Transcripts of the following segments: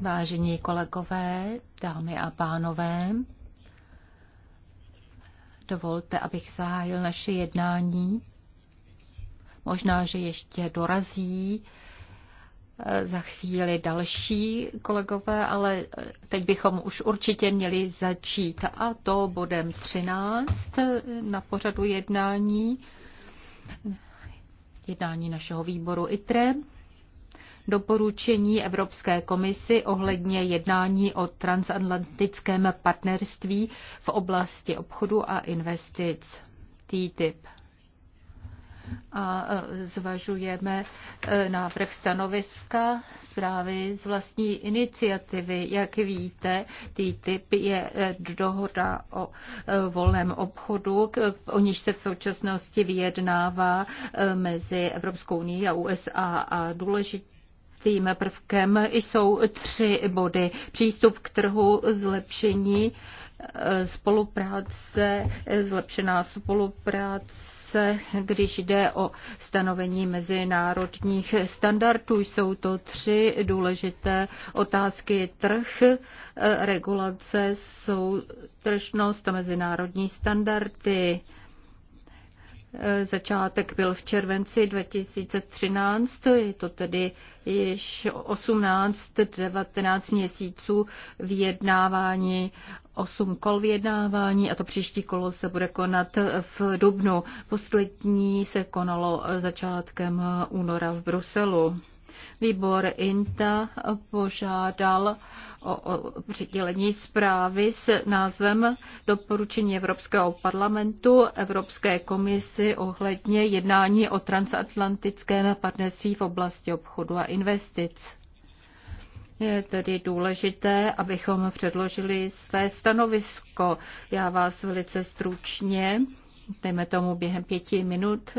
Vážení kolegové, dámy a pánové, dovolte, abych zahájil naše jednání. Možná, že ještě dorazí eh, za chvíli další kolegové, ale eh, teď bychom už určitě měli začít. A to bodem 13 eh, na pořadu jednání, jednání našeho výboru ITRE doporučení Evropské komisi ohledně jednání o transatlantickém partnerství v oblasti obchodu a investic TTIP. A e, zvažujeme e, návrh stanoviska zprávy z vlastní iniciativy. Jak víte, TTIP je e, dohoda o volném obchodu, o níž se v současnosti vyjednává mezi Evropskou unii a USA a důležitý Důležitým prvkem jsou tři body. Přístup k trhu, zlepšení eh, spolupráce, eh, zlepšená spolupráce, když jde o stanovení mezinárodních standardů. Jsou to tři důležité otázky. Trh, eh, regulace, soutržnost a mezinárodní standardy. Eh, začátek byl v červenci 2013, je to tedy již 18-19 měsíců vyjednávání, 8 kol vyjednávání a to příští kolo se bude konat v Dubnu. Poslední se konalo eh, začátkem února v Bruselu. Výbor INTA požádal o, o přidělení zprávy s názvem Doporučení Evropského parlamentu Evropské komisi ohledně jednání o transatlantickém partnerství v oblasti obchodu a investic. Je tedy důležité, abychom předložili své stanovisko. Já vás velice stručně, dejme tomu během pěti minut,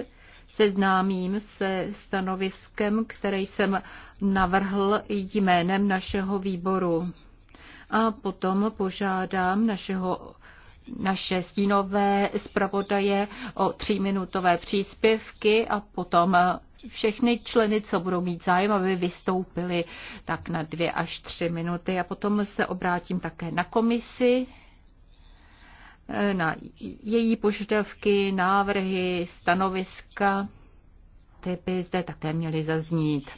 seznámím se stanoviskem, které jsem navrhl jménem našeho výboru. A potom požádám našeho naše stínové zpravodaje o tříminutové příspěvky a potom všechny členy, co budou mít zájem, aby vystoupili tak na dvě až tři minuty. A potom se obrátím také na komisi, Eh, na její požadavky, návrhy, stanoviska, ty by zde také měly zaznít.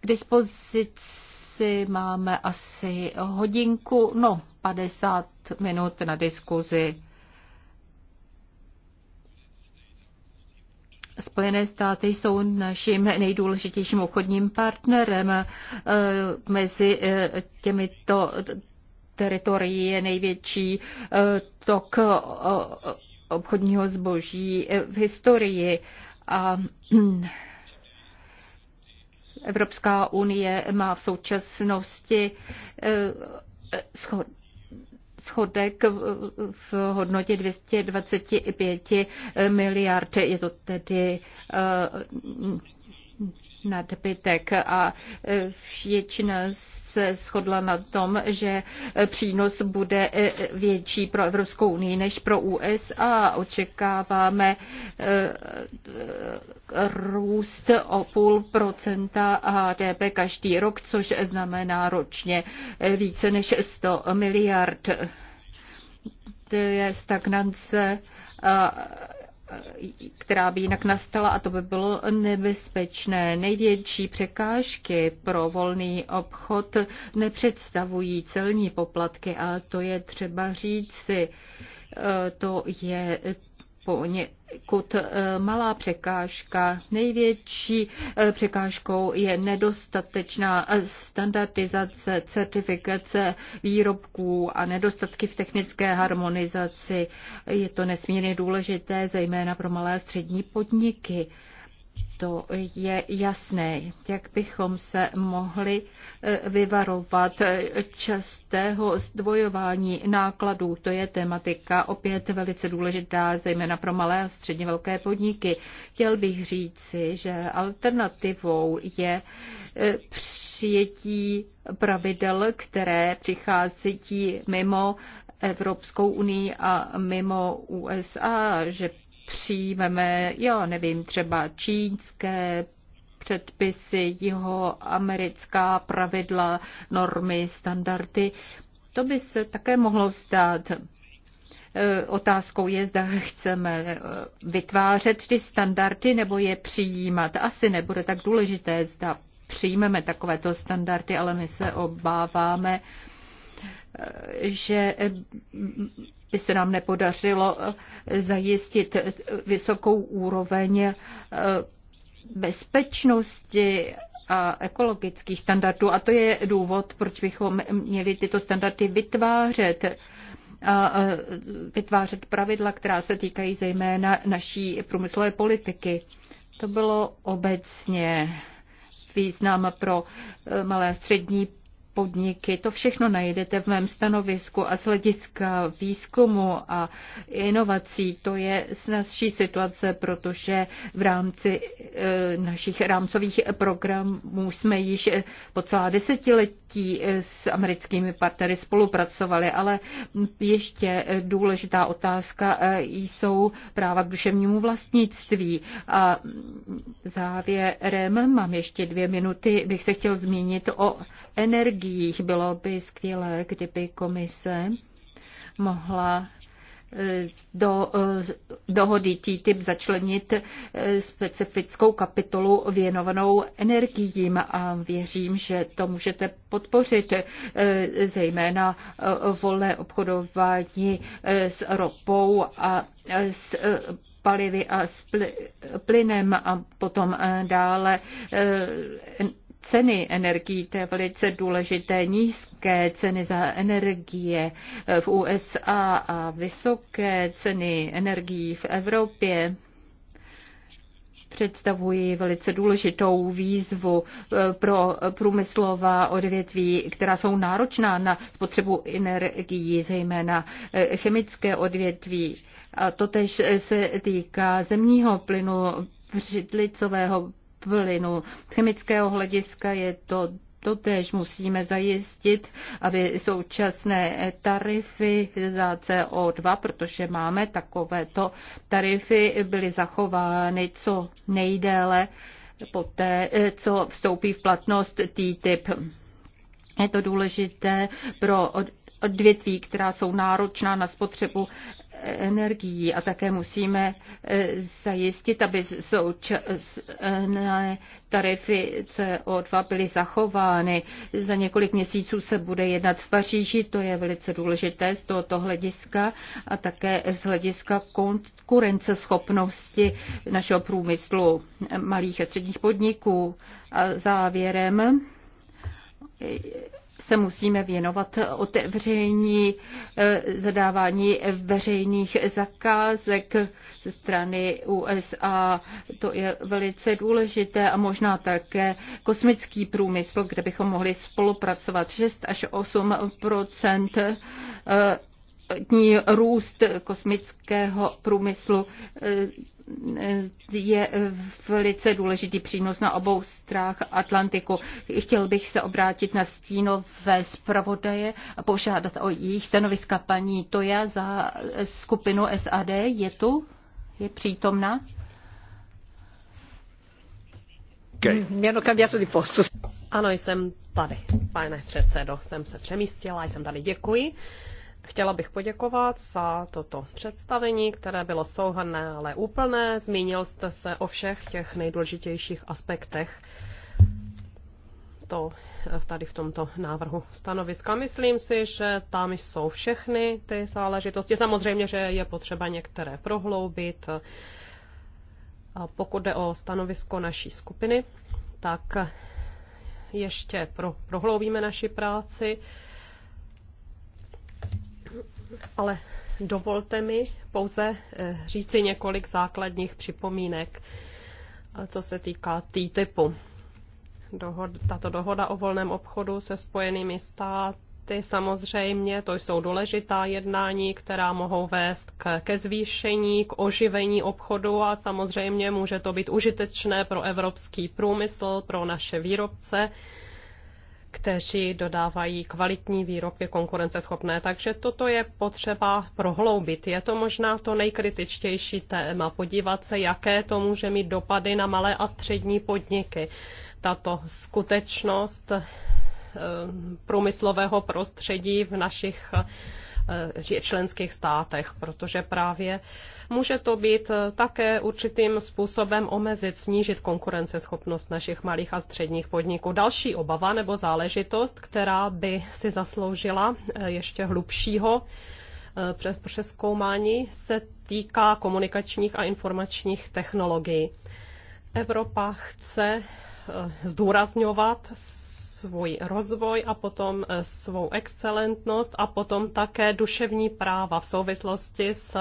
K dispozici máme asi hodinku, no 50 minut na diskuzi. Spojené státy jsou naším nejdůležitějším obchodním partnerem eh, mezi eh, těmito teritorií je největší eh, tok eh, obchodního zboží eh, v historii. A Evropská unie má v současnosti schodek v hodnotě 225 miliard. Je to tedy nadbytek a většina z se shodla na tom, že přínos bude větší pro Evropskou unii než pro USA. Očekáváme eh, růst o půl procenta HDP každý rok, což znamená ročně více než 100 miliard. To je stagnance která by jinak nastala a to by bylo nebezpečné. Největší překážky pro volný obchod nepředstavují celní poplatky, ale to je třeba říci. E, to je poněkud eh, malá překážka. Největší eh, překážkou je nedostatečná eh, standardizace, certifikace výrobků a nedostatky v technické harmonizaci. Je to nesmírně důležité, zejména pro malé a střední podniky to je jasné, jak bychom se mohli eh, vyvarovat eh, častého zdvojování nákladů. To je tematika opět velice důležitá, zejména pro malé a středně velké podniky. Chtěl bych říci, že alternativou je eh, přijetí pravidel, které přichází mimo Evropskou unii a mimo USA, že přijmeme, jo, nevím, třeba čínské předpisy, jeho americká pravidla, normy, standardy. To by se také mohlo zdát. E, otázkou je, zda chceme e, vytvářet ty standardy nebo je přijímat. Asi nebude tak důležité, zda přijmeme takovéto standardy, ale my se obáváme, e, že by se nám nepodařilo eh, zajistit eh, vysokou úroveň eh, bezpečnosti a ekologických standardů. A to je důvod, proč bychom měli tyto standardy vytvářet a vytvářet pravidla, která se týkají zejména naší průmyslové politiky. To bylo obecně význam pro malé střední podniky. To všechno najdete v mém stanovisku a z hlediska výzkumu a inovací to je snazší situace, protože v rámci eh, našich rámcových programů jsme již po celá desetiletí s americkými partnery spolupracovali, ale ještě důležitá otázka eh, jsou práva k duševnímu vlastnictví. A závěrem, mám ještě dvě minuty, bych se chtěl zmínit o energii energiích. Bylo by skvělé, kdyby komise mohla eh, do eh, dohody TTIP začlenit eh, specifickou kapitolu věnovanou energiím a věřím, že to můžete podpořit, zejména volné obchodování s ropou a s palivy a s plynem a potom dále ceny energií, to je velice důležité, nízké ceny za energie v USA a vysoké ceny energií v Evropě představují velice důležitou výzvu eh, pro průmyslová odvětví, která jsou náročná na spotřebu energií, zejména eh, chemické odvětví. A totež se týká zemního plynu, břidlicového plynu. Z chemického hlediska je to Totež musíme zajistit, aby současné tarify za CO2, protože máme takovéto tarify, byly zachovány co nejdéle poté, co vstoupí v platnost TTIP. Je to důležité pro odvětví, která jsou náročná na spotřebu energií a také musíme eh, zajistit, aby současné tarify CO2 byly zachovány. Za několik měsíců se bude jednat v Paříži, to je velice důležité z tohoto hlediska a také z hlediska konkurenceschopnosti našeho průmyslu malých a středních podniků. A závěrem se musíme věnovat otevření eh, zadávání veřejných zakázek ze strany USA. To je velice důležité a možná také kosmický průmysl, kde bychom mohli spolupracovat 6 až 8 eh, růst kosmického průmyslu eh, je velice důležitý přínos na obou strách Atlantiku. Chtěl bych se obrátit na stínové zpravodaje a požádat o jejich stanoviska paní Toja za skupinu SAD. Je tu? Je přítomna? Okay. Ano, jsem tady, pane předsedo, jsem se přemístila, jsem tady, děkuji. Chtěla bych poděkovat za toto představení, které bylo souhrné, ale úplné. Zmínil jste se o všech těch nejdůležitějších aspektech to eh, tady v tomto návrhu stanoviska. Myslím si, že tam jsou všechny ty záležitosti. Samozřejmě, že je potřeba některé prohloubit. A pokud jde o stanovisko naší skupiny, tak ještě pro, prohloubíme naši práci ale dovolte mi pouze eh, říci několik základních připomínek, eh, co se týká TTIPu. Dohod, tato dohoda o volném obchodu se spojenými státy samozřejmě, to jsou důležitá jednání, která mohou vést k, ke zvýšení, k oživení obchodu a samozřejmě může to být užitečné pro evropský průmysl, pro naše výrobce kteří dodávají kvalitní výrobky konkurenceschopné. Takže toto je potřeba prohloubit. Je to možná to nejkritičtější téma, podívat se, jaké to může mít dopady na malé a střední podniky. Tato skutečnost eh, průmyslového prostředí v našich Eh, členských státech, protože právě může to být eh, také určitým způsobem omezit, snížit konkurenceschopnost našich malých a středních podniků. Další obava nebo záležitost, která by si zasloužila eh, ještě hlubšího přes přeskoumání se týká komunikačních a informačních technologií. Evropa chce zdůrazňovat svůj rozvoj a potom e, svou excelentnost a potom také duševní práva v souvislosti s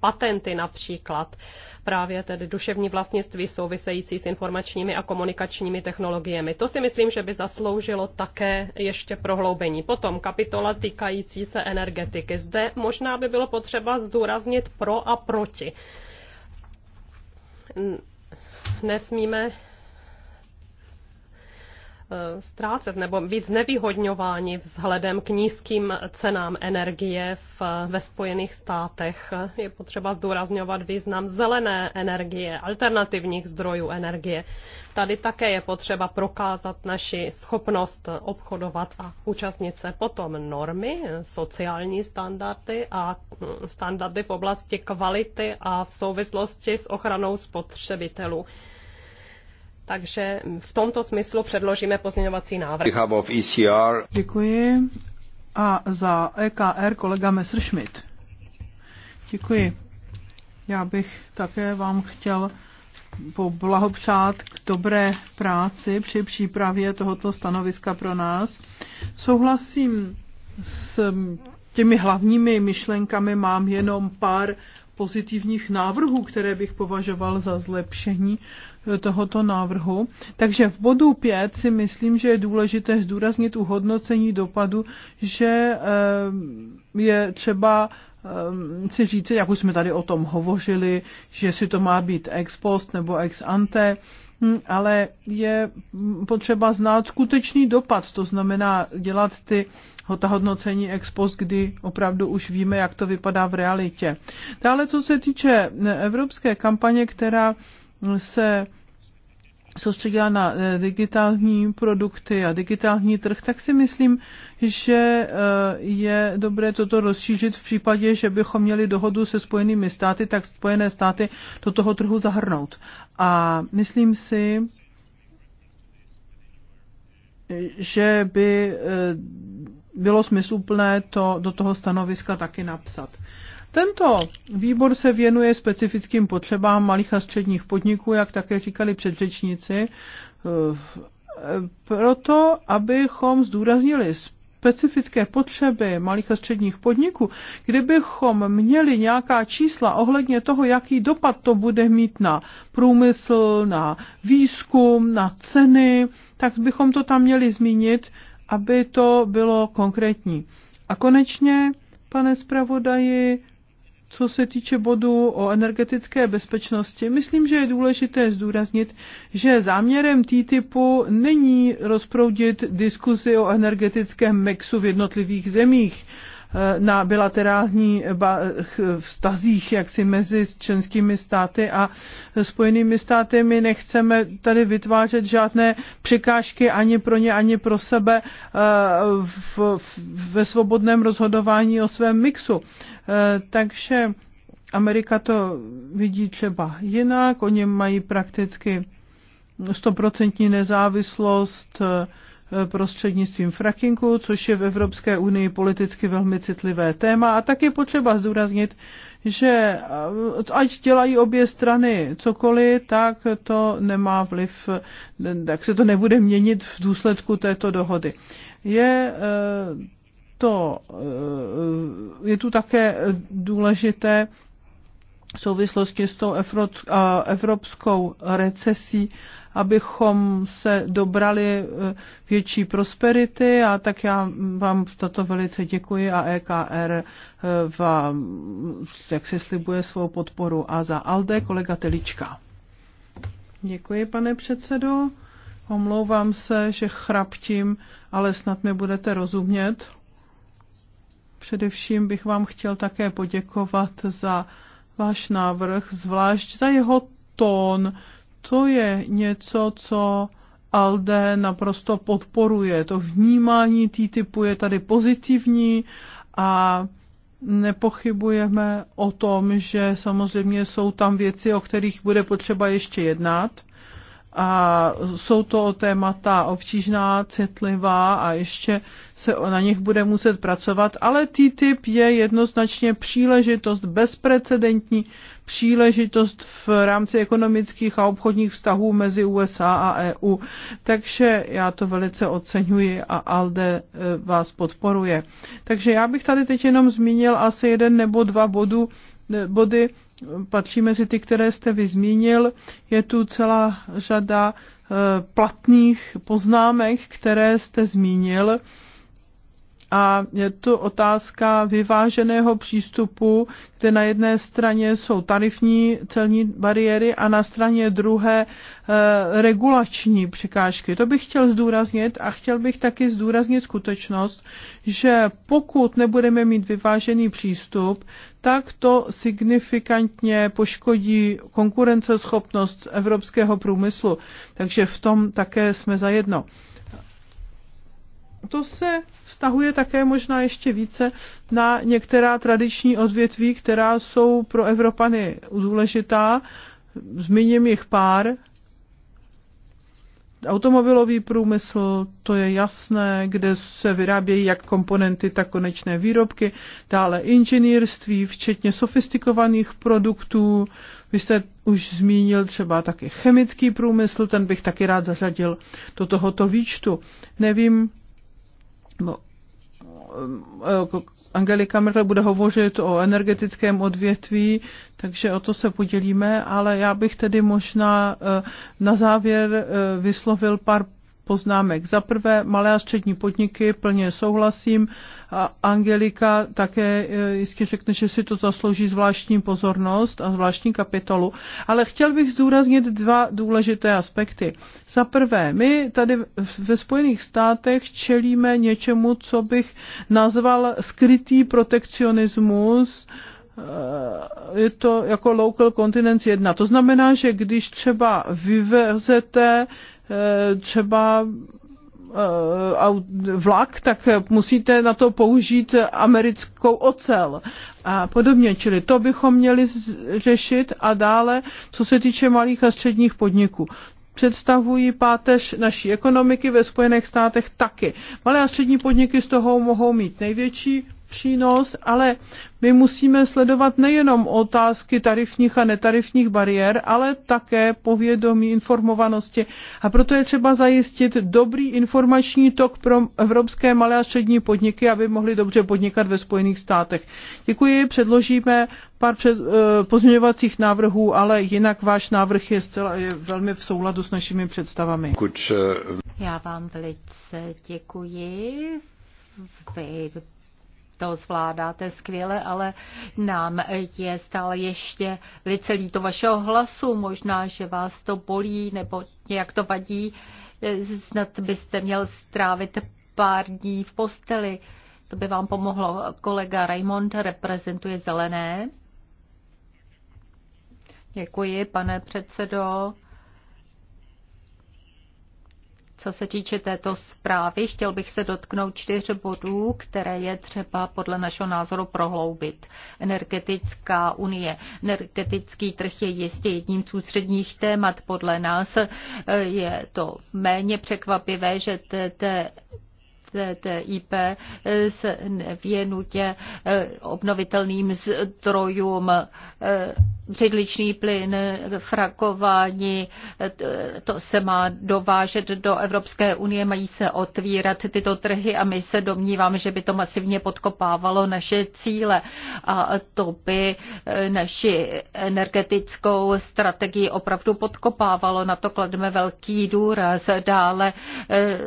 patenty například. Právě tedy duševní vlastnictví související s informačními a komunikačními technologiemi. To si myslím, že by zasloužilo také ještě prohloubení. Potom kapitola týkající se energetiky. Zde možná by bylo potřeba zdůraznit pro a proti. Nesmíme Eh, ztrácet nebo být znevýhodňováni vzhledem k nízkým cenám energie v, ve Spojených státech. Je potřeba zdůrazňovat význam zelené energie, alternativních zdrojů energie. Tady také je potřeba prokázat naši schopnost obchodovat a účastnit se potom normy, sociální standardy a hm, standardy v oblasti kvality a v souvislosti s ochranou spotřebitelů. Takže v tomto smyslu předložíme pozměňovací návrh. E Děkuji. A za EKR kolega Messerschmidt. Děkuji. Já bych také vám chtěl poblahopřát k dobré práci při přípravě tohoto stanoviska pro nás. Souhlasím s těmi hlavními myšlenkami, mám jenom pár pozitivních návrhů, které bych považoval za zlepšení tohoto návrhu. Takže v bodu 5 si myslím, že je důležité zdůraznit u hodnocení dopadu, že eh, je třeba eh, si říct, jak už jsme tady o tom hovořili, že si to má být ex post nebo ex ante, hm, ale je hm, potřeba znát skutečný dopad, to znamená dělat ty ta hodnocení ex post, kdy opravdu už víme, jak to vypadá v realitě. Dále, co se týče eh, evropské kampaně, která se soustředila na eh, digitální produkty a digitální trh, tak si myslím, že eh, je dobré toto rozšířit v případě, že bychom měli dohodu se Spojenými státy, tak Spojené státy do toho trhu zahrnout. A myslím si, že by eh, bylo smysluplné to do toho stanoviska taky napsat. Tento výbor se věnuje specifickým potřebám malých a středních podniků, jak také říkali předřečníci, eh, proto, abychom zdůraznili specifické potřeby malých a středních podniků, kdybychom měli nějaká čísla ohledně toho, jaký dopad to bude mít na průmysl, na výzkum, na ceny, tak bychom to tam měli zmínit, aby to bylo konkrétní. A konečně, pane zpravodaji, co se týče bodu o energetické bezpečnosti, myslím, že je důležité zdůraznit, že záměrem TTIPu není rozproudit diskuzi o energetickém mixu v jednotlivých zemích Eh, na bilaterální eh, vztazích jaksi mezi členskými státy a spojenými státy. My nechceme tady vytvářet žádné překážky ani pro ně, ani pro sebe eh, v, v, ve svobodném rozhodování o svém mixu. Takže Amerika to vidí třeba jinak, oni mají prakticky stoprocentní nezávislost, prostřednictvím frackingu, což je v Evropské unii politicky velmi citlivé téma. A je potřeba zdůraznit, že eh, ať dělají obě strany cokoliv, tak to nemá vliv, tak se to nebude měnit v důsledku této dohody. Je eh, to, eh, je tu také důležité v souvislosti s tou evropskou recesí abychom se dobrali eh, větší prosperity a tak já vám za velice děkuji a EKR eh, vám, jak si slibuje svou podporu a za ALDE kolega Telička. Děkuji, pane předsedo. Omlouvám se, že chraptím, ale snad mi budete rozumět. Především bych vám chtěl také poděkovat za váš návrh, zvlášť za jeho tón, to je něco, co ALDE naprosto podporuje. To vnímání tý typu je tady pozitivní a nepochybujeme o tom, že samozřejmě jsou tam věci, o kterých bude potřeba ještě jednat. A jsou to témata obtížná, citlivá a ještě se na nich bude muset pracovat, ale TTIP je jednoznačně příležitost bezprecedentní příležitost v rámci ekonomických a obchodních vztahů mezi USA a EU. Takže já to velice oceňuji a ALDE e, vás podporuje. Takže já bych tady teď jenom zmínil asi jeden nebo dva bodu, e, body, patří mezi ty, které jste vyzmínil. Je tu celá řada e, platných poznámek, které jste zmínil a je to otázka vyváženého přístupu, kde na jedné straně jsou tarifní celní bariéry a na straně druhé e, regulační překážky. To bych chtěl zdůraznit a chtěl bych taky zdůraznit skutečnost, že pokud nebudeme mít vyvážený přístup, tak to signifikantně poškodí konkurenceschopnost evropského průmyslu. Takže v tom také jsme zajedno. jedno to se vztahuje také možná ještě více na některá tradiční odvětví, která jsou pro Evropany důležitá. Zmíním jich pár. Automobilový průmysl, to je jasné, kde se vyrábějí jak komponenty, tak konečné výrobky. Dále inženýrství, včetně sofistikovaných produktů. Vy jste už zmínil třeba taky chemický průmysl, ten bych taky rád zařadil do tohoto výčtu. Nevím, Eh, Angelika Merle bude hovořit o energetickém odvětví, takže o to se podělíme, ale já bych tedy možná eh, na závěr eh, vyslovil pár poznámek. Za prvé, malé a střední podniky, plně souhlasím. A Angelika také eh, jistě řekne, že si to zaslouží zvláštní pozornost a zvláštní kapitolu. Ale chtěl bych zdůraznit dva důležité aspekty. Za prvé, my tady ve Spojených státech čelíme něčemu, co bych nazval skrytý protekcionismus, eh, je to jako local continence 1. To znamená, že když třeba vyvezete Eh, třeba eh, vlak, tak musíte na to použít americkou ocel a podobně. Čili to bychom měli řešit a dále, co se týče malých a středních podniků představují páteř naší ekonomiky ve Spojených státech taky. Malé a střední podniky z toho mohou mít největší přínos, ale my musíme sledovat nejenom otázky tarifních a netarifních bariér, ale také povědomí informovanosti. A proto je třeba zajistit dobrý informační tok pro evropské malé a střední podniky, aby mohly dobře podnikat ve Spojených státech. Děkuji, předložíme pár před, e, pozměňovacích návrhů, ale jinak váš návrh je, zcela, je velmi v souladu s našimi představami. Eh, Já vám velice děkuji vy to zvládáte skvěle, ale nám je stále ještě velice líto vašeho hlasu. Možná, že vás to bolí nebo nějak to vadí. Snad byste měl strávit pár dní v posteli. To by vám pomohlo. Kolega Raymond reprezentuje zelené. Děkuji, pane předsedo. Co se týče této zprávy, chtěl bych se dotknout čtyř bodů, které je třeba podle našeho názoru prohloubit. Energetická unie. Energetický trh je jistě jedním z ústředních témat. Podle nás je to méně překvapivé, že TTIP eh, se věnutě eh, obnovitelným zdrojům, eh, břidličný plyn, frakování, to se má dovážet do Evropské unie, mají se otvírat tyto trhy a my se domníváme, že by to masivně podkopávalo naše cíle a to by naši energetickou strategii opravdu podkopávalo. Na to klademe velký důraz. Dále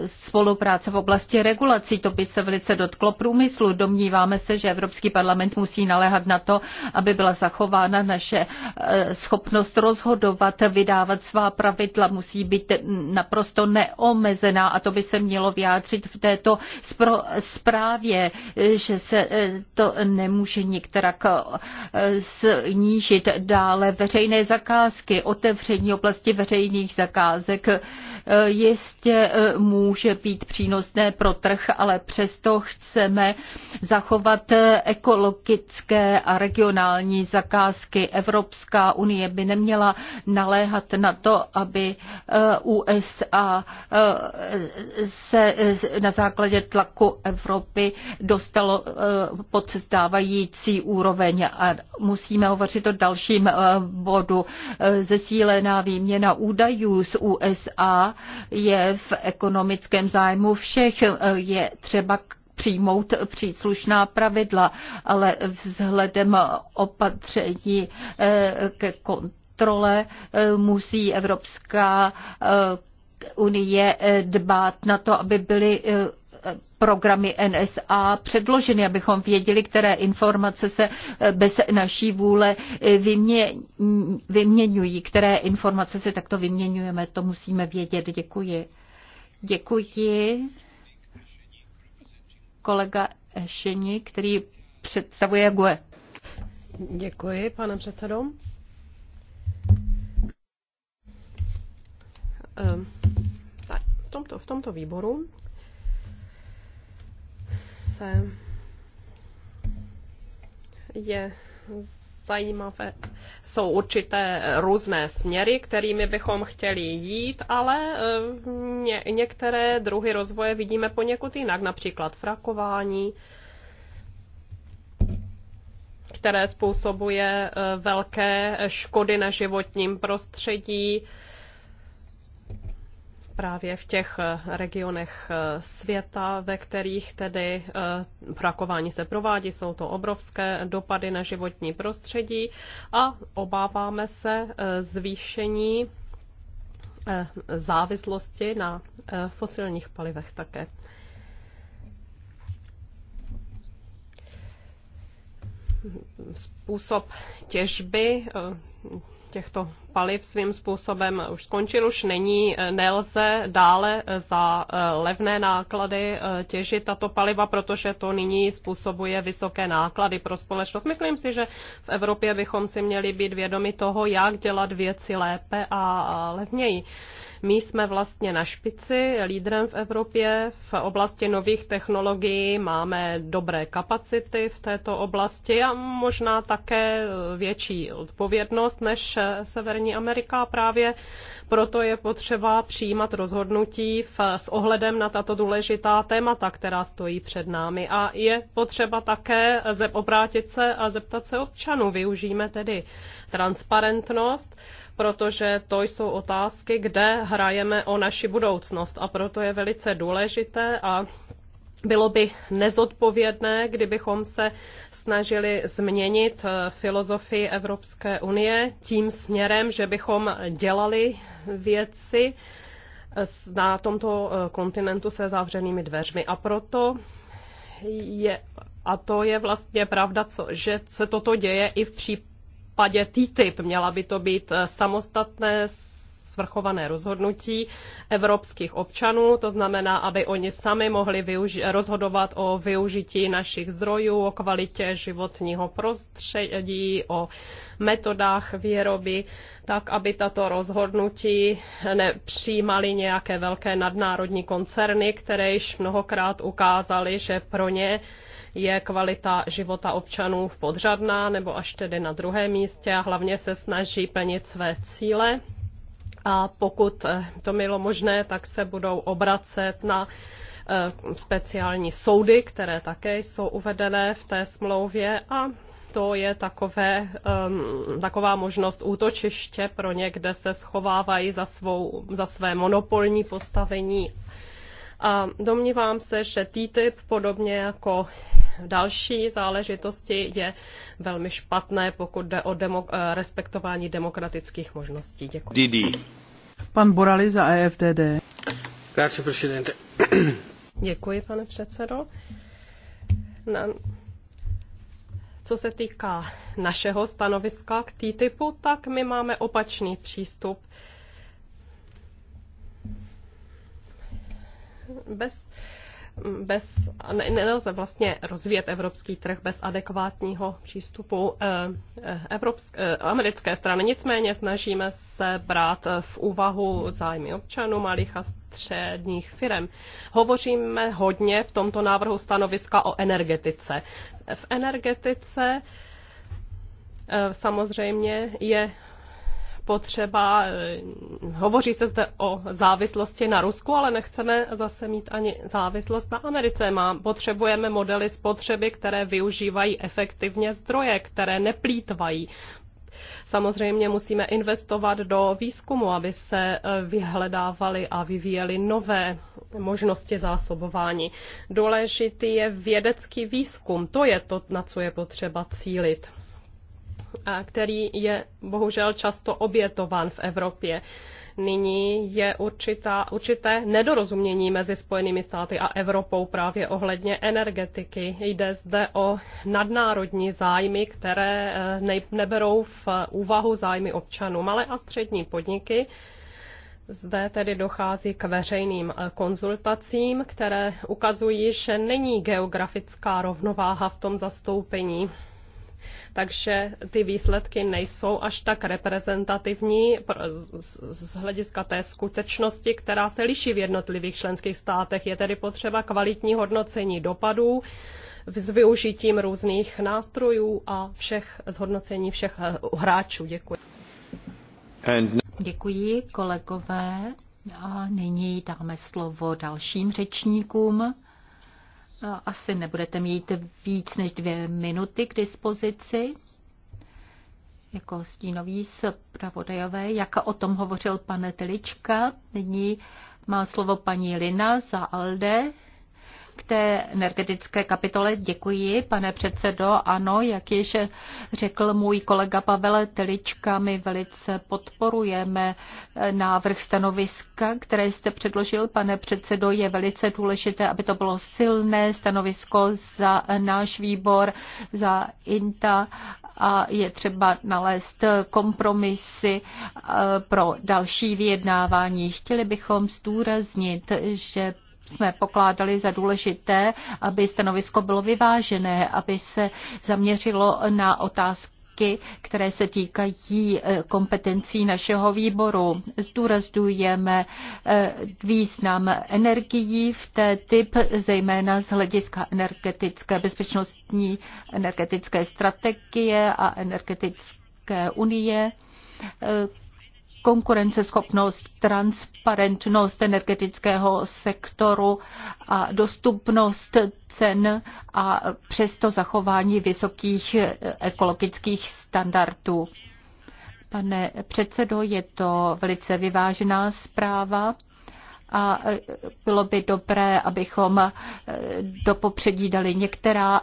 spolupráce v oblasti regulace regulací. To by se velice dotklo průmyslu. Domníváme se, že Evropský parlament musí naléhat na to, aby byla zachována naše eh, schopnost rozhodovat, vydávat svá pravidla. Musí být naprosto neomezená a to by se mělo vyjádřit v této zprávě, že se eh, to nemůže některak eh, snížit dále veřejné zakázky, otevření oblasti veřejných zakázek, Eh, jistě eh, může být přínosné pro trh, ale přesto chceme zachovat eh, ekologické a regionální zakázky. Evropská unie by neměla naléhat na to, aby USA se na základě tlaku Evropy dostalo pod stávající úroveň a musíme hovořit o dalším bodu. Zesílená výměna údajů z USA je v ekonomickém zájmu všech. Je třeba přijmout příslušná pravidla, ale vzhledem opatření eh, ke kontrole eh, musí Evropská eh, unie dbát na to, aby byly programy NSA předloženy, abychom věděli, které informace se eh, bez naší vůle eh, vyměňují, které informace se takto vyměňujeme, to musíme vědět. Děkuji. Děkuji. Kolega Ešeni, který představuje GUE. Děkuji, pane předsedo. Ehm, v tomto, v tomto výboru se je zajímavé. Jsou určité různé směry, kterými bychom chtěli jít, ale eh, ně, některé druhy rozvoje vidíme poněkud jinak, například frakování, které způsobuje eh, velké škody na životním prostředí právě v těch eh, regionech eh, světa, ve kterých tedy eh, frakování se provádí. Jsou to obrovské dopady na životní prostředí a obáváme se zvýšení závislosti na fosilních palivech také. Způsob těžby těchto paliv svým způsobem už skončil, už není, eh, nelze dále eh, za eh, levné náklady těžit tato paliva, protože to nyní způsobuje vysoké náklady pro společnost. Myslím si, že v Evropě bychom si měli být vědomi toho, jak dělat věci lépe a levněji. My jsme vlastně na špici, lídrem v Evropě. V oblasti nových technologií máme dobré kapacity v této oblasti a možná také větší odpovědnost než Severní Amerika. Právě proto je potřeba přijímat rozhodnutí v, s ohledem na tato důležitá témata, která stojí před námi. A je potřeba také obrátit se a zeptat se občanů. Využijeme tedy transparentnost, protože to jsou otázky, kde hrajeme o naši budoucnost a proto je velice důležité a bylo by nezodpovědné, kdybychom se snažili změnit eh, filozofii Evropské unie tím směrem, že bychom dělali věci eh, na tomto eh, kontinentu se zavřenými dveřmi. A proto je, a to je vlastně pravda, co, že se toto děje i v případě případě TTIP. Měla by to být eh, samostatné svrchované rozhodnutí evropských občanů, to znamená, aby oni sami mohli využi- rozhodovat o využití našich zdrojů, o kvalitě životního prostředí, o metodách výroby, tak aby tato rozhodnutí nepřijímaly nějaké velké nadnárodní koncerny, které již mnohokrát ukázaly, že pro ně je kvalita života občanů podřadná nebo až tedy na druhém místě a hlavně se snaží plnit své cíle. A pokud eh, to bylo možné, tak se budou obracet na eh, speciální soudy, které také jsou uvedené v té smlouvě a to je takové, um, taková možnost útočiště pro ně, kde se schovávají za, svou, za své monopolní postavení a domnívám se, že TTIP, podobně jako další záležitosti, je velmi špatné, pokud jde o demok- eh, respektování demokratických možností. Děkuji. Didi. Pan Borali za EFTD. Děkuji, pane předsedo. Na, co se týká našeho stanoviska k TTIPu, tak my máme opačný přístup. Uh, bez, bez ne, nelze vlastně rozvíjet evropský trh bez adekvátního přístupu eh, evropské, eh, americké strany. Nicméně snažíme se brát v úvahu zájmy občanů malých a středních firm. Hovoříme hodně v tomto návrhu stanoviska o energetice. V energetice eh, samozřejmě je potřeba, eh, hovoří se zde o závislosti na Rusku, ale nechceme zase mít ani závislost na Americe. Má, potřebujeme modely spotřeby, které využívají efektivně zdroje, které neplýtvají. Samozřejmě musíme investovat do výzkumu, aby se eh, vyhledávaly a vyvíjely nové možnosti zásobování. Důležitý je vědecký výzkum, to je to, na co je potřeba cílit a který je bohužel často obětován v Evropě. Nyní je určitá, určité nedorozumění mezi Spojenými státy a Evropou právě ohledně energetiky. Jde zde o nadnárodní zájmy, které eh, neberou v úvahu zájmy občanů. Malé a střední podniky zde tedy dochází k veřejným eh, konzultacím, které ukazují, že není geografická rovnováha v tom zastoupení takže ty výsledky nejsou až tak reprezentativní z hlediska té skutečnosti, která se liší v jednotlivých členských státech. Je tedy potřeba kvalitní hodnocení dopadů s využitím různých nástrojů a všech zhodnocení všech eh, hráčů. Děkuji. Děkuji kolegové a nyní dáme slovo dalším řečníkům. Asi nebudete mít víc než dvě minuty k dispozici jako stínový zpravodajové, jak o tom hovořil pan Telička. Nyní má slovo paní Lina za ALDE k té energetické kapitole. Děkuji, pane předsedo. Ano, jak již řekl můj kolega Pavel Telička, my velice podporujeme návrh stanoviska, které jste předložil, pane předsedo. Je velice důležité, aby to bylo silné stanovisko za náš výbor, za INTA a je třeba nalézt kompromisy eh, pro další vyjednávání. Chtěli bychom zdůraznit, že jsme pokládali za důležité, aby stanovisko bylo vyvážené, aby se zaměřilo na otázky které se týkají eh, kompetencí našeho výboru. Zdůrazdujeme eh, význam energií v té typ, zejména z hlediska energetické bezpečnostní energetické strategie a energetické unie eh, konkurenceschopnost, transparentnost energetického sektoru a dostupnost cen a přesto zachování vysokých ekologických standardů. Pane předsedo, je to velice vyvážená zpráva a bylo by dobré, abychom do popředí dali některá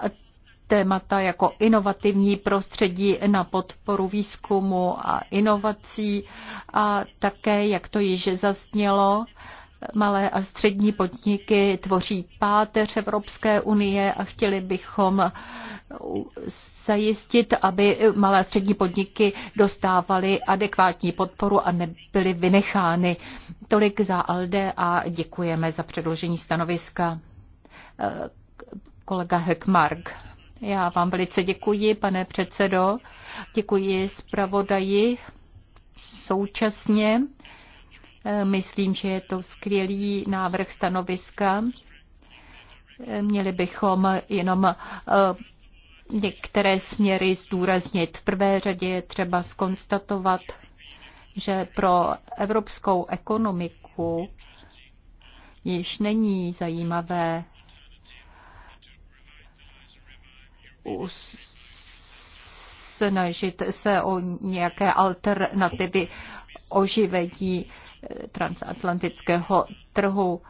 témata jako inovativní prostředí na podporu výzkumu a inovací a také, jak to již zaznělo, Malé a střední podniky tvoří páteř Evropské unie a chtěli bychom zajistit, aby malé a střední podniky dostávaly adekvátní podporu a nebyly vynechány. Tolik za ALDE a děkujeme za předložení stanoviska. Kolega Heckmark. Já vám velice děkuji, pane předsedo. Děkuji zpravodaji současně. Eh, myslím, že je to skvělý návrh stanoviska. Měli bychom jenom eh, některé směry zdůraznit. V prvé řadě je třeba skonstatovat, že pro evropskou ekonomiku již není zajímavé snažit se o nějaké alternativy oživení transatlantického trhu.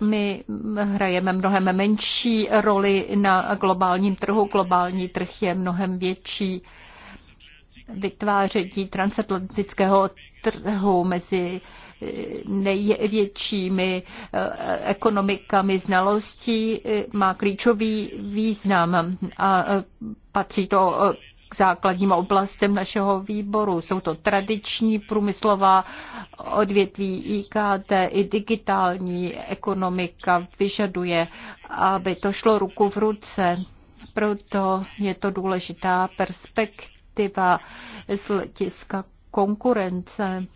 My hrajeme mnohem menší roli na globálním trhu. Globální trh je mnohem větší. Vytváření transatlantického trhu mezi největšími eh, ekonomikami znalostí, eh, má klíčový význam a eh, patří to k základním oblastem našeho výboru. Jsou to tradiční průmyslová odvětví IKT i digitální ekonomika vyžaduje, aby to šlo ruku v ruce. Proto je to důležitá perspektiva z hlediska konkurence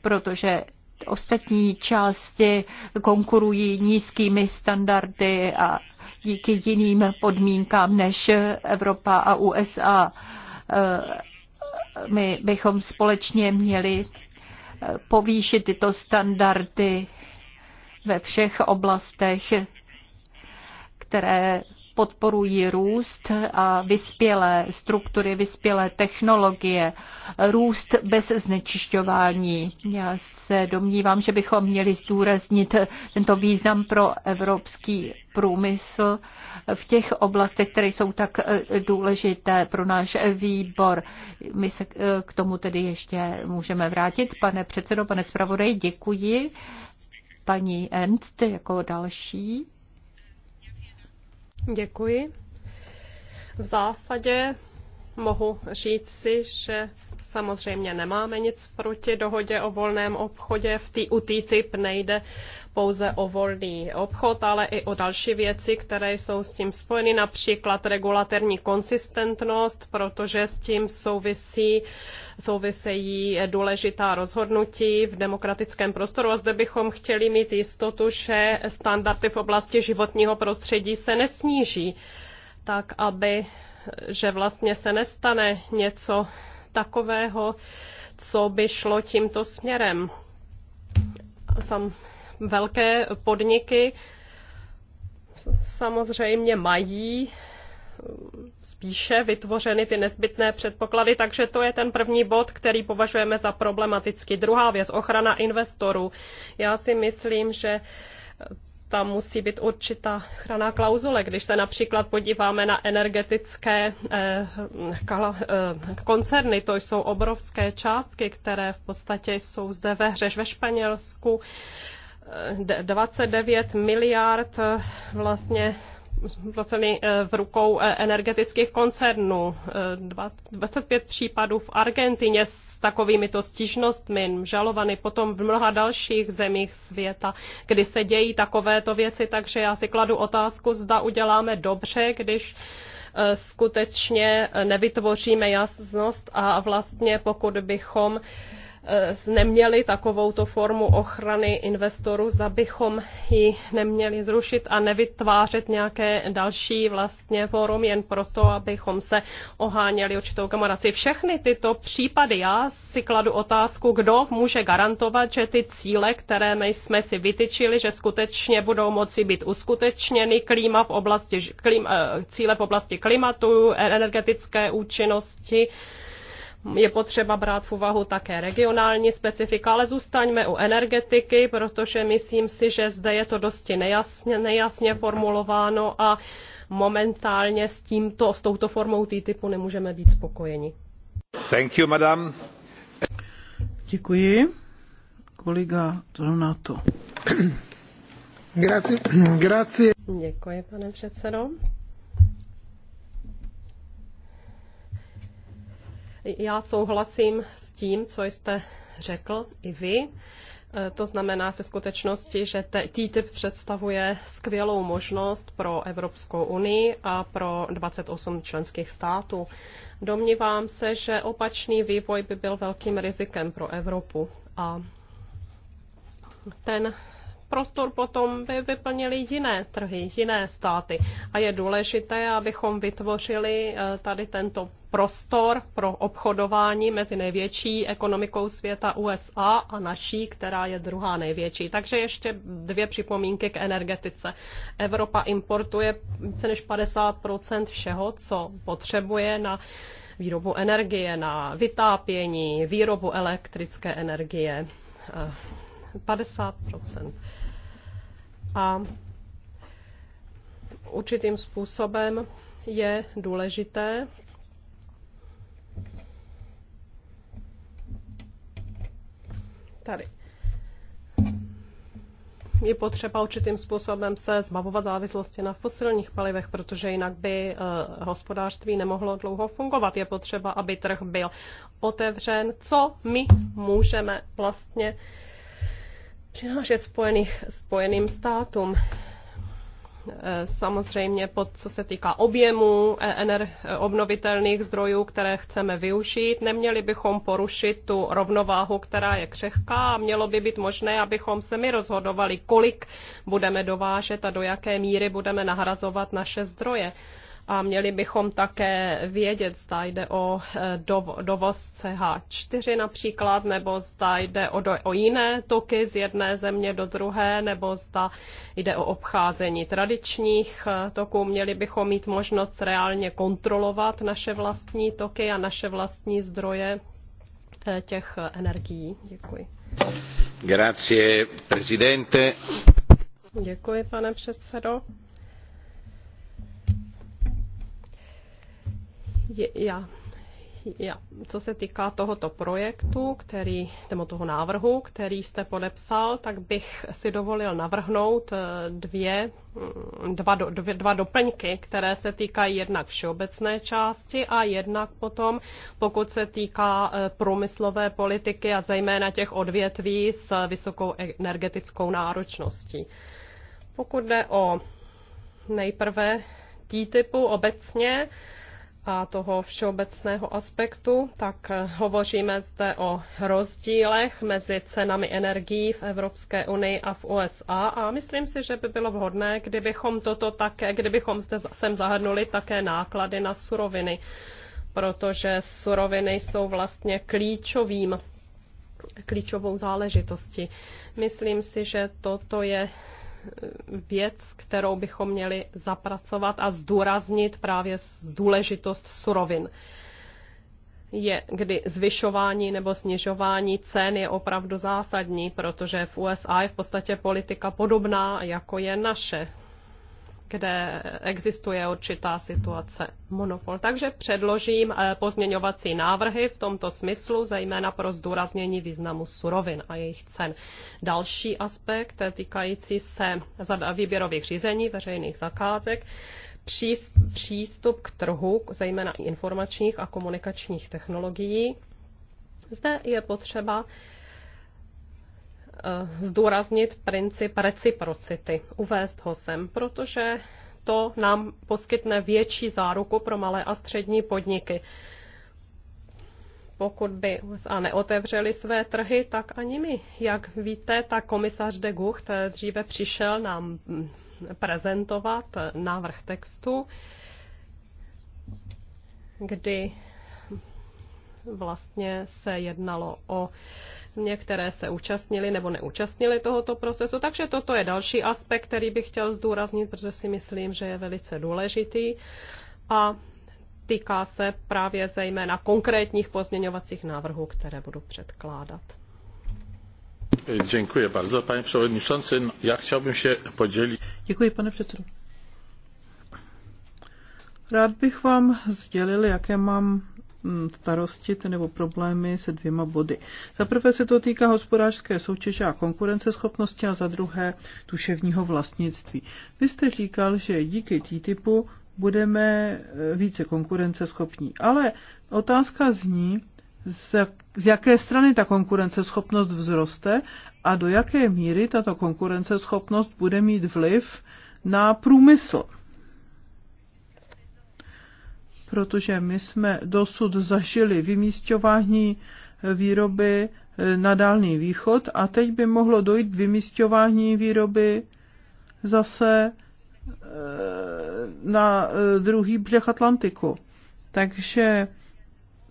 protože ostatní části konkurují nízkými standardy a díky jiným podmínkám než Evropa a USA. Eh, my bychom společně měli eh, povýšit tyto standardy ve všech oblastech, které podporují růst a vyspělé struktury, vyspělé technologie, růst bez znečišťování. Já se domnívám, že bychom měli zdůraznit tento význam pro evropský průmysl v těch oblastech, které jsou tak eh, důležité pro náš výbor. My se eh, k tomu tedy ještě můžeme vrátit. Pane předsedo, pane zpravodaj, děkuji. Paní Ernst jako další. Děkuji. V zásadě mohu říct si, že Samozřejmě nemáme nic proti dohodě o volném obchodě. V tý, u TTIP nejde pouze o volný obchod, ale i o další věci, které jsou s tím spojeny, například regulatorní konsistentnost, protože s tím souvisí, souvisejí důležitá rozhodnutí v demokratickém prostoru a zde bychom chtěli mít jistotu, že standardy v oblasti životního prostředí se nesníží, tak aby že vlastně se nestane něco takového, co by šlo tímto směrem. Sam velké podniky samozřejmě mají eh, spíše vytvořeny ty nezbytné předpoklady, takže to je ten první bod, který považujeme za problematický. Druhá věc, ochrana investorů. Já si myslím, že tam musí být určitá chraná klauzule. Když se například podíváme na energetické eh, kala, eh, koncerny, to jsou obrovské částky, které v podstatě jsou zde ve hřeš ve Španělsku. Eh, 29 miliard eh, vlastně placeny eh, v rukou eh, energetických koncernů. 25 eh, případů v Argentině s takovými to stížnostmi, žalovany potom v mnoha dalších zemích světa, kdy se dějí takovéto věci, takže já si kladu otázku, zda uděláme dobře, když skutečně nevytvoříme jasnost a vlastně pokud bychom Eh, neměli takovouto formu ochrany investorů, zda bychom ji neměli zrušit a nevytvářet nějaké další vlastně fórum jen proto, abychom se oháněli určitou kamaraci. Všechny tyto případy, já si kladu otázku, kdo může garantovat, že ty cíle, které my jsme si vytyčili, že skutečně budou moci být uskutečněny, klima v oblasti, klima, eh, cíle v oblasti klimatu, energetické účinnosti, je potřeba brát v úvahu také regionální specifika, ale zůstaňme u energetiky, protože myslím si, že zde je to dosti nejasně, nejasně formulováno a momentálně s, tímto, s touto formou TTIPu nemůžeme být spokojeni. Thank you, madam. Děkuji. Kolega Donato. Grazie. Grazie. Děkuji, pane předsedo. Já souhlasím s tím, co jste řekl i vy. E, to znamená se skutečnosti, že TTIP představuje skvělou možnost pro Evropskou unii a pro 28 členských států. Domnívám se, že opačný vývoj by byl velkým rizikem pro Evropu a ten prostor potom by vyplnili jiné trhy, jiné státy. A je důležité, abychom vytvořili eh, tady tento prostor pro obchodování mezi největší ekonomikou světa USA a naší, která je druhá největší. Takže ještě dvě připomínky k energetice. Evropa importuje více než 50 všeho, co potřebuje na výrobu energie, na vytápění, výrobu elektrické energie. 50 eh, a určitým způsobem je důležité, tady. Je potřeba určitým způsobem se zbavovat závislosti na fosilních palivech, protože jinak by eh, hospodářství nemohlo dlouho fungovat. Je potřeba, aby trh byl otevřen. Co my můžeme vlastně přinášet spojených, spojeným státům. E, samozřejmě, pod, co se týká objemu e, ener, e, obnovitelných zdrojů, které chceme využít, neměli bychom porušit tu rovnováhu, která je křehká a mělo by být možné, abychom se my rozhodovali, kolik budeme dovážet a do jaké míry budeme nahrazovat naše zdroje a měli bychom také vědět, zda jde o eh, dovoz CH4 například, nebo zda jde o, do, o jiné toky z jedné země do druhé, nebo zda jde o obcházení tradičních eh, toků. Měli bychom mít možnost reálně kontrolovat naše vlastní toky a naše vlastní zdroje eh, těch energií. Děkuji. Grazie, prezidente. Děkuji, pane předsedo. Je, já, já, co se týká tohoto projektu, který, nebo toho návrhu, který jste podepsal, tak bych si dovolil navrhnout eh, dvě, mm, dva, dvě, dva doplňky, které se týkají jednak všeobecné části a jednak potom, pokud se týká eh, průmyslové politiky a zejména těch odvětví s vysokou energetickou náročností. Pokud jde o nejprve T-typu obecně, a toho všeobecného aspektu, tak hovoříme zde o rozdílech mezi cenami energií v Evropské unii a v USA a myslím si, že by bylo vhodné, kdybychom toto také, kdybychom zde sem zahrnuli také náklady na suroviny, protože suroviny jsou vlastně klíčovým klíčovou záležitostí. Myslím si, že toto je věc, kterou bychom měli zapracovat a zdůraznit právě důležitost surovin je, kdy zvyšování nebo snižování cen je opravdu zásadní, protože v USA je v podstatě politika podobná, jako je naše kde existuje určitá situace monopol. Takže předložím eh, pozměňovací návrhy v tomto smyslu, zejména pro zdůraznění významu surovin a jejich cen. Další aspekt eh, týkající se výběrových řízení veřejných zakázek přístup k trhu, zejména informačních a komunikačních technologií. Zde je potřeba Eh, zdůraznit princip reciprocity, uvést ho sem, protože to nám poskytne větší záruku pro malé a střední podniky. Pokud by USA neotevřeli své trhy, tak ani my. Jak víte, tak komisař de Gucht dříve přišel nám hm, prezentovat návrh textu, kdy vlastně se jednalo o Některé se účastnili nebo neúčastnili tohoto procesu, takže toto je další aspekt, který bych chtěl zdůraznit, protože si myslím, že je velice důležitý a týká se právě zejména konkrétních pozměňovacích návrhů, které budu předkládat. Děkuji bardzo. předsedající. Já chtěl, bych se podělit. Děkuji, pane předsedo. Rád bych vám sdělil, jaké mám Mm, starosti nebo problémy se dvěma body. Za prvé se to týká hospodářské soutěže a konkurenceschopnosti a za druhé duševního vlastnictví. Vy jste říkal, že díky TTIPu budeme eh, více konkurenceschopní, ale otázka zní, z jaké strany ta konkurenceschopnost vzroste a do jaké míry tato konkurenceschopnost bude mít vliv na průmysl protože my jsme dosud zažili vymístování eh, výroby eh, na Dálný východ a teď by mohlo dojít k vymístování výroby zase eh, na druhý břeh Atlantiku. Takže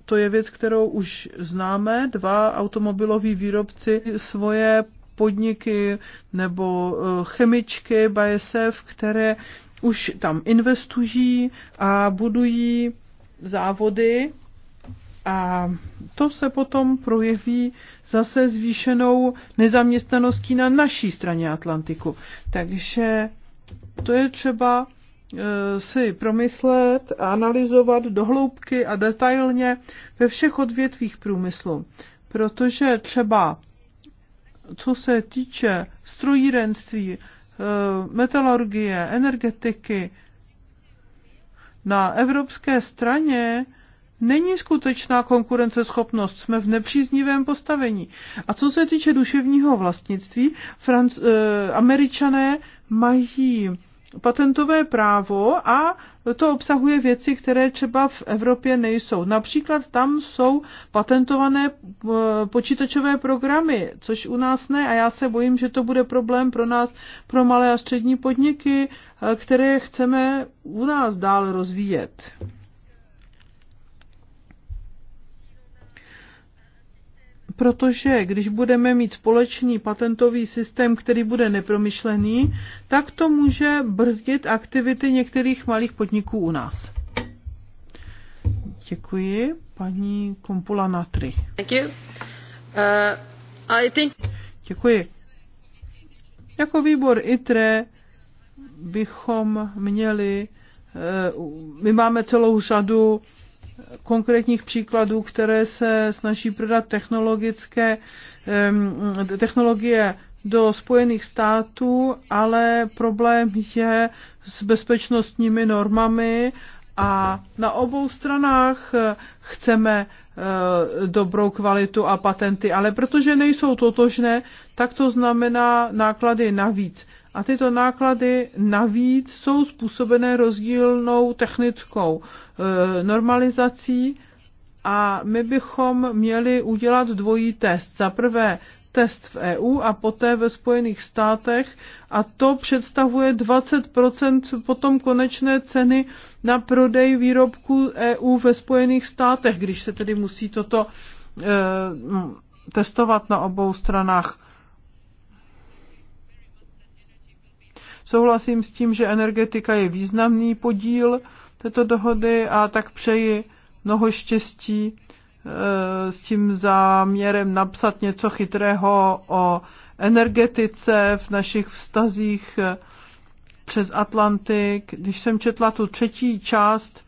to je věc, kterou už známe. Dva automobiloví výrobci svoje podniky nebo chemičky BASF, které už tam investují a budují závody a to se potom projeví zase zvýšenou nezaměstnaností na naší straně Atlantiku. Takže to je třeba e, si promyslet analyzovat dohloubky a detailně ve všech odvětvích průmyslu. Protože třeba co se týče strojírenství, Eh, metalurgie, energetiky. Na evropské straně není skutečná konkurenceschopnost, jsme v nepříznivém postavení. A co se týče duševního vlastnictví, Franc- eh, američané mají patentové právo a to obsahuje věci, které třeba v Evropě nejsou. Například tam jsou patentované eh, počítačové programy, což u nás ne a já se bojím, že to bude problém pro nás, pro malé a střední podniky, eh, které chceme u nás dál rozvíjet. protože když budeme mít společný patentový systém, který bude nepromyšlený, tak to může brzdit aktivity některých malých podniků u nás. Děkuji. Paní Kompula Natry. Thank you. Uh, I think... Děkuji. Jako výbor ITRE bychom měli, eh, my máme celou řadu konkrétních příkladů, které se snaží prodat technologické, technologie do Spojených států, ale problém je s bezpečnostními normami a na obou stranách chceme eh, dobrou kvalitu a patenty, ale protože nejsou totožné, tak to znamená náklady navíc. A tyto náklady navíc jsou způsobené rozdílnou technickou eh, normalizací a my bychom měli udělat dvojí test. Za prvé test v EU a poté ve Spojených státech a to představuje 20% potom konečné ceny na prodej výrobků EU ve Spojených státech, když se tedy musí toto e, testovat na obou stranách Souhlasím s tím, že energetika je významný podíl této dohody a tak přeji mnoho štěstí e, s tím záměrem napsat něco chytrého o energetice v našich vztazích e, přes Atlantik. Když jsem četla tu třetí část,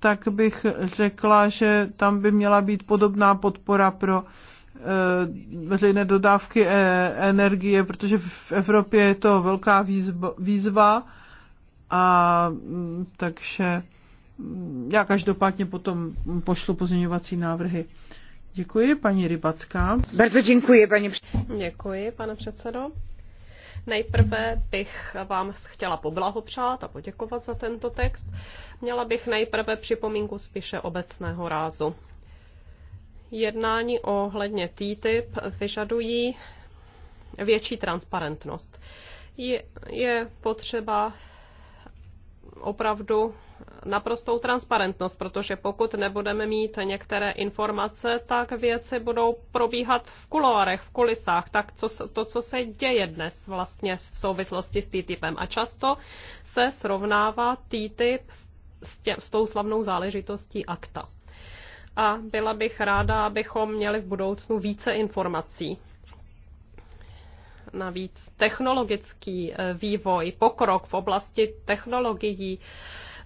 tak bych řekla, že tam by měla být podobná podpora pro Eh, veřejné dodávky eh, energie, protože v Evropě je to velká výzva, výzva a mm, takže mm, já každopádně potom pošlu pozměňovací návrhy. Děkuji, paní Rybacká. Bardzo děkuji, paní Děkuji, pane předsedo. Nejprve bych vám chtěla poblahopřát a poděkovat za tento text. Měla bych nejprve připomínku spíše obecného rázu jednání ohledně TTIP vyžadují větší transparentnost. Je, je potřeba opravdu naprostou transparentnost, protože pokud nebudeme mít některé informace, tak věci budou probíhat v kuloarech, v kulisách, tak co, to, co se děje dnes vlastně v souvislosti s TTIPem. A často se srovnává TTIP s, tě, s tou slavnou záležitostí akta a byla bych ráda, abychom měli v budoucnu více informací. Navíc technologický eh, vývoj, pokrok v oblasti technologií,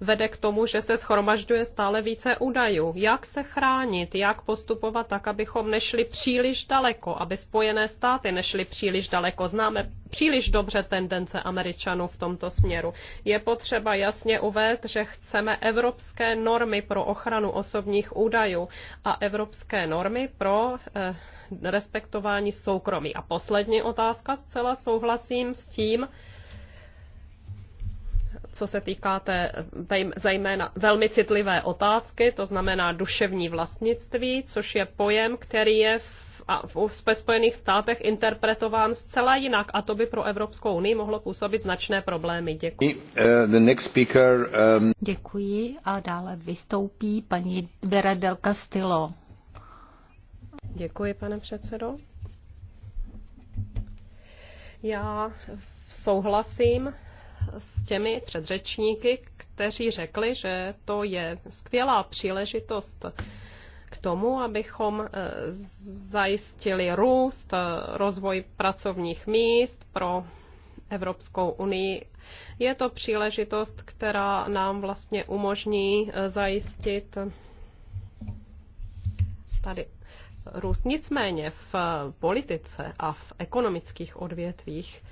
vede k tomu, že se schromažďuje stále více údajů. Jak se chránit, jak postupovat tak, abychom nešli příliš daleko, aby Spojené státy nešly příliš daleko. Známe příliš dobře tendence Američanů v tomto směru. Je potřeba jasně uvést, že chceme evropské normy pro ochranu osobních údajů a evropské normy pro eh, respektování soukromí. A poslední otázka, zcela souhlasím s tím, co se týká té zejména velmi citlivé otázky, to znamená duševní vlastnictví, což je pojem, který je v, a v, Spojených státech interpretován zcela jinak a to by pro Evropskou unii mohlo působit značné problémy. Děkuji. Uh, the next speaker, um... Děkuji a dále vystoupí paní Vera del Castillo. Děkuji, pane předsedo. Já souhlasím s těmi předřečníky, kteří řekli, že to je skvělá příležitost k tomu, abychom eh, zajistili růst, rozvoj pracovních míst pro Evropskou unii. Je to příležitost, která nám vlastně umožní eh, zajistit eh, tady růst. Nicméně v politice a v ekonomických odvětvích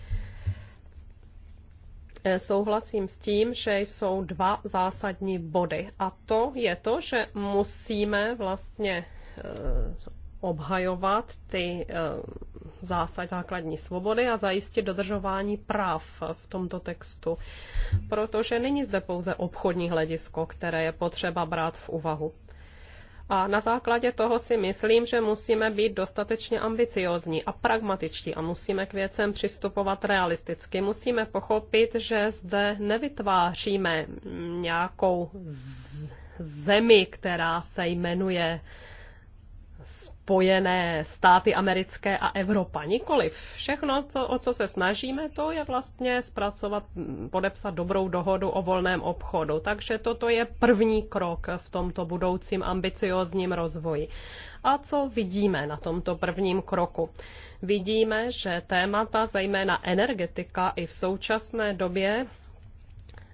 E, souhlasím s tím, že jsou dva zásadní body. A to je to, že musíme vlastně e, obhajovat ty e, zásad základní svobody a zajistit dodržování práv v tomto textu, protože není zde pouze obchodní hledisko, které je potřeba brát v úvahu. A na základě toho si myslím, že musíme být dostatečně ambiciozní a pragmatičtí a musíme k věcem přistupovat realisticky. Musíme pochopit, že zde nevytváříme nějakou zemi, která se jmenuje spojené státy americké a Evropa. Nikoliv. Všechno, co, o co se snažíme, to je vlastně zpracovat, podepsat dobrou dohodu o volném obchodu. Takže toto je první krok v tomto budoucím ambiciozním rozvoji. A co vidíme na tomto prvním kroku? Vidíme, že témata, zejména energetika, i v současné době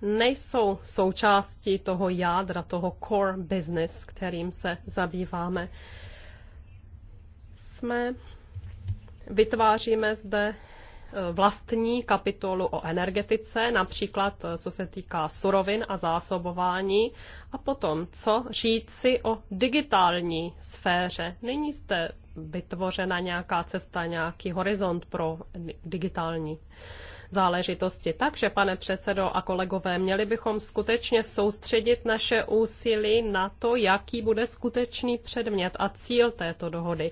nejsou součástí toho jádra, toho core business, kterým se zabýváme jsme, vytváříme zde e, vlastní kapitolu o energetice, například e, co se týká surovin a zásobování, a potom co říct si o digitální sféře. Není zde vytvořena nějaká cesta, nějaký horizont pro digitální záležitosti. Takže, pane předsedo a kolegové, měli bychom skutečně soustředit naše úsilí na to, jaký bude skutečný předmět a cíl této dohody.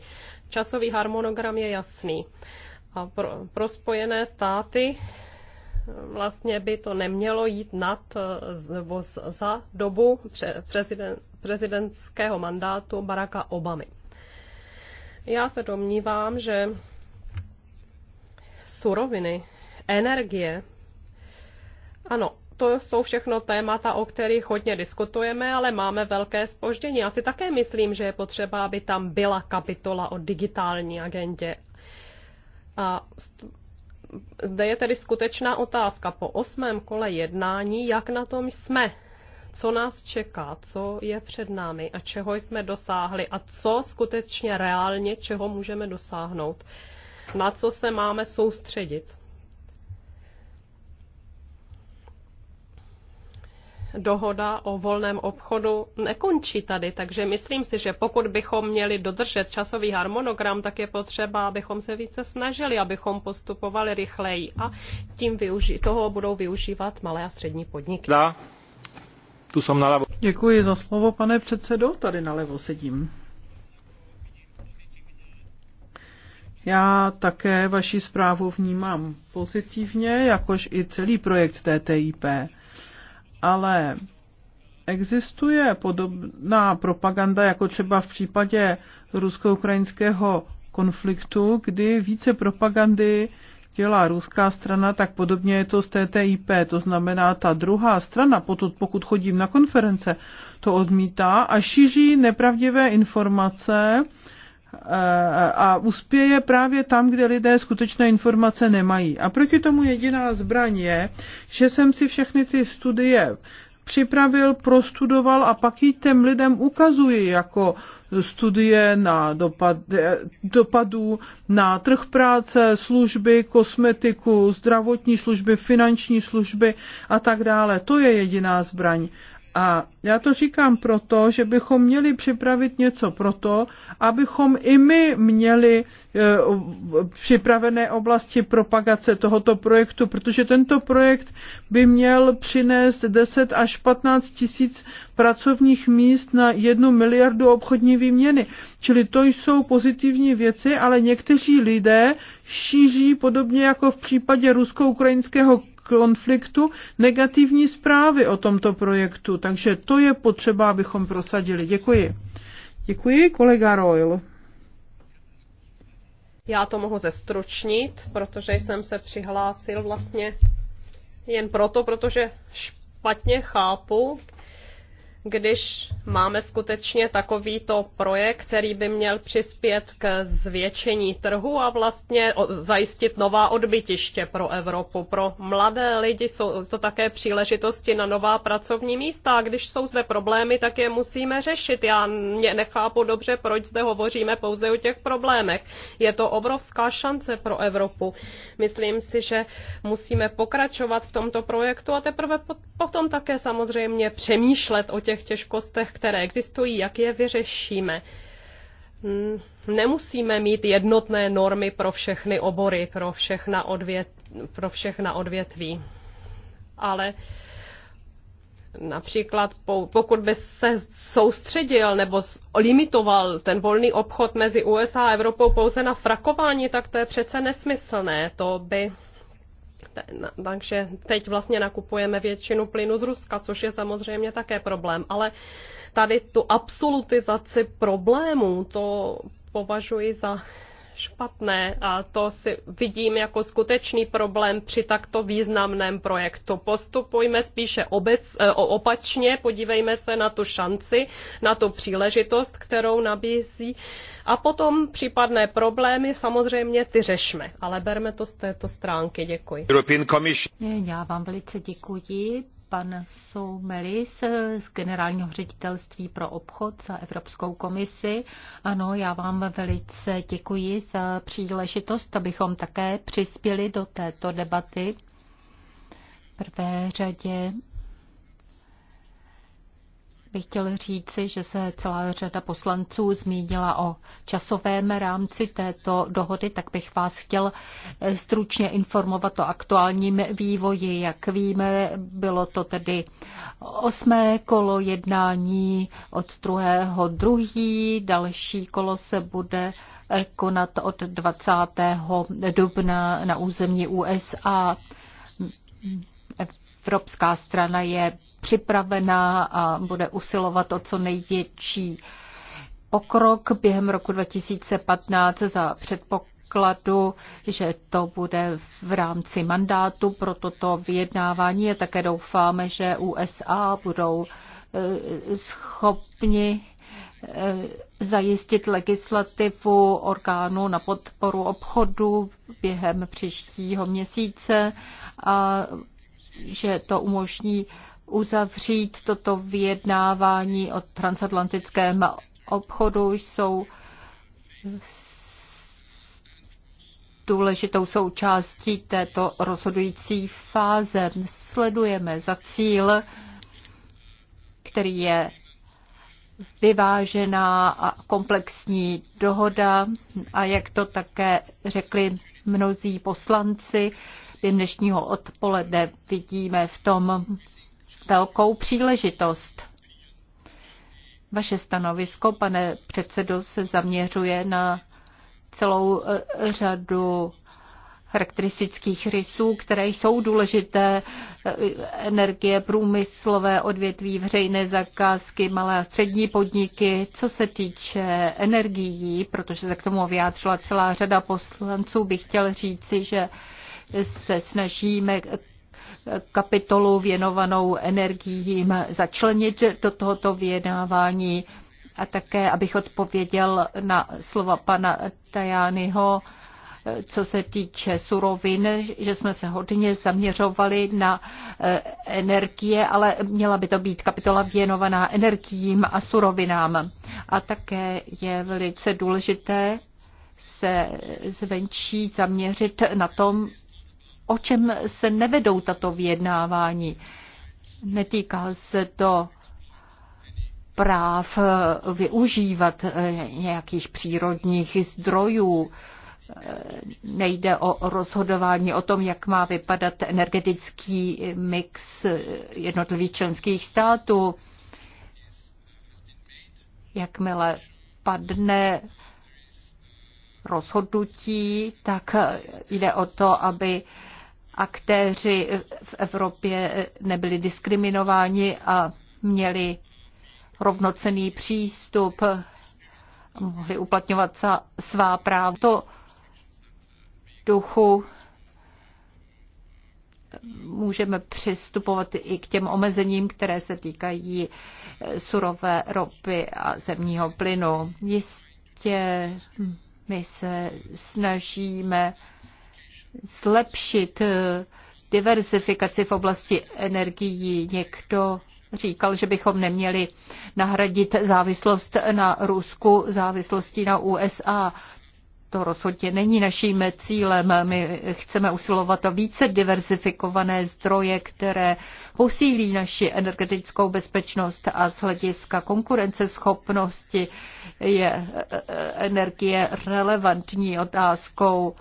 Časový harmonogram je jasný. A pro, pro Spojené státy eh, vlastně by to nemělo jít nad eh, nebo za dobu prezident, prezidentského mandátu Baracka Obamy. Já se domnívám, že suroviny, energie, ano, to jsou všechno témata, o kterých hodně diskutujeme, ale máme velké spoždění. Já si také myslím, že je potřeba, aby tam byla kapitola o digitální agendě. A zde je tedy skutečná otázka. Po osmém kole jednání, jak na tom jsme? Co nás čeká, co je před námi a čeho jsme dosáhli a co skutečně reálně, čeho můžeme dosáhnout, na co se máme soustředit. dohoda o volném obchodu nekončí tady, takže myslím si, že pokud bychom měli dodržet časový harmonogram, tak je potřeba, abychom se více snažili, abychom postupovali rychleji a tím využi- toho budou využívat malé a střední podniky. Dá. Tu jsem nalevo. Děkuji za slovo, pane předsedo. Tady nalevo sedím. Já také vaši zprávu vnímám pozitivně, jakož i celý projekt TTIP ale existuje podobná propaganda, jako třeba v případě rusko-ukrajinského konfliktu, kdy více propagandy dělá ruská strana, tak podobně je to z TTIP. To znamená, ta druhá strana, potud, pokud chodím na konference, to odmítá a šíří nepravdivé informace, a uspěje právě tam, kde lidé skutečné informace nemají. A proti tomu jediná zbraň je, že jsem si všechny ty studie připravil, prostudoval a pak ji těm lidem ukazuji jako studie na dopad, dopadů na trh práce, služby, kosmetiku, zdravotní služby, finanční služby a tak dále. To je jediná zbraň. A já to říkám proto, že bychom měli připravit něco proto, abychom i my měli e, připravené oblasti propagace tohoto projektu, protože tento projekt by měl přinést 10 až 15 tisíc pracovních míst na jednu miliardu obchodní výměny. Čili to jsou pozitivní věci, ale někteří lidé šíří podobně jako v případě rusko-ukrajinského konfliktu negativní zprávy o tomto projektu. Takže to je potřeba, abychom prosadili. Děkuji. Děkuji, kolega Royal. Já to mohu zestručnit, protože jsem se přihlásil vlastně jen proto, protože špatně chápu když máme skutečně takovýto projekt, který by měl přispět k zvětšení trhu a vlastně zajistit nová odbytiště pro Evropu. Pro mladé lidi jsou to také příležitosti na nová pracovní místa. A když jsou zde problémy, tak je musíme řešit. Já mě nechápu dobře, proč zde hovoříme pouze o těch problémech. Je to obrovská šance pro Evropu. Myslím si, že musíme pokračovat v tomto projektu a teprve potom také samozřejmě přemýšlet o těch těch těžkostech, které existují, jak je vyřešíme. Nemusíme mít jednotné normy pro všechny obory, pro všechna, odvět, pro všechna odvětví. Ale například pokud by se soustředil nebo limitoval ten volný obchod mezi USA a Evropou pouze na frakování, tak to je přece nesmyslné. To by takže teď vlastně nakupujeme většinu plynu z Ruska, což je samozřejmě také problém. Ale tady tu absolutizaci problémů, to považuji za špatné a to si vidím jako skutečný problém při takto významném projektu. Postupujme spíše obec, e, opačně, podívejme se na tu šanci, na tu příležitost, kterou nabízí a potom případné problémy samozřejmě ty řešme, ale berme to z této stránky. Děkuji. Já vám velice děkuji pan Soumelis z Generálního ředitelství pro obchod za Evropskou komisi. Ano, já vám velice děkuji za příležitost, abychom také přispěli do této debaty. V prvé řadě bych chtěl říci, že se celá řada poslanců zmínila o časovém rámci této dohody, tak bych vás chtěl eh, stručně informovat o aktuálním vývoji. Jak víme, bylo to tedy osmé kolo jednání od druhého druhý, další kolo se bude eh, konat od 20. dubna na území USA. Evropská strana je připravená a bude usilovat o co největší pokrok během roku 2015 za předpokladu, že to bude v rámci mandátu pro toto vyjednávání a také doufáme, že USA budou eh, schopni eh, zajistit legislativu orgánu na podporu obchodu během příštího měsíce a že to umožní uzavřít toto vyjednávání o transatlantickém obchodu jsou důležitou součástí této rozhodující fáze. Sledujeme za cíl, který je vyvážená a komplexní dohoda a jak to také řekli mnozí poslanci, během dnešního odpoledne vidíme v tom velkou příležitost. Vaše stanovisko, pane předsedo, se zaměřuje na celou e, řadu charakteristických rysů, které jsou důležité, e, energie, průmyslové odvětví, veřejné zakázky, malé a střední podniky. Co se týče energií, protože se k tomu vyjádřila celá řada poslanců, bych chtěl říci, že se snažíme kapitolu věnovanou energiím začlenit do tohoto vyjednávání a také, abych odpověděl na slova pana Tajányho, co se týče surovin, že jsme se hodně zaměřovali na eh, energie, ale měla by to být kapitola věnovaná energiím a surovinám. A také je velice důležité se zvenčí zaměřit na tom, o čem se nevedou tato vyjednávání. Netýká se to práv eh, využívat eh, nějakých přírodních zdrojů. Eh, nejde o rozhodování o tom, jak má vypadat energetický mix jednotlivých členských států. Jakmile padne rozhodnutí, tak jde o to, aby aktéři v Evropě nebyli diskriminováni a měli rovnocený přístup, mohli uplatňovat svá práva. To duchu můžeme přistupovat i k těm omezením, které se týkají surové ropy a zemního plynu. Jistě my se snažíme zlepšit eh, diversifikaci v oblasti energií. Někdo říkal, že bychom neměli nahradit závislost na Rusku závislostí na USA. To rozhodně není naším cílem. My chceme usilovat o více diversifikované zdroje, které posílí naši energetickou bezpečnost a z hlediska konkurenceschopnosti je eh, eh, energie relevantní otázkou.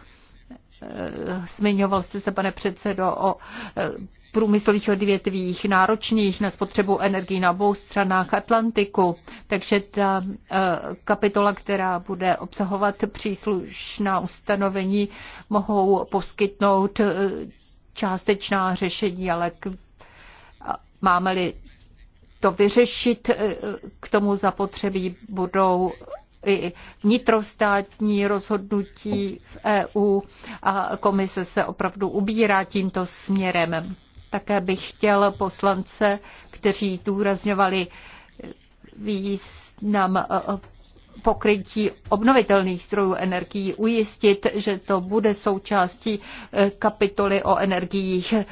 Eh, zmiňoval jste se, pane předsedo, o eh, průmyslových odvětvích náročných na spotřebu energii na obou stranách Atlantiku. Takže ta eh, kapitola, která bude obsahovat příslušná ustanovení, mohou poskytnout částečná řešení, ale k, máme-li to vyřešit, k tomu zapotřebí budou i vnitrostátní rozhodnutí v EU a komise se opravdu ubírá tímto směrem. Také bych chtěl poslance, kteří důrazňovali význam pokrytí obnovitelných strojů energií, ujistit, že to bude součástí eh, kapitoly o energiích. Eh,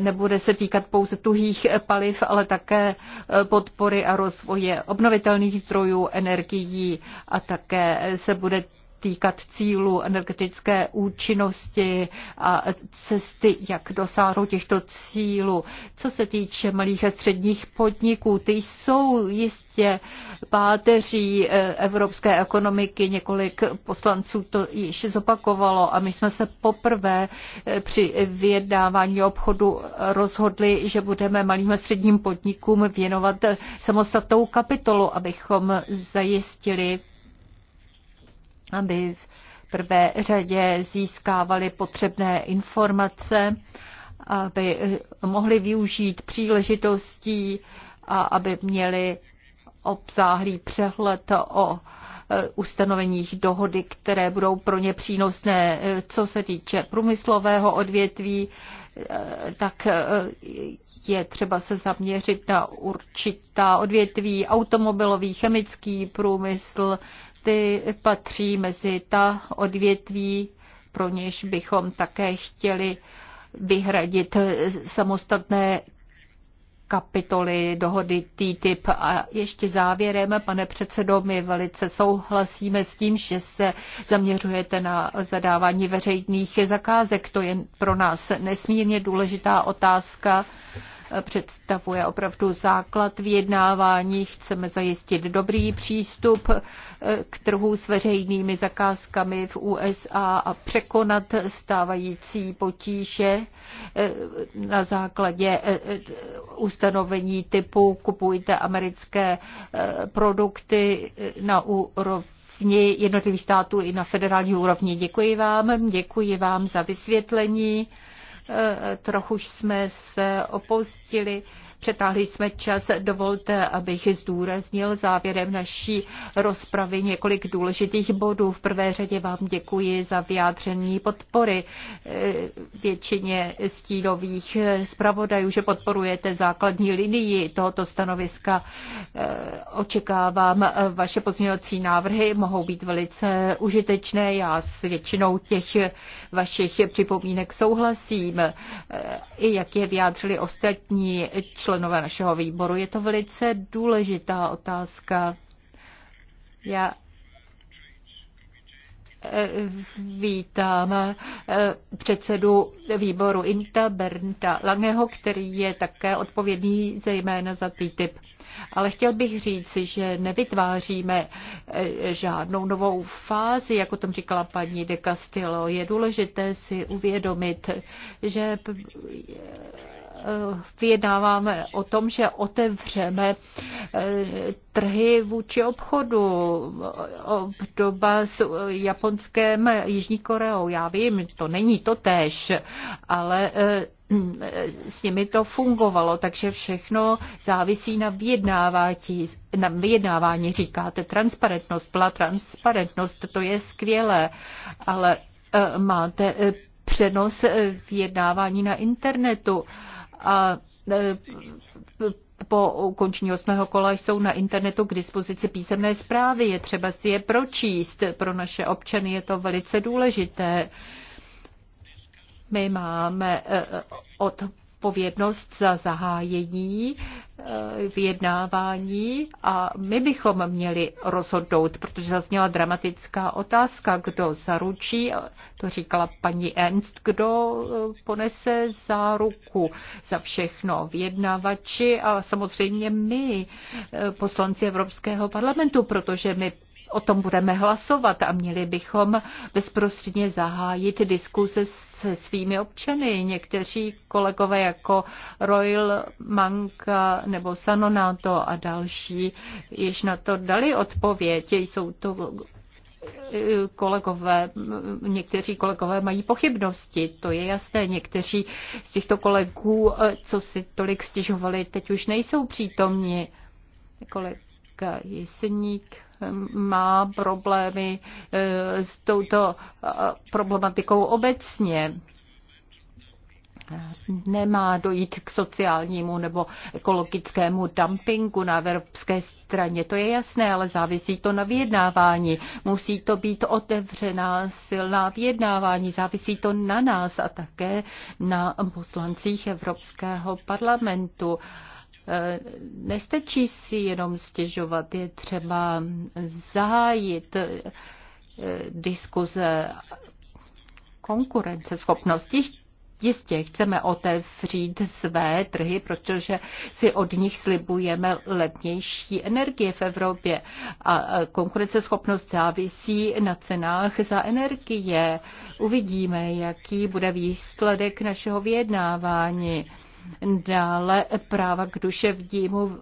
nebude se týkat pouze tuhých paliv, ale také eh, podpory a rozvoje obnovitelných zdrojů energií a také se bude týkat cílů energetické účinnosti a cesty, jak dosáhnout těchto cílů. Co se týče malých a středních podniků, ty jsou jistě páteří eh, evropské ekonomiky. Několik poslanců to již zopakovalo a my jsme se poprvé eh, při vyjednávání obchodu rozhodli, že budeme malým a středním podnikům věnovat eh, samostatnou kapitolu, abychom zajistili aby v prvé řadě získávali potřebné informace, aby eh, mohli využít příležitostí a aby měli obsáhlý přehled o eh, ustanoveních dohody, které budou pro ně přínosné, eh, co se týče průmyslového odvětví, tak je třeba se zaměřit na určitá odvětví, automobilový, chemický průmysl, ty patří mezi ta odvětví, pro něž bychom také chtěli vyhradit samostatné kapitoly dohody TTIP. A ještě závěrem, pane předsedo, my velice souhlasíme s tím, že se zaměřujete na zadávání veřejných zakázek. To je pro nás nesmírně důležitá otázka představuje opravdu základ vyjednávání. Chceme zajistit dobrý přístup eh, k trhu s veřejnými zakázkami v USA a překonat stávající potíže eh, na základě eh, ustanovení typu kupujte americké produkty na úrovni jednotlivých států i na federální úrovni. Děkuji vám, děkuji vám za vysvětlení. Eh, trochu jsme se opozdili. Přetáhli jsme čas. Dovolte, abych zdůraznil závěrem naší rozpravy několik důležitých bodů. V prvé řadě vám děkuji za vyjádření podpory eh, většině stínových zpravodajů, že podporujete základní linii tohoto stanoviska. Eh, očekávám eh, vaše pozměňovací návrhy, mohou být velice užitečné. Já s většinou těch vašich připomínek souhlasím, i jak je vyjádřili ostatní členové členové našeho výboru. Je to velice důležitá otázka. Já eh, vítám eh, předsedu výboru INTA Bernta Langeho, který je také odpovědný zejména za TTIP. Ale chtěl bych říci, že nevytváříme eh, žádnou novou fázi, jako o tom říkala paní de Castillo. Je důležité si uvědomit, že vyjednáváme o tom, že otevřeme eh, trhy vůči obchodu. Obdoba s Japonskem, Jižní Koreou, já vím, to není to tež, ale eh, s nimi to fungovalo, takže všechno závisí na vyjednávání, na vyjednávání říkáte transparentnost, byla transparentnost, to je skvělé, ale eh, máte přenos vyjednávání na internetu a e, po ukončení osmého kola jsou na internetu k dispozici písemné zprávy. Je třeba si je pročíst. Pro naše občany je to velice důležité. My máme e, e, od odpovědnost za zahájení eh, vyjednávání a my bychom měli rozhodnout, protože zazněla dramatická otázka, kdo zaručí, to říkala paní Ernst, kdo eh, ponese záruku za všechno, vyjednávači a samozřejmě my, eh, poslanci Evropského parlamentu, protože my o tom budeme hlasovat a měli bychom bezprostředně zahájit diskuse se svými občany. Někteří kolegové jako Royal Manka nebo Sanonato a další již na to dali odpověď. Jsou to eh, kolegové, někteří kolegové mají pochybnosti, to je jasné. Někteří z těchto kolegů, eh, co si tolik stěžovali, teď už nejsou přítomni. Kolega Jeseník má problémy eh, s touto eh, problematikou obecně. Nemá dojít k sociálnímu nebo ekologickému dumpingu na evropské straně, to je jasné, ale závisí to na vyjednávání. Musí to být otevřená silná vyjednávání, závisí to na nás a také na poslancích Evropského parlamentu. Uh, Eh, nestačí si jenom stěžovat, je třeba zahájit eh, diskuze konkurenceschopnosti. Jistě chceme otevřít své trhy, protože si od nich slibujeme levnější energie v Evropě a konkurenceschopnost závisí na cenách za energie. Uvidíme, jaký bude výsledek našeho vyjednávání. Dále práva k duševnímu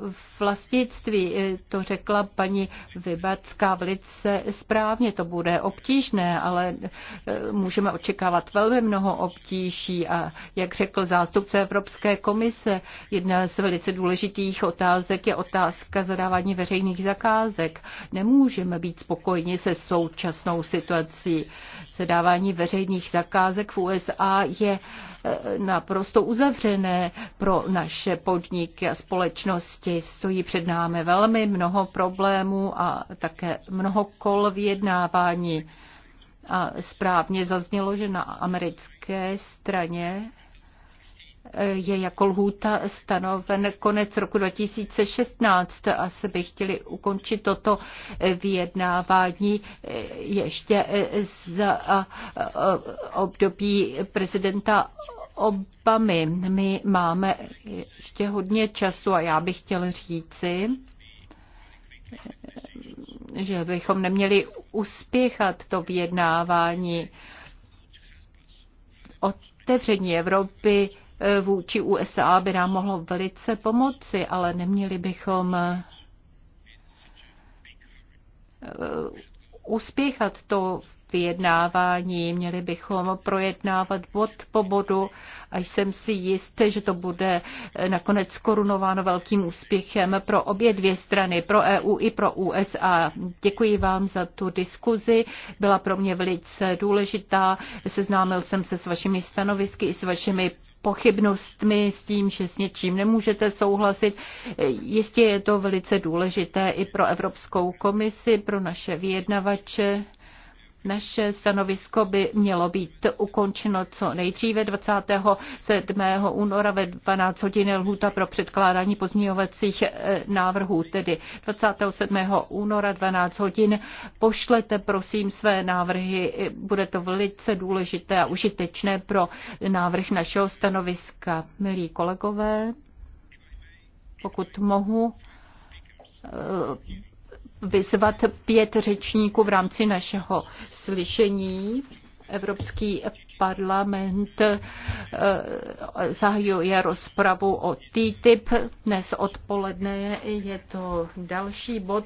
vlastnictví. To řekla paní Vybacká velice správně. To bude obtížné, ale eh, můžeme očekávat velmi mnoho obtíží a jak řekl zástupce Evropské komise, jedna z velice důležitých otázek je otázka zadávání veřejných zakázek. Nemůžeme být spokojeni se současnou situací. Zadávání veřejných zakázek v USA je eh, naprosto uzavřené pro naše podniky a společnosti. Stojí před námi velmi mnoho problémů a také mnoho kol vyjednávání. A správně zaznělo, že na americké straně eh, je jako lhůta stanoven konec roku 2016. Asi by chtěli ukončit toto eh, vyjednávání eh, ještě za období prezidenta my, My máme ještě hodně času a já bych chtěl říci, že bychom neměli uspěchat to vyjednávání. Otevření Evropy eh, vůči USA by nám mohlo velice pomoci, ale neměli bychom eh, uspěchat to vyjednávání. Měli bychom projednávat bod po bodu a jsem si jist, že to bude nakonec korunováno velkým úspěchem pro obě dvě strany, pro EU i pro USA. Děkuji vám za tu diskuzi, byla pro mě velice důležitá. Seznámil jsem se s vašimi stanovisky i s vašimi pochybnostmi, s tím, že s něčím nemůžete souhlasit. Jistě je to velice důležité i pro Evropskou komisi, pro naše vyjednavače naše stanovisko by mělo být ukončeno co nejdříve 27. února ve 12 hodin lhůta pro předkládání pozměňovacích eh, návrhů, tedy 27. února 12 hodin. Pošlete prosím své návrhy, bude to velice důležité a užitečné pro návrh našeho stanoviska. Milí kolegové, pokud mohu, eh, vyzvat pět řečníků v rámci našeho slyšení. Evropský parlament eh, zahajuje rozpravu o TTIP. Dnes odpoledne je to další bod,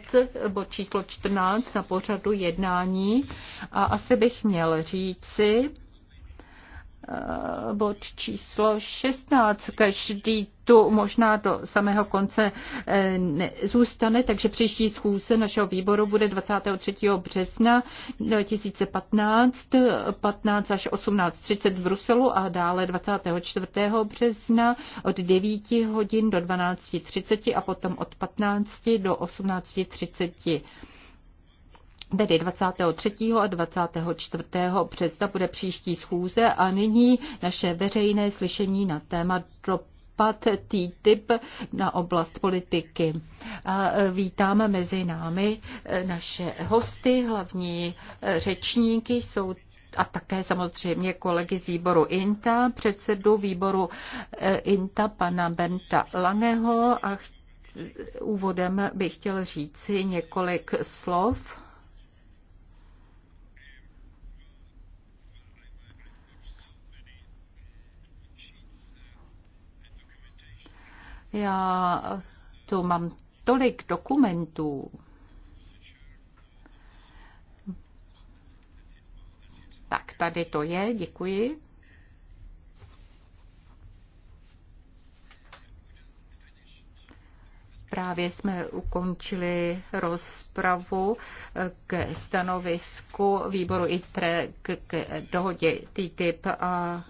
bod číslo 14 na pořadu jednání. A asi bych měl říci, eh, bod číslo 16. Každý tu možná do samého konce eh, zůstane, takže příští schůze našeho výboru bude 23. března 2015, 15 až 18.30 v Bruselu a dále 24. března od 9 hodin do 12.30 a potom od 15 do 18.30 tedy 23. a 24. března bude příští schůze a nyní naše veřejné slyšení na téma drop dopad TTIP na oblast politiky. A e, vítáme mezi námi e, naše hosty, hlavní e, řečníky jsou a také samozřejmě kolegy z výboru INTA, předsedu výboru INTA pana Benta Langeho a úvodem bych chtěl říci několik slov Já tu mám tolik dokumentů. Tak tady to je, děkuji. Právě jsme ukončili rozpravu k stanovisku výboru ITRE k, k dohodě TTIP a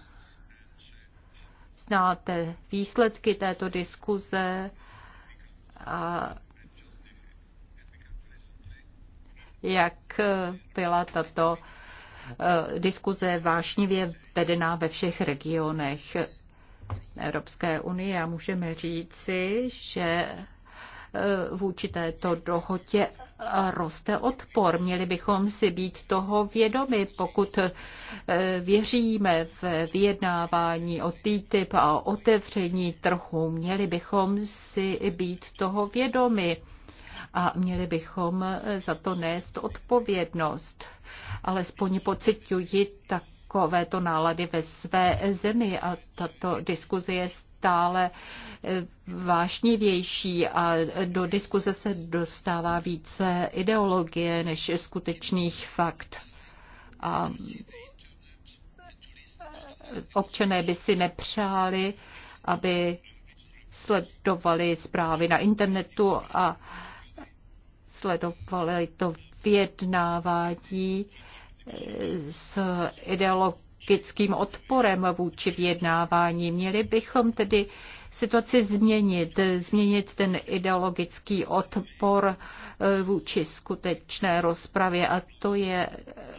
znáte výsledky této diskuze a jak byla tato eh, diskuze vášnivě vedená ve všech regionech Evropské unie a můžeme říci, že Eh, vůči této dohodě roste odpor. Měli bychom si být toho vědomi, pokud eh, věříme v vyjednávání o TTIP a otevření trhu. Měli bychom si být toho vědomi a měli bychom eh, za to nést odpovědnost. Alespoň pocituji takovéto nálady ve své zemi a tato diskuze je stále eh, vášnivější a do diskuze se dostává více ideologie než skutečných fakt. A eh, občané by si nepřáli, aby sledovali zprávy na internetu a sledovali to vyjednávání eh, s ideologií ideologickým odporem vůči vyjednávání. Měli bychom tedy situaci změnit, změnit ten ideologický odpor eh, vůči skutečné rozpravě a to je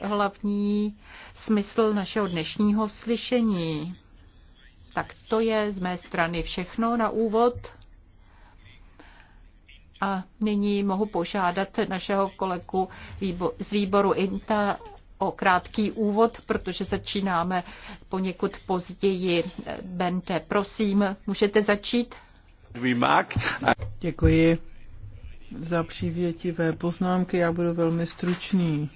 hlavní smysl našeho dnešního slyšení. Tak to je z mé strany všechno na úvod. A nyní mohu požádat našeho kolegu z výboru INTA, o krátký úvod, protože začínáme poněkud později. Bente, prosím, můžete začít? Děkuji za přívětivé poznámky, já budu velmi stručný.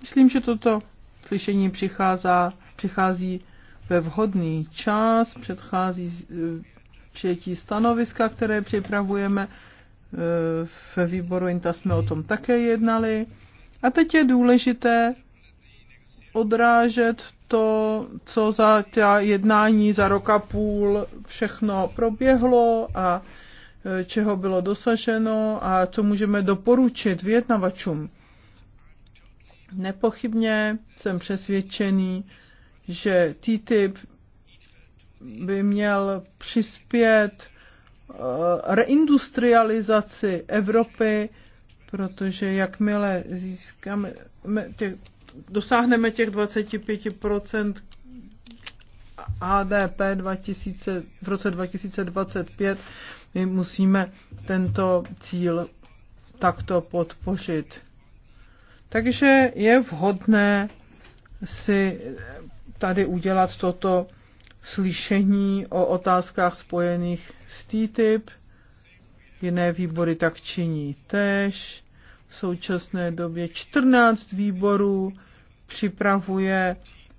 Myslím, že toto slyšení přichází, přichází ve vhodný čas, předchází přijetí stanoviska, které připravujeme Eh, ve výboru INTA jsme o tom také jednali. A teď je důležité odrážet to, co za ta jednání za roka půl všechno proběhlo a eh, čeho bylo dosaženo a co můžeme doporučit vyjednavačům. Nepochybně jsem přesvědčený, že TTIP by měl přispět Eh, reindustrializaci Evropy, protože jakmile získáme těch, dosáhneme těch 25% HDP 2000, v roce 2025, my musíme tento cíl takto podpořit. Takže je vhodné si tady udělat toto slyšení o otázkách spojených s TTIP. Jiné výbory tak činí tež. V současné době 14 výborů připravuje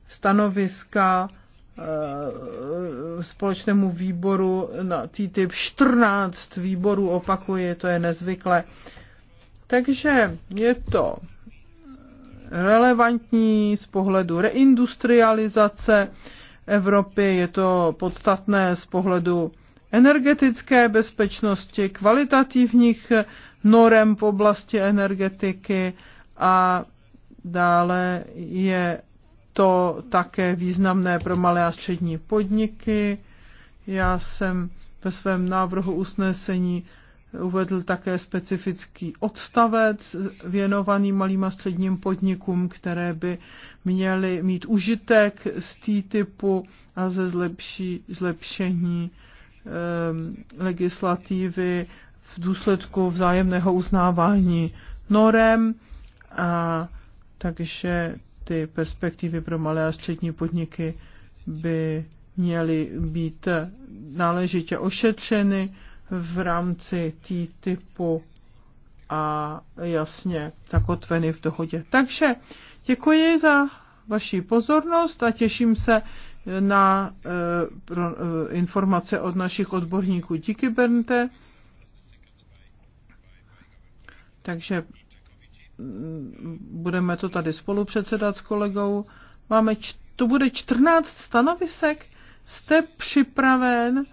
stanoviska eh, společnému výboru na TTIP 14 výborů, opakuje, to je nezvykle. Takže je to relevantní z pohledu reindustrializace Evropy. Je to podstatné z pohledu energetické bezpečnosti, kvalitativních norem v oblasti energetiky a dále je to také významné pro malé a střední podniky. Já jsem ve svém návrhu usnesení uvedl také specifický odstavec věnovaný malým a středním podnikům, které by měly mít užitek z té typu a ze zlepší, zlepšení um, legislativy v důsledku vzájemného uznávání norem. A, takže ty perspektivy pro malé a střední podniky by měly být náležitě ošetřeny v rámci tý typu a jasně zakotveny v dohodě. Takže děkuji za vaši pozornost a těším se na eh, eh, informace od našich odborníků. Díky, Bernte. Takže mm, budeme to tady spolu předsedat s kolegou. Máme, to bude 14 stanovisek. Jste připraven?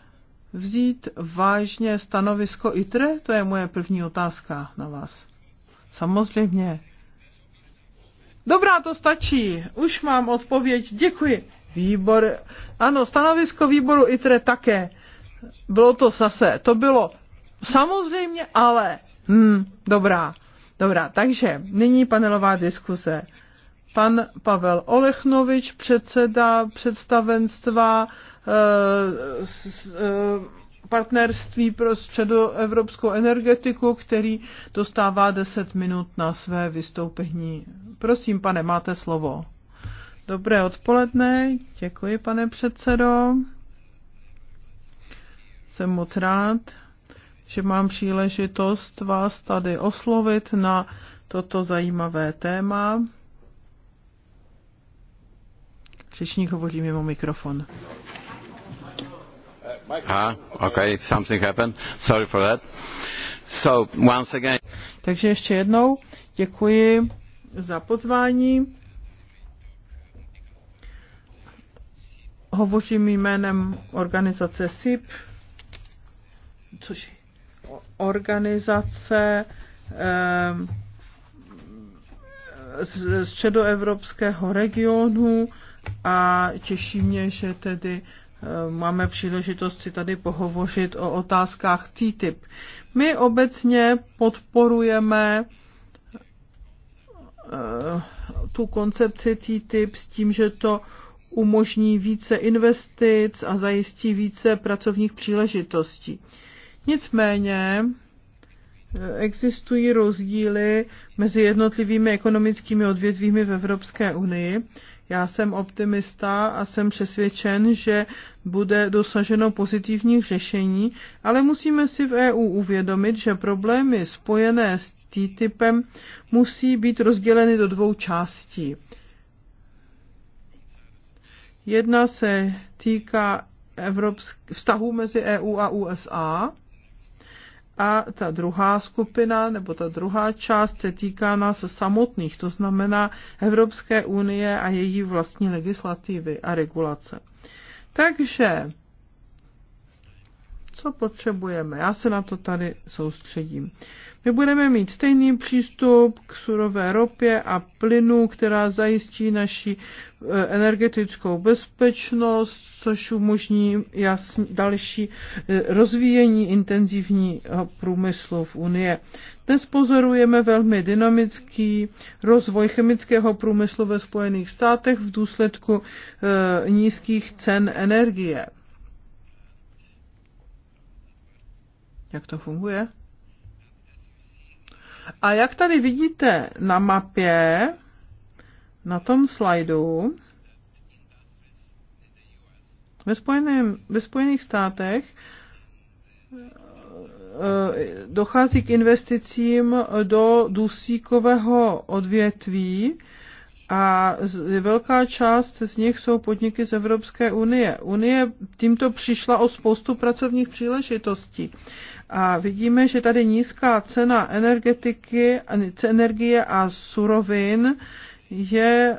vzít vážně stanovisko ITRE? To je moje první otázka na vás. Samozřejmě. Dobrá, to stačí. Už mám odpověď. Děkuji. Výbor. Ano, stanovisko výboru ITRE také. Bylo to zase. To bylo samozřejmě, ale. Hmm, dobrá. Dobrá, takže nyní panelová diskuse. Pan Pavel Olechnovič, předseda představenstva Eh, eh, partnerství pro středoevropskou energetiku, který dostává 10 minut na své vystoupení. Prosím, pane, máte slovo. Dobré odpoledne, děkuji, pane předsedo. Jsem moc rád, že mám příležitost vás tady oslovit na toto zajímavé téma. Řečník hovoří mimo mikrofon. Ah, okay, something happened. Sorry for that. So, once again. Takže ještě jednou děkuji za pozvání. Hovořím jménem organizace SIP, což je organizace eh, z z Evropského regionu a těší mě, že tedy Eh, máme příležitost si tady pohovořit o otázkách TTIP. My obecně podporujeme eh, tu koncepci TTIP s tím, že to umožní více investic a zajistí více pracovních příležitostí. Nicméně eh, existují rozdíly mezi jednotlivými ekonomickými odvětvími v Evropské unii já jsem optimista a jsem přesvědčen, že bude dosaženo pozitivních řešení, ale musíme si v EU uvědomit, že problémy spojené s TTIPem musí být rozděleny do dvou částí. Jedna se týká evropsk- vztahů mezi EU a USA a ta druhá skupina, nebo ta druhá část se týká nás samotných, to znamená Evropské unie a její vlastní legislativy a regulace. Takže co potřebujeme. Já se na to tady soustředím. My budeme mít stejný přístup k surové ropě a plynu, která zajistí naši eh, energetickou bezpečnost, což umožní jasný, další eh, rozvíjení intenzivního průmyslu v Unie. Dnes pozorujeme velmi dynamický rozvoj chemického průmyslu ve Spojených státech v důsledku eh, nízkých cen energie. jak to funguje. A jak tady vidíte na mapě, na tom slajdu, ve, Spojeném, ve Spojených státech eh, dochází k investicím do dusíkového odvětví a velká část z nich jsou podniky z Evropské unie. Unie tímto přišla o spoustu pracovních příležitostí. A vidíme, že tady nízká cena energetiky, energie a surovin je e,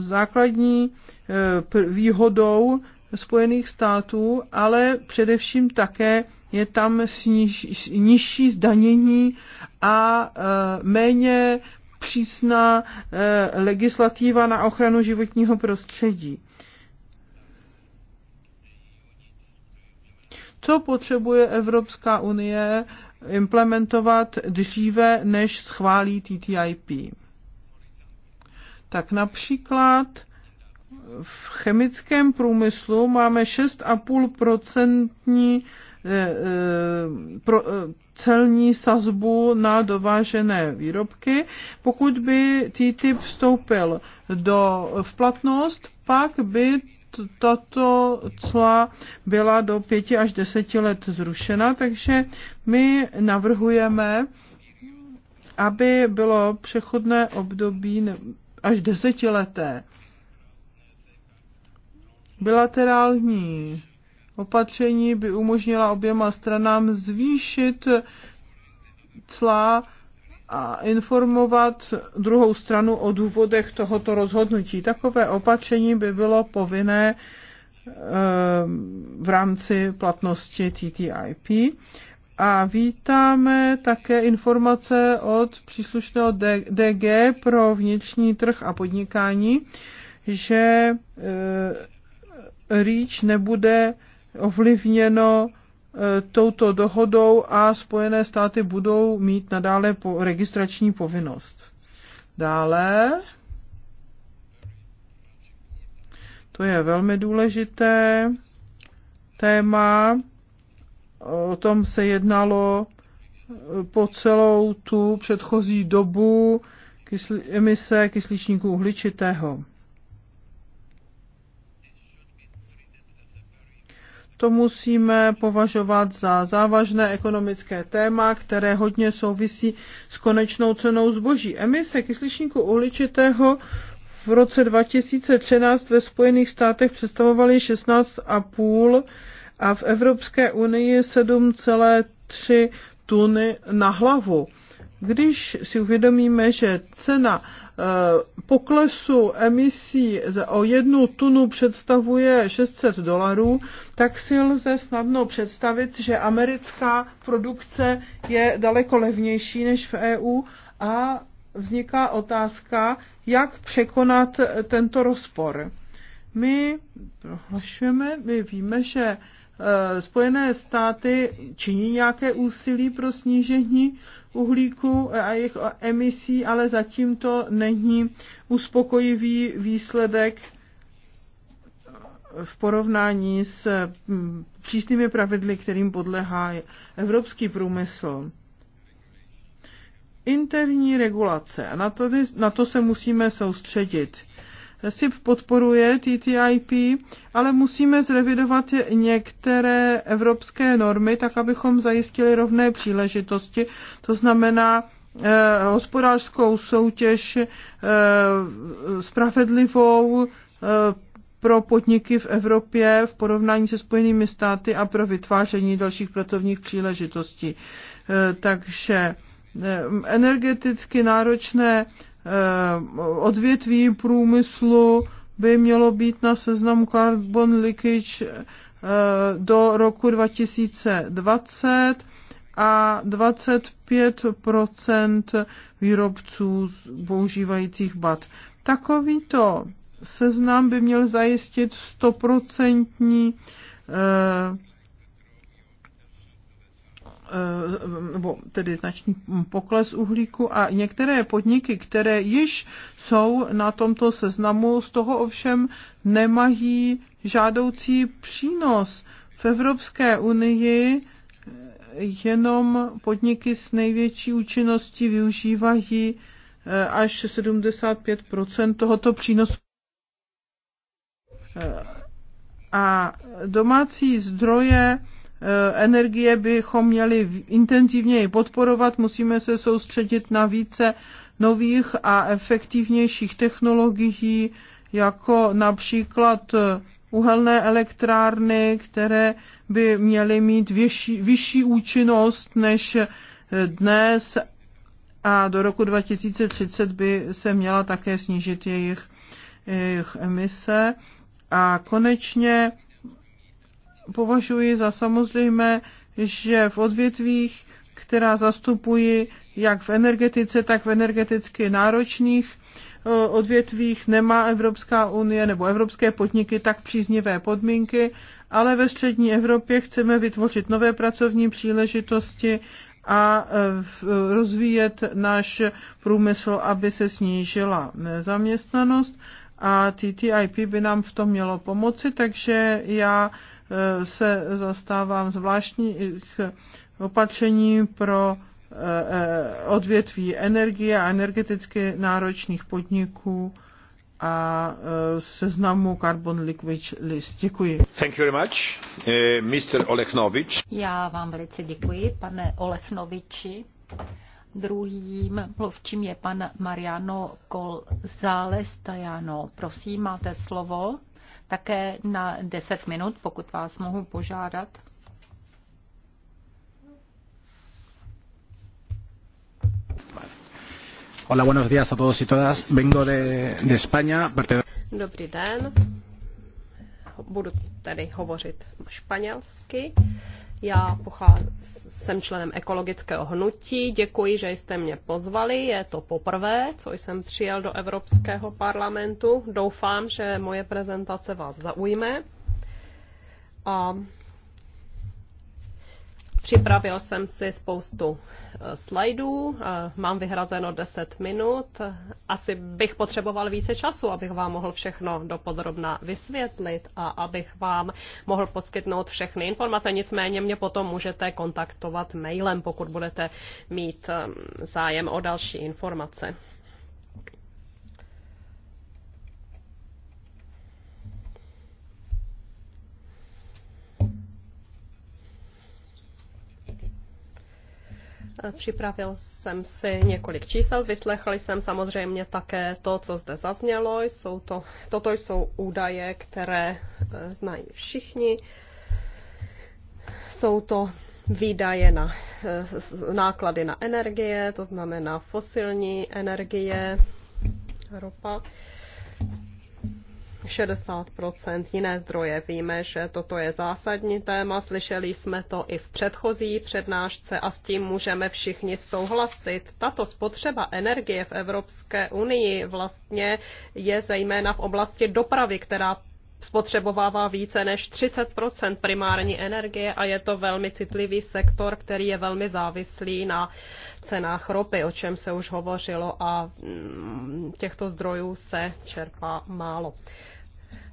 základní e, výhodou Spojených států, ale především také je tam sniž, nižší zdanění a e, méně přísná legislativa na ochranu životního prostředí. co potřebuje Evropská unie implementovat dříve, než schválí TTIP. Tak například v chemickém průmyslu máme 6,5% eh, eh, eh, celní sazbu na dovážené výrobky. Pokud by TTIP vstoupil do, v platnost, pak by tato cla byla do pěti až deseti let zrušena, takže my navrhujeme, aby bylo přechodné období až desetileté. Bilaterální opatření by umožnila oběma stranám zvýšit cla a informovat druhou stranu o důvodech tohoto rozhodnutí. Takové opatření by bylo povinné eh, v rámci platnosti TTIP. A vítáme také informace od příslušného DG pro vnitřní trh a podnikání, že eh, REACH nebude ovlivněno touto dohodou a Spojené státy budou mít nadále po registrační povinnost. Dále, to je velmi důležité téma, o tom se jednalo eh, po celou tu předchozí dobu kysl- emise kysličníku uhličitého. to musíme považovat za závažné ekonomické téma, které hodně souvisí s konečnou cenou zboží. Emise kysličníku uhličitého v roce 2013 ve Spojených státech představovaly 16,5 a v Evropské unii 7,3 tuny na hlavu. Když si uvědomíme, že cena Eh, poklesu emisí o jednu tunu představuje 600 dolarů, tak si lze snadno představit, že americká produkce je daleko levnější než v EU a vzniká otázka, jak překonat eh, tento rozpor. My prohlašujeme, my víme, že eh, Spojené státy činí nějaké úsilí pro snížení uhlíku a jejich emisí, ale zatím to není uspokojivý výsledek v porovnání s mm, přísnými pravidly, kterým podlehá evropský průmysl. Interní regulace, na to, na to se musíme soustředit. SIP podporuje TTIP, ale musíme zrevidovat některé evropské normy, tak abychom zajistili rovné příležitosti. To znamená eh, hospodářskou soutěž eh, spravedlivou eh, pro podniky v Evropě v porovnání se Spojenými státy a pro vytváření dalších pracovních příležitostí. Eh, takže eh, energeticky náročné Eh, odvětví průmyslu by mělo být na seznamu carbon leakage eh, do roku 2020 a 25 výrobců používajících BAT. Takovýto seznam by měl zajistit 100 Eh, nebo tedy značný pokles uhlíku a některé podniky, které již jsou na tomto seznamu, z toho ovšem nemají žádoucí přínos. V Evropské unii eh, jenom podniky s největší účinností využívají eh, až 75 tohoto přínosu. A domácí zdroje Eh, energie bychom měli intenzivněji podporovat, musíme se soustředit na více nových a efektivnějších technologií, jako například eh, uhelné elektrárny, které by měly mít vyšší, vyšší účinnost než eh, dnes a do roku 2030 by se měla také snížit jejich, jejich emise. A konečně považuji za samozřejmé, že v odvětvích, která zastupuji jak v energetice, tak v energeticky náročných eh, odvětvích, nemá Evropská unie nebo evropské podniky tak příznivé podmínky, ale ve střední Evropě chceme vytvořit nové pracovní příležitosti a eh, eh, rozvíjet náš průmysl, aby se snížila nezaměstnanost a TTIP by nám v tom mělo pomoci, takže já Eh, se zastávám zvláštních opatření pro eh, odvětví energie a energeticky náročných podniků a eh, seznamu Carbon Liquid List. Děkuji. Thank you very much, Mr. Olechnovič. Já vám velice děkuji, pane Olechnoviči. Druhým mluvčím je pan Mariano Colzález Tajano. Prosím, máte slovo také na 10 minut, pokud vás mohu požádat. Hola, buenos días a todos y todas. Vengo de, de España. Dobrý den. Budu tady hovořit španělsky. Já jsem členem ekologického hnutí. Děkuji, že jste mě pozvali. Je to poprvé, co jsem přijel do Evropského parlamentu. Doufám, že moje prezentace vás zaujme. A Připravil jsem si spoustu eh, slajdů, eh, mám vyhrazeno 10 minut. Asi bych potřeboval více času, abych vám mohl všechno dopodrobna vysvětlit a abych vám mohl poskytnout všechny informace. Nicméně mě potom můžete kontaktovat mailem, pokud budete mít ehm, zájem o další informace. Připravil jsem si několik čísel, Vyslechl jsem samozřejmě také to, co zde zaznělo. Jsou to, toto jsou údaje, které e, znají všichni. Jsou to výdaje na e, náklady na energie, to znamená fosilní energie, ropa. 60 jiné zdroje. Víme, že toto je zásadní téma, slyšeli jsme to i v předchozí přednášce a s tím můžeme všichni souhlasit. Tato spotřeba energie v Evropské unii vlastně je zejména v oblasti dopravy, která spotřebovává více než 30 primární energie a je to velmi citlivý sektor, který je velmi závislý na cenách ropy, o čem se už hovořilo a mm, těchto zdrojů se čerpá málo.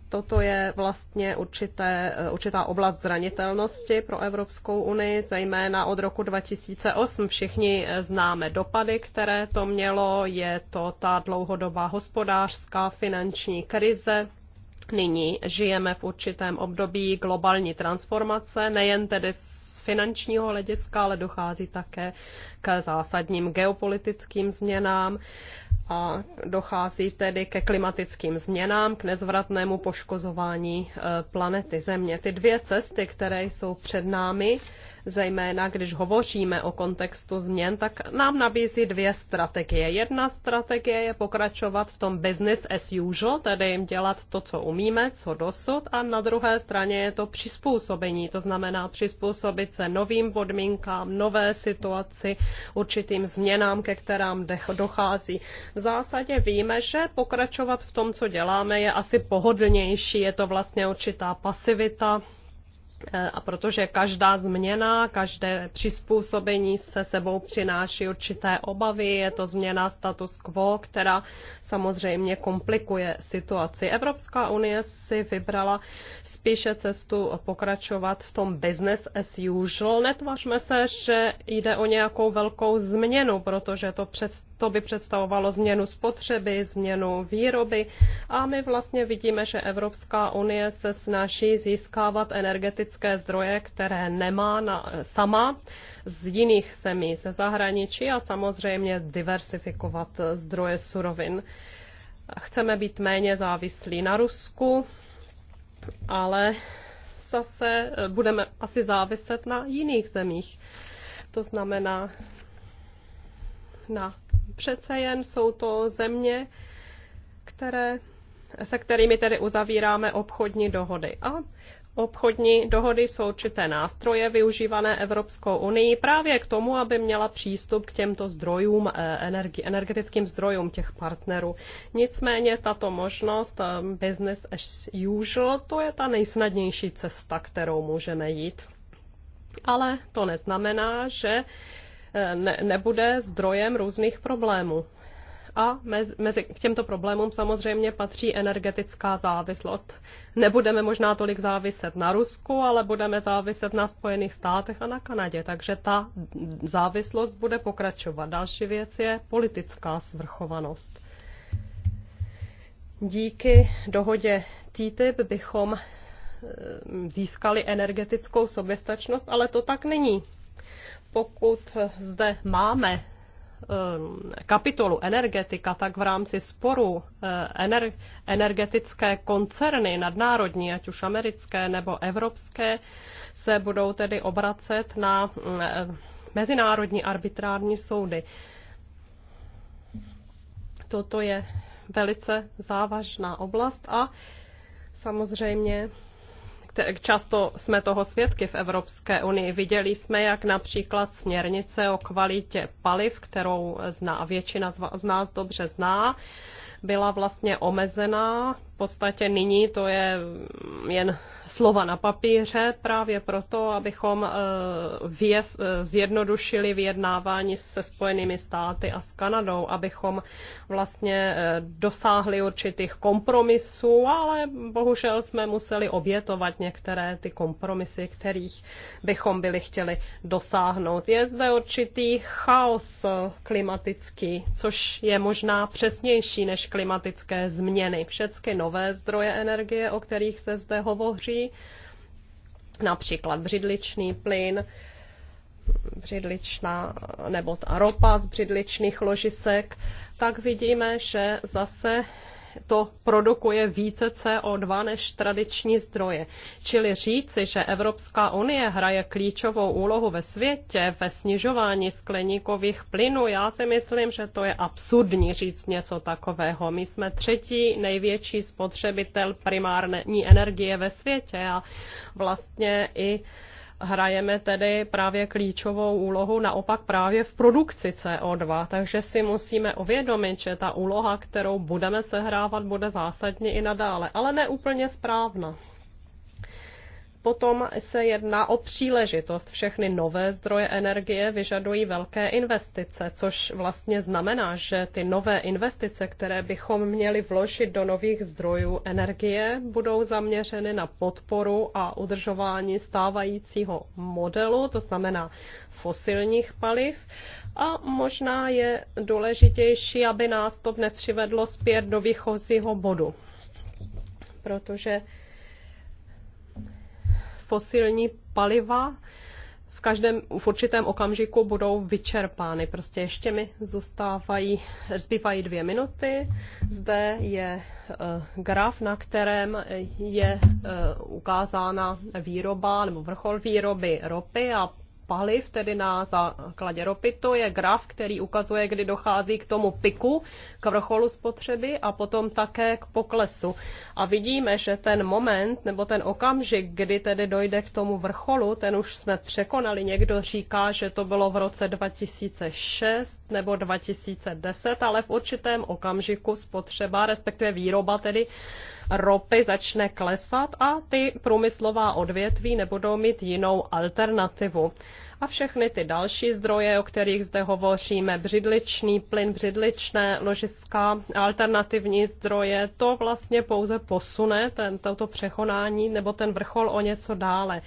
Toto je vlastně určité, eh, určitá oblast zranitelnosti pro Evropskou unii, zejména od roku 2008. Všichni eh, známe dopady, které to mělo. Je to ta dlouhodobá hospodářská finanční krize, Nyní žijeme v určitém období globální transformace, nejen tedy z finančního hlediska, ale dochází také k zásadním geopolitickým změnám a dochází tedy ke klimatickým změnám, k nezvratnému poškozování eh, planety Země. Ty dvě cesty, které jsou před námi, zejména když hovoříme o kontextu změn, tak nám nabízí dvě strategie. Jedna strategie je pokračovat v tom business as usual, tedy jim dělat to, co umíme, co dosud, a na druhé straně je to přizpůsobení, to znamená přizpůsobit se novým podmínkám, nové situaci, určitým změnám, ke kterým dochází. V zásadě víme, že pokračovat v tom, co děláme, je asi pohodlnější, je to vlastně určitá pasivita, Eh, a protože každá změna, každé přizpůsobení se sebou přináší určité obavy, je to změna status quo, která samozřejmě komplikuje situaci. Evropská unie si vybrala spíše cestu pokračovat v tom business as usual. Netvařme se, že jde o nějakou velkou změnu, protože to, před, to by představovalo změnu spotřeby, změnu výroby a my vlastně vidíme, že Evropská unie se snaží získávat energetické energetické zdroje, které nemá na, sama z jiných zemí, ze zahraničí a samozřejmě diversifikovat zdroje surovin. Chceme být méně závislí na Rusku, ale zase budeme asi záviset na jiných zemích. To znamená, na přece jen jsou to země, které, se kterými tedy uzavíráme obchodní dohody. A Obchodní dohody jsou určité nástroje využívané Evropskou unii právě k tomu, aby měla přístup k těmto zdrojům, eh, energi- energetickým zdrojům těch partnerů. Nicméně tato možnost eh, business as usual, to je ta nejsnadnější cesta, kterou můžeme jít. Ale to neznamená, že eh, ne, nebude zdrojem různých problémů. A mezi, mezi k těmto problémům samozřejmě patří energetická závislost. Nebudeme možná tolik záviset na Rusku, ale budeme záviset na Spojených státech a na Kanadě, takže ta závislost bude pokračovat. Další věc je politická svrchovanost. Díky dohodě TTIP bychom eh, získali energetickou soběstačnost, ale to tak není. Pokud zde máme Um, kapitolu energetika, tak v rámci sporu uh, energetické koncerny nadnárodní, ať už americké nebo evropské, se budou tedy obracet na uh, mezinárodní arbitrární soudy. Toto je velice závažná oblast a samozřejmě často jsme toho svědky v Evropské unii. Viděli jsme, jak například směrnice o kvalitě paliv, kterou zná většina z nás dobře zná, byla vlastně omezená. V podstatě nyní to je jen slova na papíře právě proto, abychom eh, věz, eh, zjednodušili vyjednávání se Spojenými státy a s Kanadou, abychom vlastně eh, dosáhli určitých kompromisů, ale bohužel jsme museli obětovat některé ty kompromisy, kterých bychom byli chtěli dosáhnout. Je zde určitý chaos klimatický, což je možná přesnější než klimatické změny. Všechny nové zdroje energie, o kterých se zde hovoří, například břidličný plyn, břidličná nebo ta ropa z břidličných ložisek, tak vidíme, že zase to produkuje více CO2 než tradiční zdroje. Čili říci, že Evropská unie hraje klíčovou úlohu ve světě ve snižování skleníkových plynů, já si myslím, že to je absurdní říct něco takového. My jsme třetí největší spotřebitel primární energie ve světě a vlastně i hrajeme tedy právě klíčovou úlohu naopak právě v produkci CO2, takže si musíme uvědomit, že ta úloha, kterou budeme sehrávat, bude zásadní i nadále, ale ne úplně správná. Potom se jedná o příležitost. Všechny nové zdroje energie vyžadují velké investice, což vlastně znamená, že ty nové investice, které bychom měli vložit do nových zdrojů energie, budou zaměřeny na podporu a udržování stávajícího modelu, to znamená fosilních paliv. A možná je důležitější, aby nás to nepřivedlo zpět do výchozího bodu. Protože fosilní paliva v každém v určitém okamžiku budou vyčerpány. Prostě ještě mi zůstávají, zbývají dvě minuty. Zde je eh, graf, na kterém je eh, ukázána výroba nebo vrchol výroby ropy a paliv, tedy na základě ropy. To je graf, který ukazuje, kdy dochází k tomu piku, k vrcholu spotřeby a potom také k poklesu. A vidíme, že ten moment nebo ten okamžik, kdy tedy dojde k tomu vrcholu, ten už jsme překonali. Někdo říká, že to bylo v roce 2006 nebo 2010, ale v určitém okamžiku spotřeba, respektive výroba tedy ropy začne klesat a ty průmyslová odvětví nebudou mít jinou alternativu. A všechny ty další zdroje, o kterých zde hovoříme, břidličný plyn, břidličné ložiska, alternativní zdroje, to vlastně pouze posune toto přechonání nebo ten vrchol o něco dále.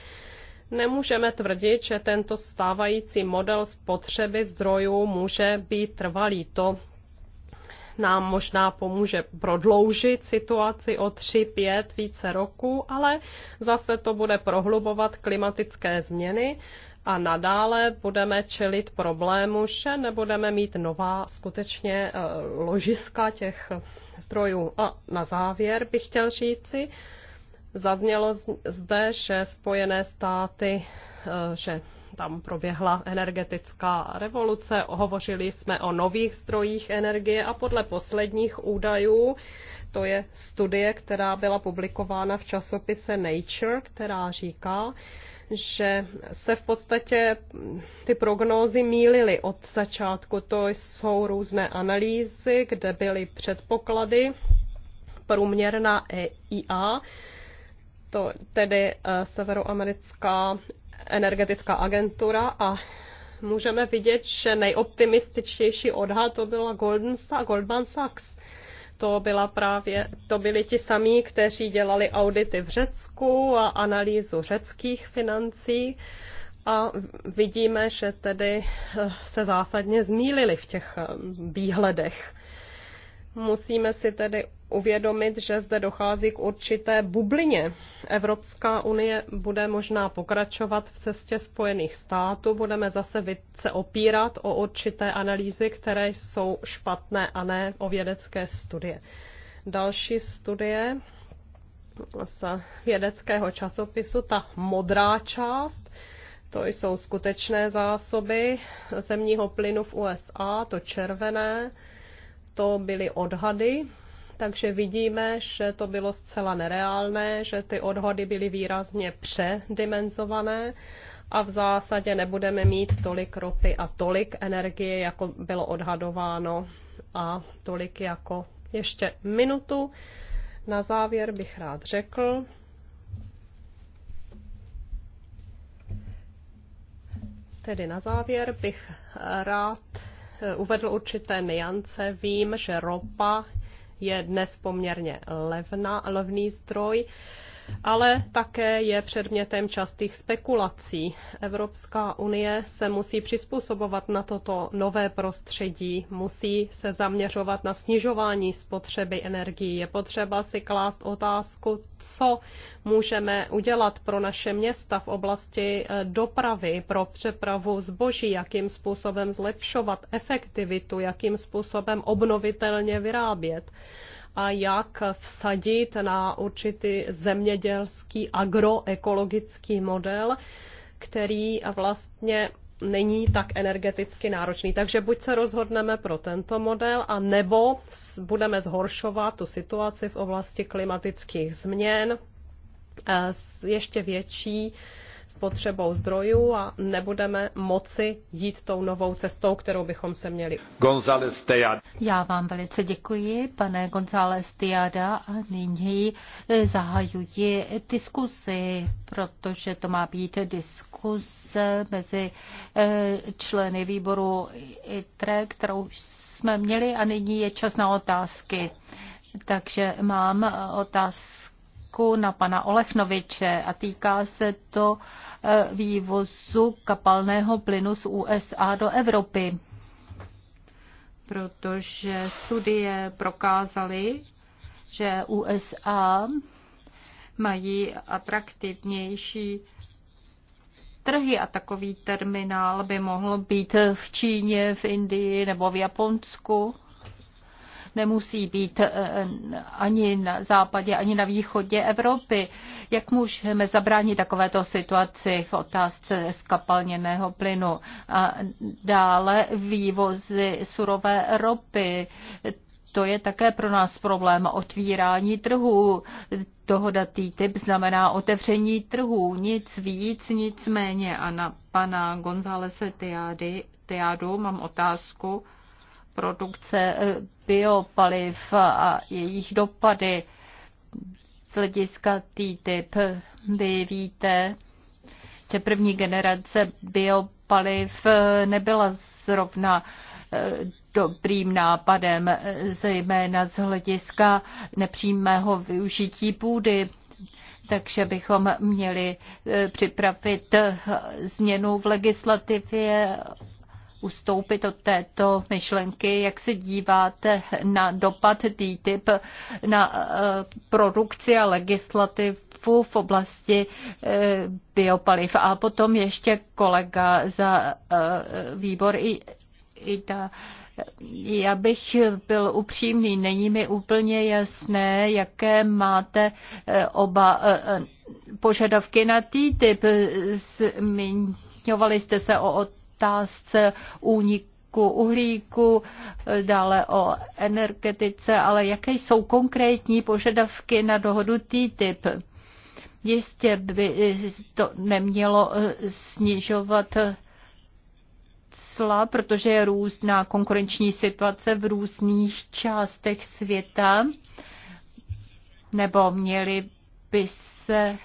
Nemůžeme tvrdit, že tento stávající model spotřeby zdrojů může být trvalý. To nám možná pomůže prodloužit situaci o 3-5 více roku, ale zase to bude prohlubovat klimatické změny a nadále budeme čelit problému, že nebudeme mít nová skutečně eh, ložiska těch zdrojů. A na závěr bych chtěl říci, zaznělo zde, že Spojené státy, eh, že tam proběhla energetická revoluce, hovořili jsme o nových zdrojích energie a podle posledních údajů, to je studie, která byla publikována v časopise Nature, která říká, že se v podstatě ty prognózy mílily od začátku. To jsou různé analýzy, kde byly předpoklady průměrná EIA, to tedy eh, severoamerická energetická agentura a můžeme vidět, že nejoptimističtější odhad to byla Goldman Sachs. To, byla právě, to byli ti samí, kteří dělali audity v Řecku a analýzu řeckých financí a vidíme, že tedy eh, se zásadně zmílili v těch eh, výhledech. Musíme si tedy uvědomit, že zde dochází k určité bublině. Evropská unie bude možná pokračovat v cestě Spojených států, budeme zase se opírat o určité analýzy, které jsou špatné a ne o vědecké studie. Další studie z vědeckého časopisu, ta modrá část, to jsou skutečné zásoby zemního plynu v USA, to červené, to byly odhady, takže vidíme, že to bylo zcela nereálné, že ty odhady byly výrazně předimenzované a v zásadě nebudeme mít tolik ropy a tolik energie, jako bylo odhadováno a tolik jako ještě minutu. Na závěr bych rád řekl, tedy na závěr bych rád uvedl určité niance. Vím, že ropa je dnes poměrně levná, levný zdroj. Uh, ale také je předmětem častých spekulací. Evropská unie se musí přizpůsobovat na toto nové prostředí, musí se zaměřovat na snižování spotřeby energií. Je potřeba si klást otázku, co můžeme udělat pro naše města v oblasti eh, dopravy, pro přepravu zboží, jakým způsobem zlepšovat efektivitu, jakým způsobem obnovitelně vyrábět a jak vsadit na určitý zemědělský agroekologický model, který vlastně není tak energeticky náročný. Takže buď se rozhodneme pro tento model, a nebo budeme zhoršovat tu situaci v oblasti klimatických změn eh, s ještě větší spotřebou zdrojů a nebudeme moci jít tou novou cestou, kterou bychom se měli. González Tejada. Já vám velice děkuji, pane González Tejada, a nyní e, zahajuji diskuzi, protože to má být diskuze mezi e, členy výboru ITRE, kterou jsme měli a nyní je čas na otázky. Takže mám otázky otázku na pana Olechnoviče a týká se to eh, vývozu kapalného plynu z USA do Evropy. Protože studie prokázaly, že USA mají atraktivnější trhy a takový terminál by mohl být v Číně, v Indii nebo v Japonsku nemusí být eh, ani na západě, ani na východě Evropy. Jak můžeme zabránit takovéto situaci v otázce skapalněného plynu? A dále vývozy surové ropy. To je také pro nás problém otvírání trhu. Dohoda TTIP znamená otevření trhu, nic víc, nic méně. A na pana Gonzálese Teády, Teádu mám otázku produkce eh, biopaliv a jejich dopady z hlediska TTIP. Vy víte, že první generace biopaliv eh, nebyla zrovna eh, dobrým nápadem, zejména z hlediska nepřímého využití půdy. Takže bychom měli připravit změnu v legislativě ustoupit od této myšlenky. Jak se díváte na dopad TTIP na eh, produkci a legislativu v oblasti eh, biopaliv? A potom ještě kolega za eh, výbor i, i ta, já bych byl upřímný, není mi úplně jasné, jaké máte oba požadavky na TTIP. Zmiňovali jste se o otázce únik uhlíku, dále o energetice, ale jaké jsou konkrétní požadavky na dohodu TTIP? Jistě by to nemělo snižovat cla, protože je různá konkurenční situace v různých částech světa, nebo měly by se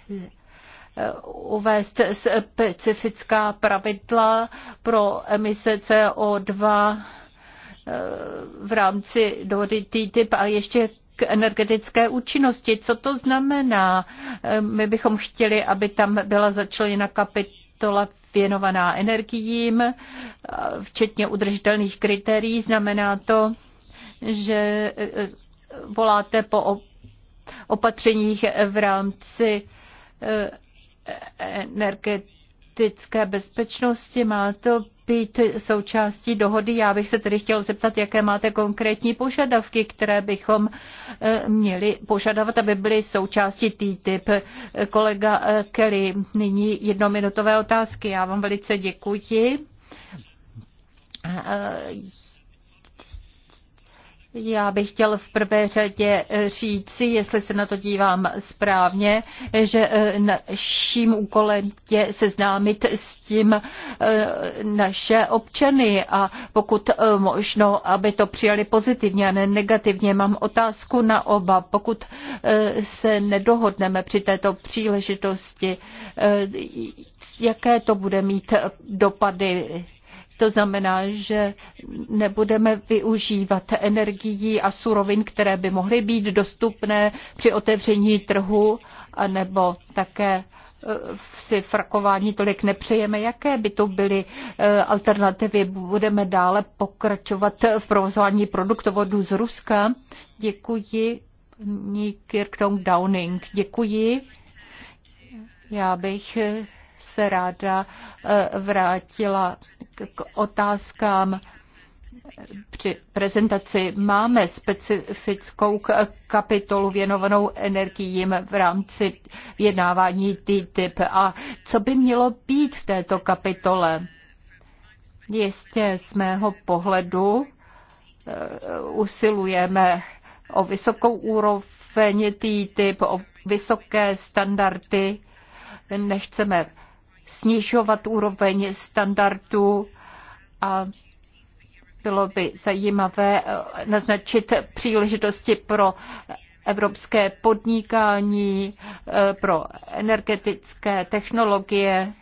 Eh, uvést specifická pravidla pro emise CO2 eh, v rámci dohody TTIP a ještě k energetické účinnosti. Co to znamená? Eh, my bychom chtěli, aby tam byla začleněna kapitola věnovaná energiím, včetně udržitelných kritérií. Znamená to, že voláte po opatřeních v rámci energetické bezpečnosti. Má to být součástí dohody. Já bych se tedy chtěl zeptat, jaké máte konkrétní požadavky, které bychom eh, měli požadovat, aby byly součástí TTIP. Kolega eh, Kelly, nyní jednominutové otázky. Já vám velice děkuji. Eh, já bych chtěl v prvé řadě eh, říci, jestli se na to dívám správně, eh, že eh, naším úkolem je seznámit s tím naše občany a pokud možno, aby to přijali pozitivně a ne negativně. Mám otázku na oba. Pokud se nedohodneme při této příležitosti, jaké to bude mít dopady to znamená, že nebudeme využívat energií a surovin, které by mohly být dostupné při otevření trhu, nebo také eh, si frakování tolik nepřejeme, jaké by to byly eh, alternativy. Budeme dále pokračovat v provozování produktovodu z Ruska. Děkuji. Kirkton Downing. Děkuji. Já bych eh, se ráda vrátila k otázkám při prezentaci máme specifickou kapitolu věnovanou energiím v rámci vyjednávání TTIP. A co by mělo být v této kapitole? Jistě z mého pohledu eh, usilujeme o vysokou úroveň TTIP, o vysoké standardy. Nechceme snižovat úroveň standardů a bylo by zajímavé eh, naznačit příležitosti pro evropské podnikání, eh, pro energetické technologie.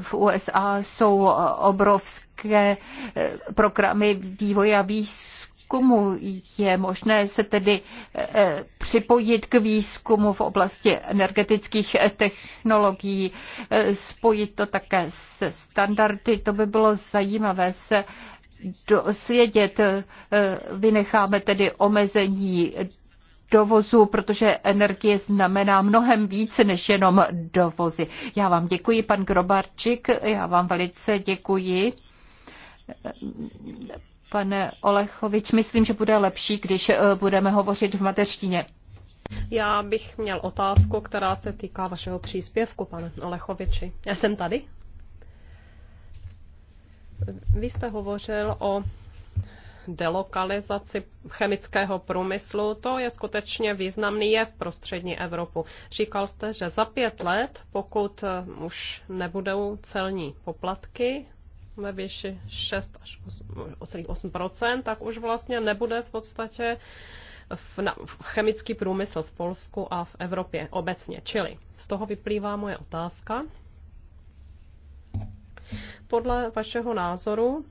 V USA jsou obrovské eh, programy vývoje a výzkumu výzkumu. Je možné se tedy eh, připojit k výzkumu v oblasti energetických eh, technologií, eh, spojit to také s standardy. To by bylo zajímavé se dosvědět. Vynecháme tedy omezení dovozu, protože energie znamená mnohem více než jenom dovozy. Já vám děkuji, pan Grobarčik, já vám velice děkuji. Pane Olechovič, myslím, že bude lepší, když eh, budeme hovořit v mateřštině. Já bych měl otázku, která se týká vašeho příspěvku, pane Olechoviči. Já jsem tady. Vy jste hovořil o delokalizaci chemického průmyslu, to je skutečně významný jev pro střední Evropu. Říkal jste, že za pět let, pokud už nebudou celní poplatky, ve výši 6 až 8%, tak už vlastně nebude v podstatě v, na, v chemický průmysl v Polsku a v Evropě obecně. Čili z toho vyplývá moje otázka. Podle vašeho názoru,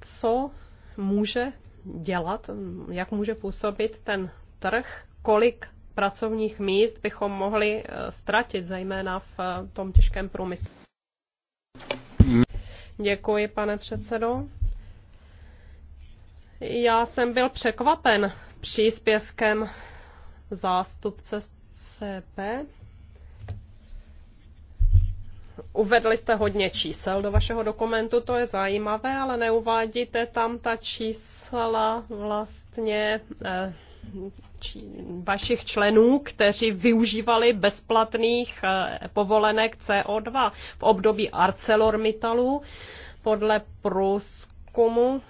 co může dělat, jak může působit ten trh, kolik pracovních míst bychom mohli eh, ztratit, zejména v eh, tom těžkém průmyslu? Děkuji, pane předsedo. Já jsem byl překvapen příspěvkem zástupce CP. Uvedli jste hodně čísel do vašeho dokumentu, to je zajímavé, ale neuvádíte tam ta čísla vlastně. Eh, vašich členů, kteří využívali bezplatných eh, povolenek CO2 v období ArcelorMittalu. Podle průzkumu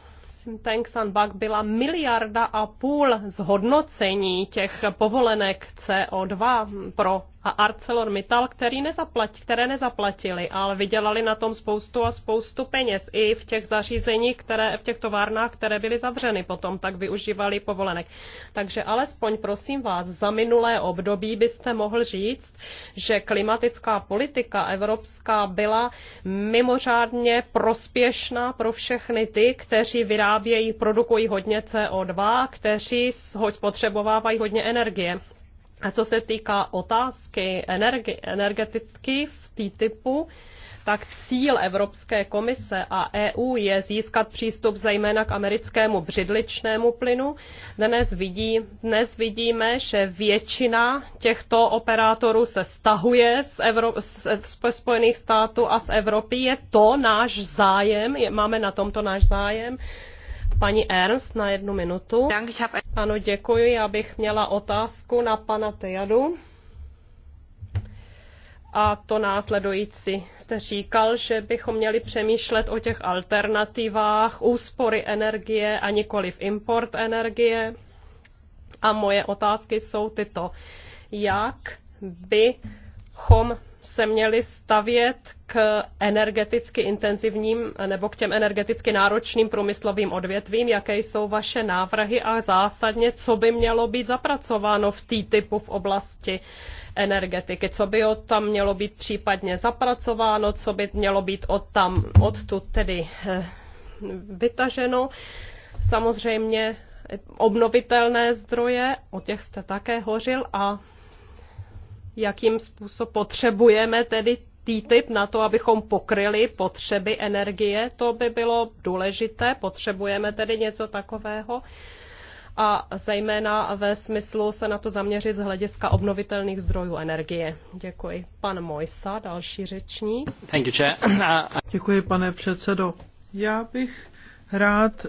Tanks and Bug byla miliarda a půl zhodnocení těch povolenek CO2 pro a ArcelorMittal, který nezaplat, které nezaplatili, ale vydělali na tom spoustu a spoustu peněz i v těch zařízeních, které, v těch továrnách, které byly zavřeny potom, tak využívali povolenek. Takže alespoň prosím vás, za minulé období byste mohl říct, že klimatická politika evropská byla mimořádně prospěšná pro všechny ty, kteří vyrábějí, produkují hodně CO2, kteří spotřebovávají hodně energie. A co se týká otázky energi- energeticky v TTIPu, tak cíl Evropské komise a EU je získat přístup zejména k americkému břidličnému plynu. Dnes, vidí, dnes vidíme, že většina těchto operátorů se stahuje z, Evro, z, z Spojených států a z Evropy. Je to náš zájem, je, máme na tomto náš zájem. Paní Ernst na jednu minutu. Ano, děkuji. Já bych měla otázku na pana Tejadu. A to následující. Jste říkal, že bychom měli přemýšlet o těch alternativách úspory energie a nikoliv import energie. A moje otázky jsou tyto. Jak by bychom se měli stavět k energeticky intenzivním nebo k těm energeticky náročným průmyslovým odvětvím, jaké jsou vaše návrhy a zásadně, co by mělo být zapracováno v té typu v oblasti energetiky, co by od tam mělo být případně zapracováno, co by mělo být od tam, odtud tedy eh, vytaženo. Samozřejmě obnovitelné zdroje, o těch jste také hořil a jakým způsobem potřebujeme tedy TTIP na to, abychom pokryli potřeby energie. To by bylo důležité, potřebujeme tedy něco takového. A zejména ve smyslu se na to zaměřit z hlediska obnovitelných zdrojů energie. Děkuji. Pan Mojsa, další řeční. Thank you, Děkuji, pane předsedo. Já bych rád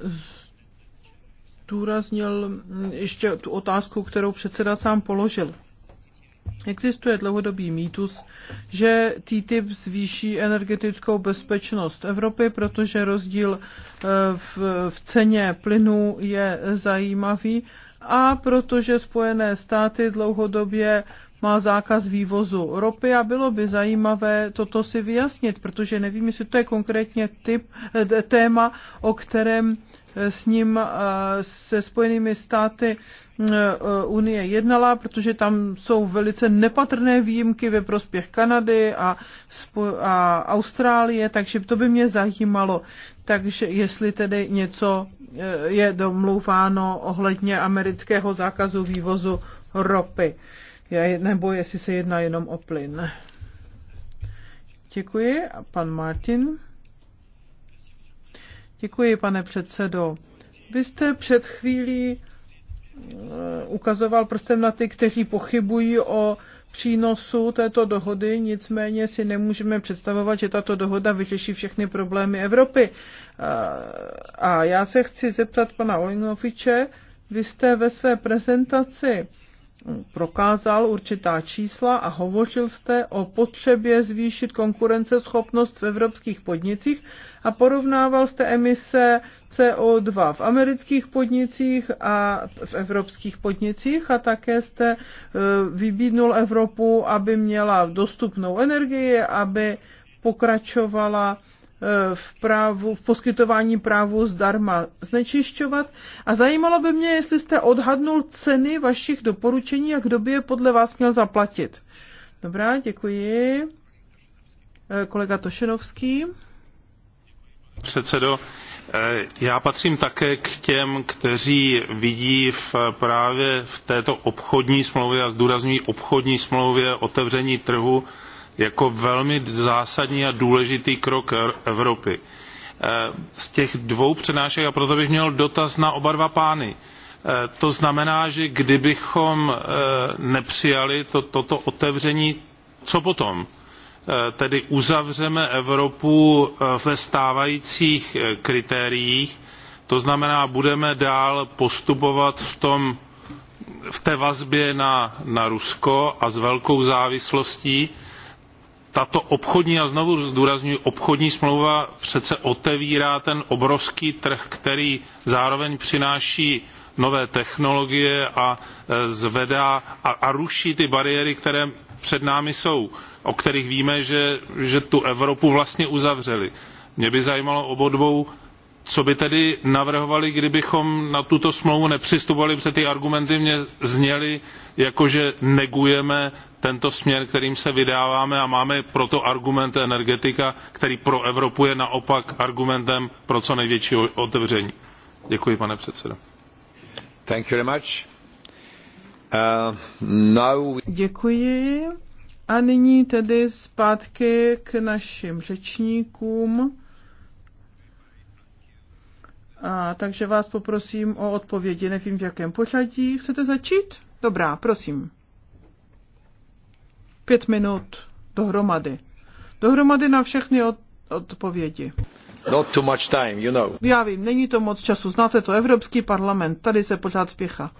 důraznil ještě tu otázku, kterou předseda sám položil. Existuje dlouhodobý mýtus, že TTIP zvýší energetickou bezpečnost Evropy, protože rozdíl eh, v, v ceně plynu je zajímavý a protože Spojené státy dlouhodobě má zákaz vývozu ropy a bylo by zajímavé toto si vyjasnit, protože nevím, jestli to je konkrétně typ, eh, téma, o kterém s ním eh, se Spojenými státy eh, eh, Unie jednala, protože tam jsou velice nepatrné výjimky ve prospěch Kanady a, a Austrálie, takže to by mě zajímalo. Takže jestli tedy něco je domlouváno ohledně amerického zákazu vývozu ropy, nebo jestli se jedná jenom o plyn. Děkuji. A pan Martin. Děkuji, pane předsedo. Vy jste před chvílí eh, ukazoval prstem na ty, kteří pochybují o přínosu této dohody, nicméně si nemůžeme představovat, že tato dohoda vyřeší všechny problémy Evropy. Eh, a já se chci zeptat pana Olinoviče, vy jste ve své prezentaci prokázal určitá čísla a hovořil jste o potřebě zvýšit konkurenceschopnost v evropských podnicích a porovnával jste emise CO2 v amerických podnicích a v evropských podnicích a také jste eh, vybídnul Evropu, aby měla dostupnou energii, aby pokračovala v, právu, v poskytování právu zdarma znečišťovat. A zajímalo by mě, jestli jste odhadnul ceny vašich doporučení a kdo by je podle vás měl zaplatit. Dobrá, děkuji. Eh, kolega Tošenovský. Předsedo, eh, já patřím také k těm, kteří vidí v, právě v této obchodní smlouvě, a zdůrazňují obchodní smlouvě, otevření trhu, jako velmi zásadní a důležitý krok e- Evropy. E, z těch dvou přednášek, a proto bych měl dotaz na oba dva pány, e, to znamená, že kdybychom nepřijali to, toto otevření, co potom? Tedy uzavřeme Evropu ve stávajících kritériích, to znamená, budeme dál postupovat v, tom, v té vazbě na, na Rusko a s velkou závislostí, tato obchodní a znovu zdůrazňuji obchodní smlouva přece otevírá ten obrovský trh který zároveň přináší nové technologie a e, zvedá a, a ruší ty bariéry které před námi jsou o kterých víme že, že tu evropu vlastně uzavřeli. mě by zajímalo obou dvou co by tedy navrhovali kdybychom na tuto smlouvu nepřistupovali protože ty argumenty mně zněly jako že negujeme tento směr kterým se vydáváme a máme proto argument energetika který pro evropu je naopak argumentem pro co největší otevření. děkuji pane předsedo. Uh, now... Děkuji. A nyní tedy zpátky k našim řečníkům. A, takže vás poprosím o odpovědi, nevím v jakém pořadí. Chcete začít? Dobrá, prosím. Pět minut dohromady. Dohromady na všechny od, odpovědi. Not too much time, you know. Já vím, není to moc času. Znáte to, Evropský parlament, tady se pořád spěchá.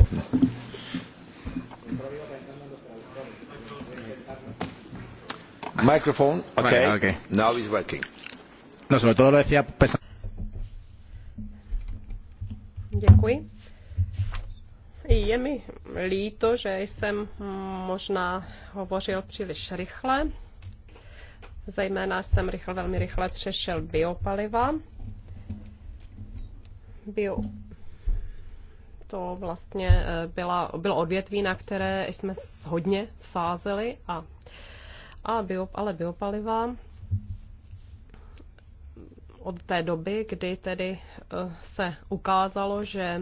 Microphone, okay. okay. Now it's working. No, sobre todo lo decía pensando Děkuji. Je mi líto, že jsem možná hovořil příliš rychle. Zejména jsem rychle, velmi rychle přešel biopaliva. Bio, to vlastně eh, byla, bylo odvětví, na které jsme hodně vsázeli a, a bio, ale biopaliva od té doby, kdy tedy eh, se ukázalo, že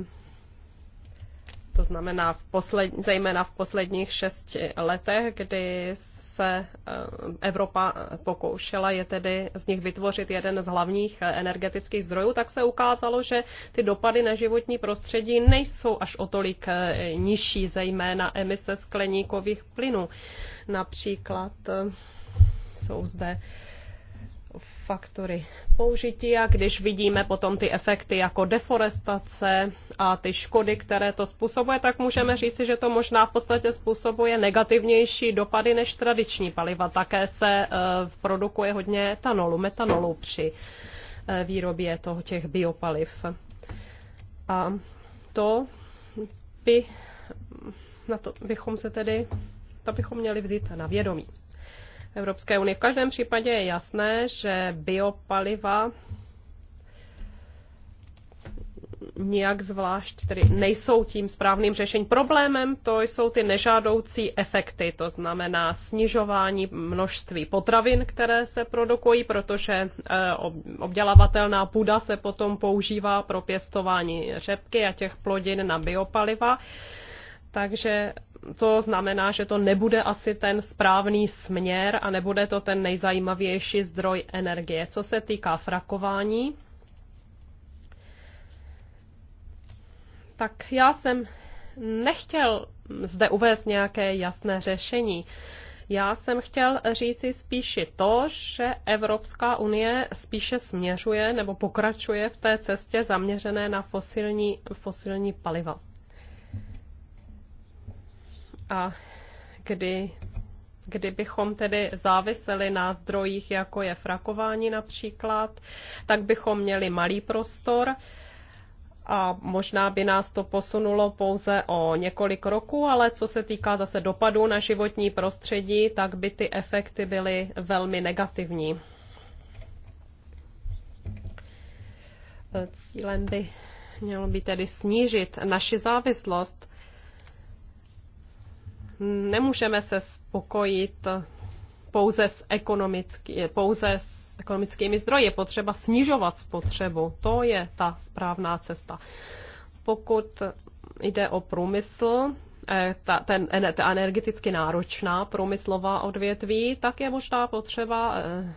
to znamená v poslední, zejména v posledních šesti letech, kdy se eh, Evropa pokoušela je tedy z nich vytvořit jeden z hlavních eh, energetických zdrojů, tak se ukázalo, že ty dopady na životní prostředí nejsou až o tolik nižší, zejména emise skleníkových plynů. Například jsou zde uh, faktory použití a když vidíme potom ty efekty jako deforestace a ty škody, které to způsobuje, tak můžeme říci, že to možná v podstatě způsobuje negativnější dopady než tradiční paliva. Také se eh, produkuje hodně etanolu, metanolu při eh, výrobě toho těch biopaliv. A to by, na to bychom se tedy, to bychom měli vzít na vědomí. Evropské unie. V každém případě je jasné, že biopaliva nijak zvlášť tedy nejsou tím správným řešením. Problémem to jsou ty nežádoucí efekty, to znamená snižování množství potravin, které se produkují, protože eh, obdělavatelná půda se potom používá pro pěstování řepky a těch plodin na biopaliva. Takže co znamená, že to nebude asi ten správný směr a nebude to ten nejzajímavější zdroj energie. Co se týká frakování, tak já jsem nechtěl zde uvést nějaké jasné řešení. Já jsem chtěl říci spíše to, že Evropská unie spíše směřuje nebo pokračuje v té cestě zaměřené na fosilní, fosilní paliva a kdy, kdybychom tedy záviseli na zdrojích, jako je frakování například, tak bychom měli malý prostor a možná by nás to posunulo pouze o několik roků, ale co se týká zase dopadů na životní prostředí, tak by ty efekty byly velmi negativní. Cílem by mělo být tedy snížit naši závislost Nemůžeme se spokojit pouze s, ekonomický, pouze s ekonomickými zdroji. Je potřeba snižovat spotřebu. To je ta správná cesta. Pokud jde o průmysl, eh, ta, ten, ta energeticky náročná průmyslová odvětví, tak je možná potřeba eh,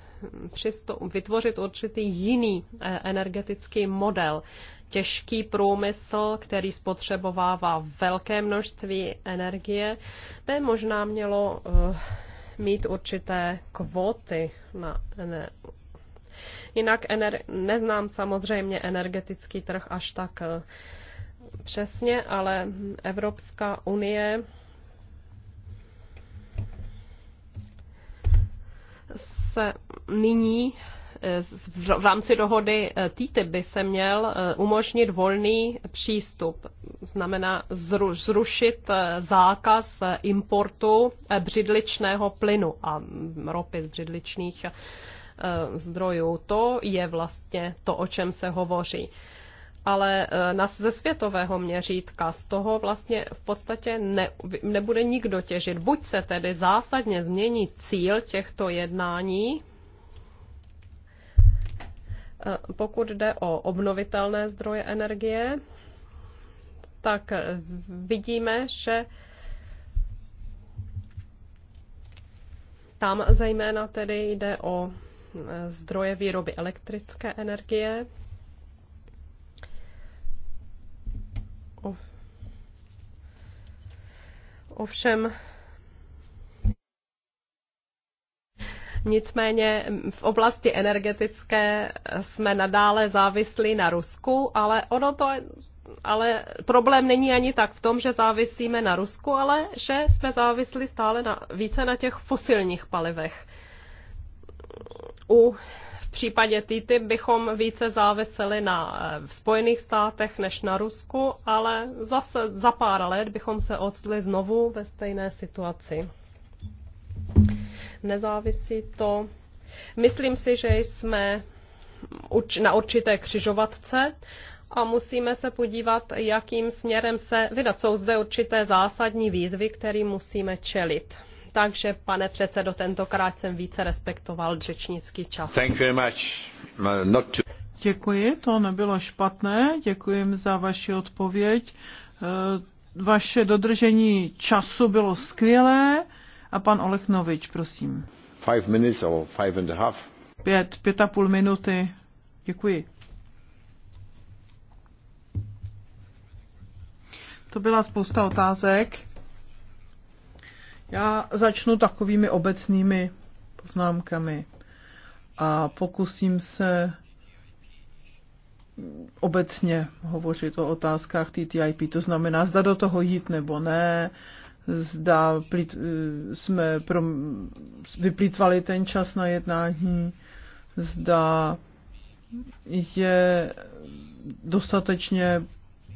přisto, vytvořit určitý jiný eh, energetický model těžký průmysl, který spotřebovává velké množství energie, by možná mělo eh, mít určité kvóty na ne, Jinak ener- neznám samozřejmě energetický trh až tak eh, přesně, ale Evropská unie se nyní Eh, v rámci dohody eh, TTIP by se měl eh, umožnit volný přístup, znamená zrušit zákaz importu břidličného plynu a mm, ropy z břidličných zdrojů. To je vlastně to, o čem se hovoří ale na, ze světového měřítka z toho vlastně v podstatě ne, nebude nikdo těžit. Buď se tedy zásadně změní cíl těchto jednání, pokud jde o obnovitelné zdroje energie, tak vidíme, že tam zejména tedy jde o zdroje výroby elektrické energie. Ovšem, Nicméně v oblasti energetické jsme nadále závislí na Rusku, ale ono to ale problém není ani tak v tom, že závisíme na Rusku, ale že jsme závislí stále na, více na těch fosilních palivech. U v případě TTIP bychom více záviseli na eh, v Spojených státech než na Rusku, ale zase za pár let bychom se odstli znovu ve stejné situaci nezávisí to. Myslím si, že jsme na určité křižovatce a musíme se podívat, jakým směrem se vydat. Jsou zde určité zásadní výzvy, které musíme čelit. Takže, pane předsedo, tentokrát jsem více respektoval řečnický čas. Thank you very much. Uh, not too. Děkuji, to nebylo špatné. Děkuji za vaši odpověď. Uh, vaše dodržení času bylo skvělé a pan Olechnovič, prosím. Five minutes or five and a half. Pět, pět a půl minuty. Děkuji. To byla spousta otázek. Já začnu takovými obecnými poznámkami a pokusím se obecně hovořit o otázkách TTIP, to znamená, zda do toho jít nebo ne, zda plít, eh, jsme pro, vyplýtvali ten čas na jednání, zda je dostatečně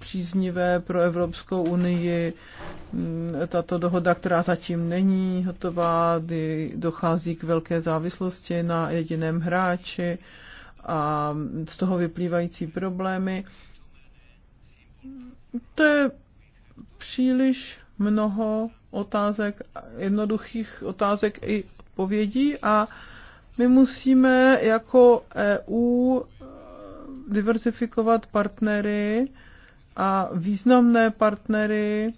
příznivé pro Evropskou unii mm, tato dohoda, která zatím není hotová, kdy dochází k velké závislosti na jediném hráči a z toho vyplývající problémy. To je příliš mnoho otázek, jednoduchých otázek i odpovědí a my musíme jako EU eh, diversifikovat partnery a významné partnery,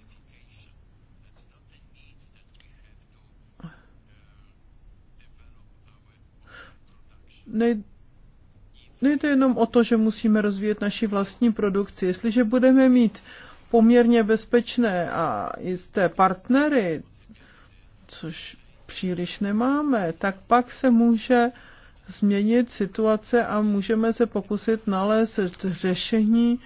nej, nejde jenom o to, že musíme rozvíjet naši vlastní produkci. Jestliže budeme mít poměrně bezpečné a jisté partnery, což příliš nemáme, tak pak se může změnit situace a můžeme se pokusit nalézt řešení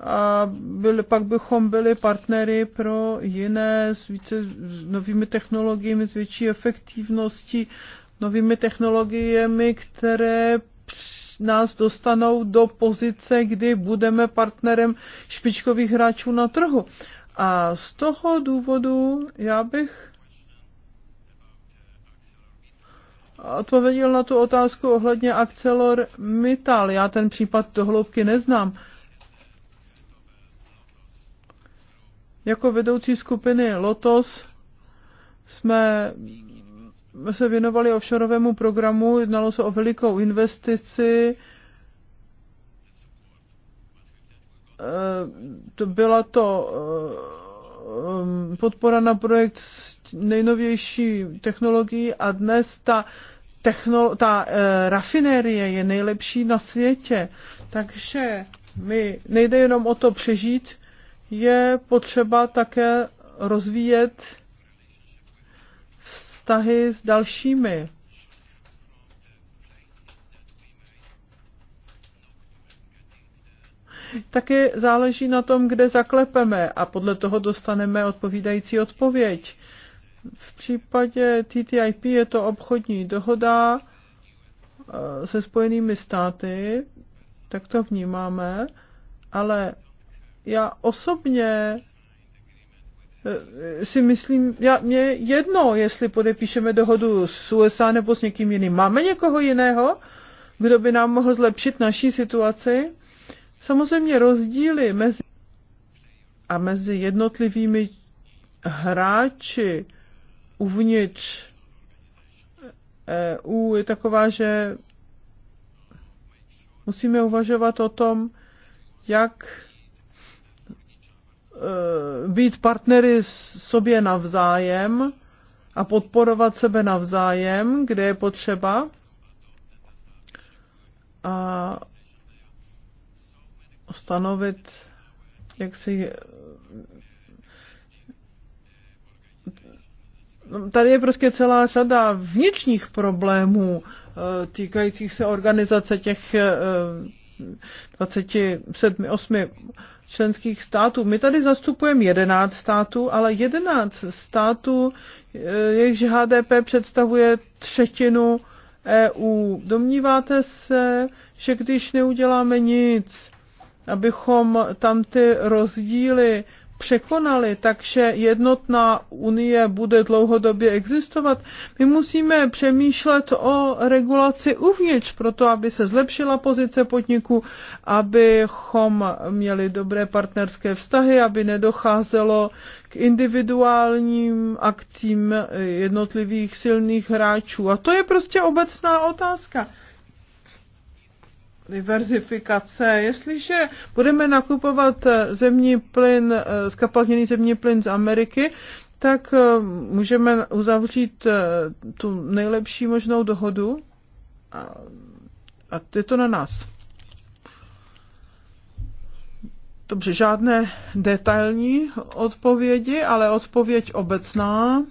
a byli, pak bychom byli partnery pro jiné s, více, s novými technologiemi, s větší efektivností, novými technologiemi, které nás dostanou do pozice, kdy budeme partnerem špičkových hráčů na trhu. A z toho důvodu já bych odpověděl na tu otázku ohledně Accelor Mittal. Já ten případ dohloubky neznám. Jako vedoucí skupiny Lotos jsme se věnovali offshoreovému programu, jednalo se o velikou investici. Eh, to byla to eh, um, podpora na projekt s nejnovější technologií a dnes ta, technolo- ta eh, rafinérie je nejlepší na světě. Takže mi nejde jenom o to přežít, je potřeba také rozvíjet vztahy s dalšími. Taky záleží na tom, kde zaklepeme a podle toho dostaneme odpovídající odpověď. V případě TTIP je to obchodní dohoda eh, se spojenými státy, tak to vnímáme, ale já osobně Eh, si myslím, já, mě jedno, jestli podepíšeme dohodu s USA nebo s někým jiným. Máme někoho jiného, kdo by nám mohl zlepšit naší situaci? Samozřejmě rozdíly mezi a mezi jednotlivými hráči uvnitř eh, EU je taková, že musíme uvažovat o tom, jak Eh, být partnery sobě navzájem a podporovat sebe navzájem, kde je potřeba. A stanovit jak si no, Tady je prostě celá řada vnitřních problémů eh, týkajících se organizace těch 28 eh, členských států. My tady zastupujeme 11 států, ale 11 států, eh, jejichž HDP představuje třetinu EU. Domníváte se, že když neuděláme nic, abychom tam ty rozdíly překonali, takže jednotná unie bude dlouhodobě existovat. My musíme přemýšlet o regulaci uvnitř, proto aby se zlepšila pozice podniku, abychom měli dobré partnerské vztahy, aby nedocházelo k individuálním akcím jednotlivých silných hráčů. A to je prostě obecná otázka diverzifikace. Jestliže budeme nakupovat eh, zemní plyn, skapalněný eh, zemní plyn z Ameriky, tak eh, můžeme uzavřít tu nejlepší možnou dohodu a, a je to na nás. Dobře, žádné detailní odpovědi, ale odpověď obecná.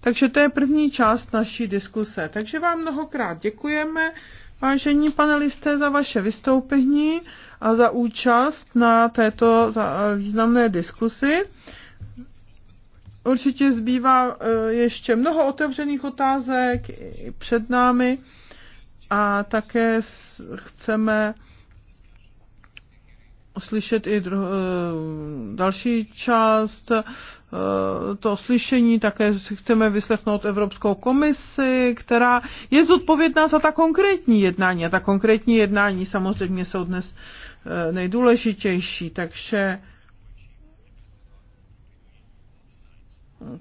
Takže to je první část naší diskuse. Takže vám mnohokrát děkujeme vážení panelisté, za vaše vystoupení a za účast na této eh, významné diskusi. Určitě zbývá eh, ještě mnoho otevřených otázek před námi a také chceme slyšet i dru- eh, další část eh, to slyšení, také chceme vyslechnout Evropskou komisi, která je zodpovědná za ta konkrétní jednání. A ta konkrétní jednání samozřejmě jsou dnes eh, nejdůležitější, takže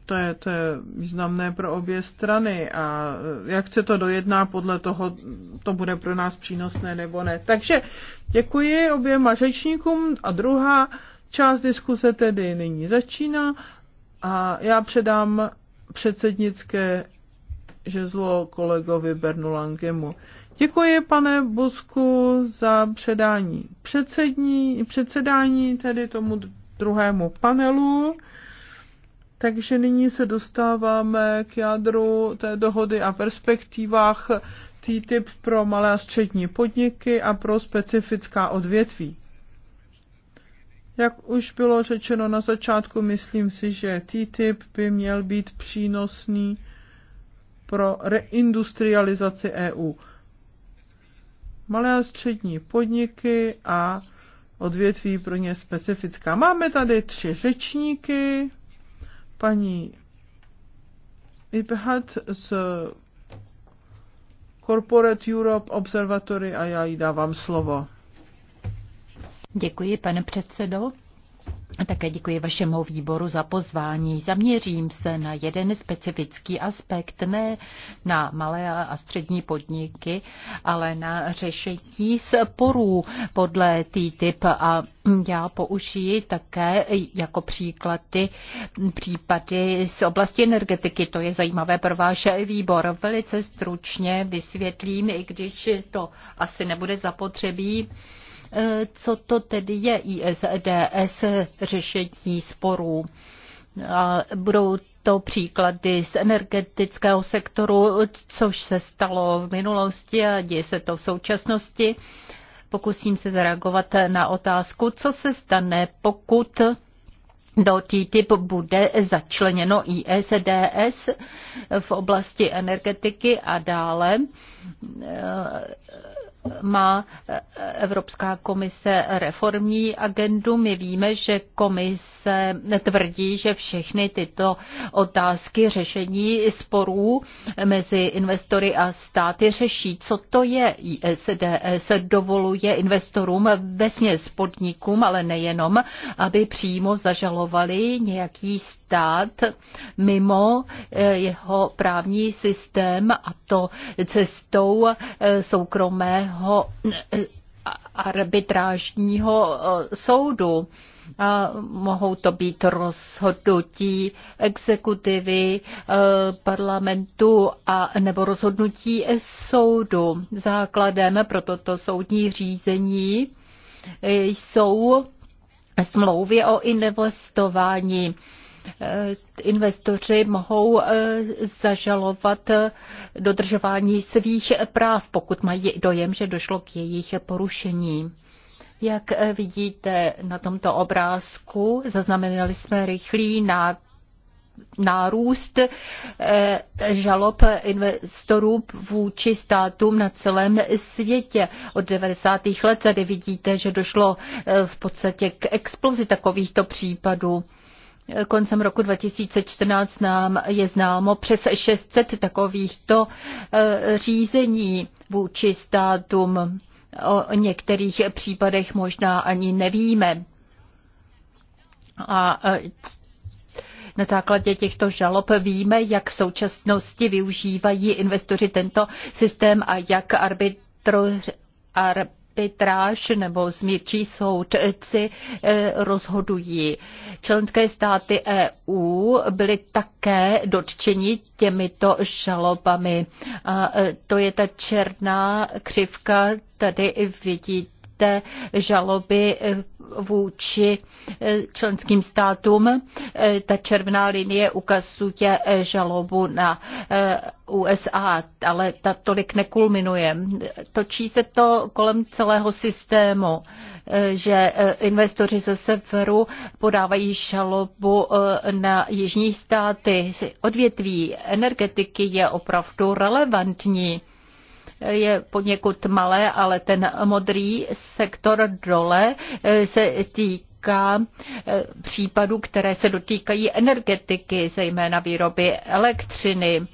to je, to je významné pro obě strany a jak se to dojedná, podle toho to bude pro nás přínosné nebo ne. Takže děkuji oběma řečníkům a druhá část diskuse tedy nyní začíná a já předám předsednické žezlo kolegovi Bernu Langemu. Děkuji, pane Busku, za předání předsední, předsedání tedy tomu druhému panelu. Takže nyní se dostáváme k jádru té dohody a perspektivách TTIP pro malé a střední podniky a pro specifická odvětví. Jak už bylo řečeno na začátku, myslím si, že TTIP by měl být přínosný pro reindustrializaci EU. Malé a střední podniky a odvětví pro ně specifická. Máme tady tři řečníky paní Ipehat z Corporate Europe Observatory a já jí dávám slovo. Děkuji, pane předsedo. Také děkuji vašemu výboru za pozvání. Zaměřím se na jeden specifický aspekt, ne na malé a střední podniky, ale na řešení sporů podle TTIP a já použiji také jako příklady případy z oblasti energetiky. To je zajímavé pro váš výbor. Velice stručně vysvětlím, i když to asi nebude zapotřebí co to tedy je ISDS řešení sporů. A budou to příklady z energetického sektoru, což se stalo v minulosti a děje se to v současnosti. Pokusím se zareagovat na otázku, co se stane, pokud do TTIP bude začleněno ISDS v oblasti energetiky a dále má eh, Evropská komise reformní agendu. My víme, že komise tvrdí, že všechny tyto otázky řešení sporů mezi investory a státy řeší. Co to je ISDS? Dovoluje investorům vesně podnikům, ale nejenom, aby přímo zažalovali nějaký stát mimo eh, jeho právní systém a to cestou eh, soukromého Mezinárodního eh, arbitrážního eh, soudu. A mohou to být rozhodnutí exekutivy eh, parlamentu a nebo rozhodnutí soudu. Základem pro toto soudní řízení jsou smlouvy o investování. Eh, investoři mohou eh, zažalovat eh, dodržování svých práv, pokud mají dojem, že došlo k jejich porušení. Jak vidíte na tomto obrázku, zaznamenali jsme rychlý nárůst nárůst žalob investorů vůči státům na celém světě. Od 90. let tady vidíte, že došlo v podstatě k explozi takovýchto případů koncem roku 2014 nám je známo přes 600 takovýchto eh, řízení vůči státům. O některých případech možná ani nevíme. A eh, na základě těchto žalob víme, jak v současnosti využívají investoři tento systém a jak arbitro, arbitro arbitráž nebo smírčí soudci eh, rozhodují. Členské státy EU byly také dotčeni těmito žalobami. A eh, to je ta černá křivka, tady vidíte žaloby eh, vůči eh, členským státům. Eh, ta červená linie ukazuje eh, žalobu na USA, ale ta tolik nekulminuje. Točí se to kolem celého systému, že investoři ze severu podávají žalobu na jižní státy. Odvětví energetiky je opravdu relevantní je poněkud malé, ale ten modrý sektor dole eh, se týká eh, případů, které se dotýkají energetiky, zejména výroby elektřiny.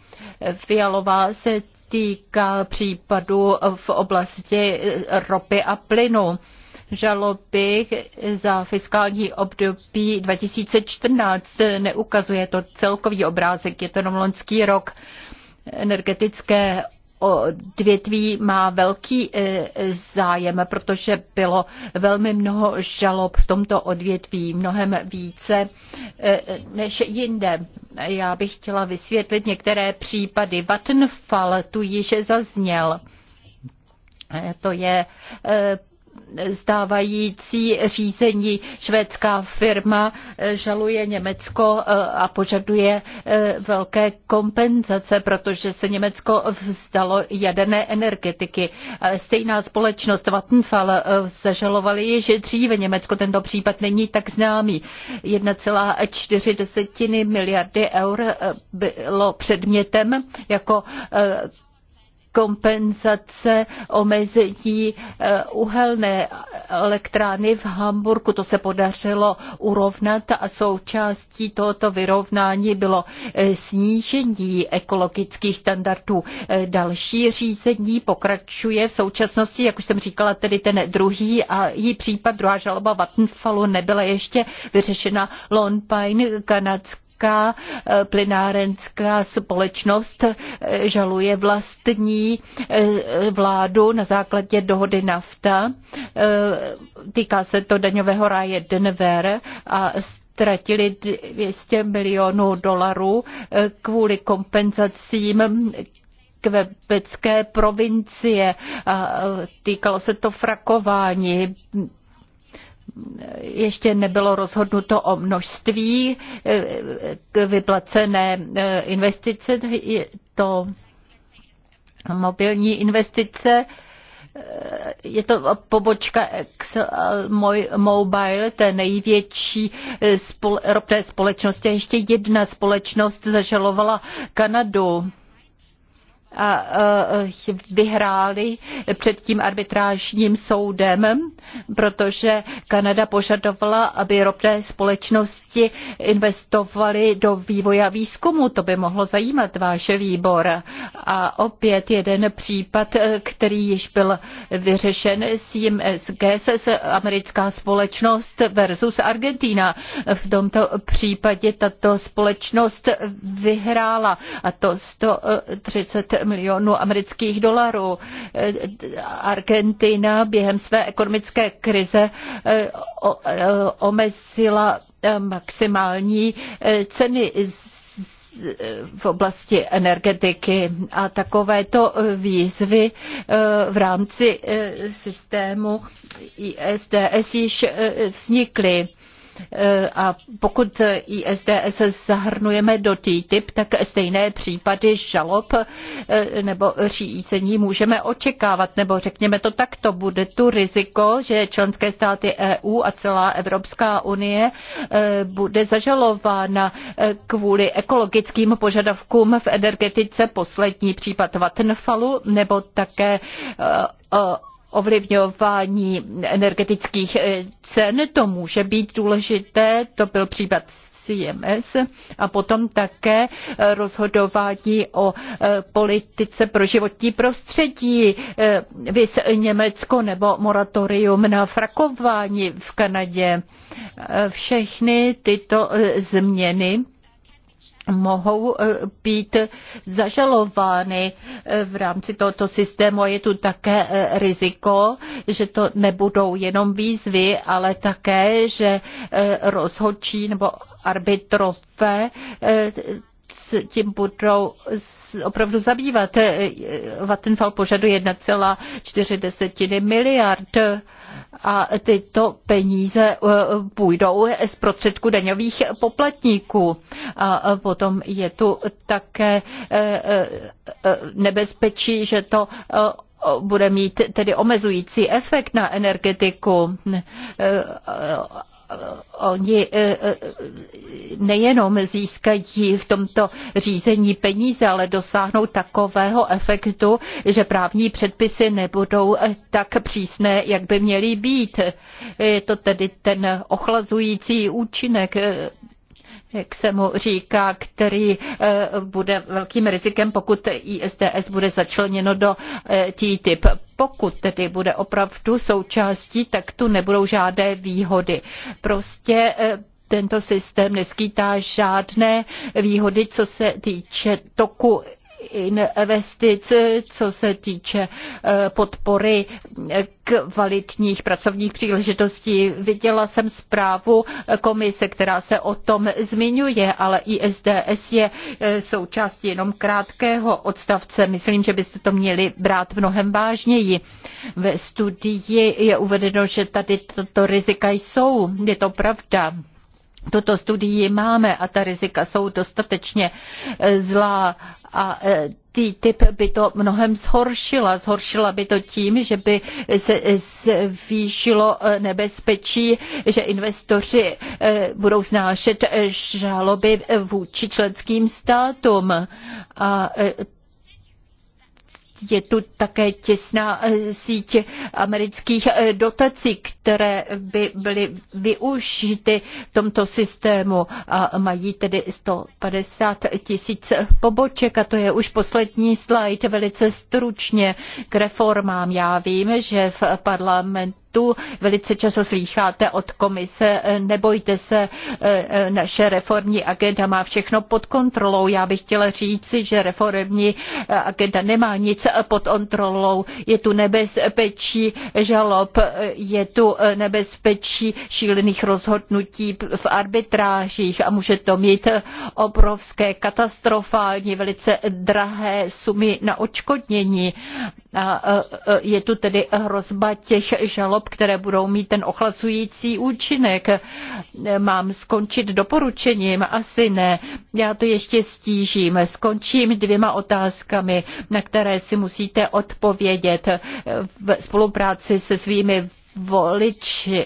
Fialová se týká případů v oblasti eh, ropy a plynu žaloby za fiskální období 2014. Neukazuje to celkový obrázek, je to jenom loňský rok energetické odvětví má velký e, zájem, protože bylo velmi mnoho žalob v tomto odvětví, mnohem více e, než jinde. Já bych chtěla vysvětlit některé případy. Vattenfall tu již zazněl. E, to je stávající řízení švédská firma eh, žaluje Německo eh, a požaduje eh, velké kompenzace, protože se Německo vzdalo jaderné energetiky. Stejná společnost Vattenfall zažalovali již dříve Německo, tento případ není tak známý. 1,4 miliardy eur bylo předmětem jako kompenzace omezení eh, uhelné elektrárny v Hamburgu. To se podařilo urovnat a součástí tohoto vyrovnání bylo eh, snížení ekologických standardů. Eh, další řízení pokračuje v současnosti, jak už jsem říkala, tedy ten druhý a její případ, druhá žaloba Vattenfallu nebyla ještě vyřešena. Lone Pine, kanadský česká eh, plynárenská společnost eh, žaluje vlastní eh, vládu na základě dohody NAFTA. Týká se to daňového ráje Denver a ztratili 200 milionů dolarů kvůli kompenzacím kvebecké provincie. Týkalo se to frakování, ještě nebylo rozhodnuto o množství eh, k vyplacené eh, investice. Je to mobilní investice, eh, je to pobočka Excel Mobile, té největší spole, ropné společnosti. A ještě jedna společnost zažalovala Kanadu a eh, vyhráli před tím arbitrážním soudem, protože Kanada požadovala, aby ropné společnosti investovaly do vývoje a výzkumu. To by mohlo zajímat váš výbor. A opět jeden případ, eh, který již byl vyřešen, s SGSS, americká společnost versus Argentina. V tomto případě tato společnost vyhrála a to 130 milionů amerických dolarů. Argentina během své ekonomické krize eh, eh, omezila eh, maximální ceny v oblasti energetiky a takovéto výzvy v rámci systému ISDS již vznikly. Eh, a pokud ISDS zahrnujeme do TTIP, tak stejné případy žalob eh, nebo řízení můžeme očekávat, nebo řekněme to takto, bude tu riziko, že členské státy EU a celá Evropská unie eh, bude zažalována kvůli ekologickým požadavkům v energetice, poslední případ Vattenfallu, nebo také ovlivňování energetických eh, cen. To může být důležité, to byl případ CMS a potom také eh, rozhodování o eh, politice pro životní prostředí, vys Německo nebo moratorium na frakování v Kanadě. Všechny tyto změny mohou eh, být zažalovány eh, v rámci tohoto systému. Je tu také eh, riziko, že to nebudou jenom výzvy, ale také, že rozhodčí nebo arbitrové s tím budou opravdu zabývat. Vattenfall požaduje 1,4 miliard a tyto peníze eh, půjdou z prostředku daňových poplatníků. A potom je tu také eh, eh, nebezpečí, že to bude mít tedy omezující efekt na energetiku oni eh, eh, nejenom získají v tomto řízení peníze, ale dosáhnou takového efektu, že právní předpisy nebudou eh, tak přísné, jak by měly být. Je to tedy ten ochlazující účinek jak se mu říká, který eh, bude velkým rizikem, pokud ISDS bude začleněno do eh, TTIP. Pokud tedy bude opravdu součástí, tak tu nebudou žádné výhody. Prostě eh, tento systém neskýtá žádné výhody, co se týče toku investic, co se týče eh, podpory eh, kvalitních pracovních příležitostí. Viděla jsem zprávu komise, která se o tom zmiňuje, ale ISDS je eh, součástí jenom krátkého odstavce. Myslím, že byste to měli brát mnohem vážněji. Ve studii je uvedeno, že tady tato rizika jsou. Je to pravda tuto studii máme a ta rizika jsou dostatečně e, zlá a e, ty typ by to mnohem zhoršila. Zhoršila by to tím, že by se zvýšilo e, nebezpečí, že investoři budou znášet žaloby vůči členským státům. A je tu také těsná síť amerických dotací, které by byly využity v tomto systému a mají tedy 150 tisíc poboček a to je už poslední slide velice stručně k reformám. Já vím, že v parlamentu tu velice často slýcháte od komise, nebojte se, eh, naše reformní agenda má všechno pod kontrolou. Já bych chtěla říci, že reformní eh, agenda nemá nic pod kontrolou. Je tu nebezpečí žalob, eh, je tu Eh, nebezpečí šílených rozhodnutí v arbitrážích a může to mít obrovské katastrofální, velice drahé sumy na odškodnění. A eh, eh, je tu tedy hrozba těch žalob, které budou mít ten ochlazující účinek. Mám skončit doporučením? Asi ne. Já to ještě stížím. Skončím dvěma otázkami, na které si musíte odpovědět v spolupráci se svými voliči.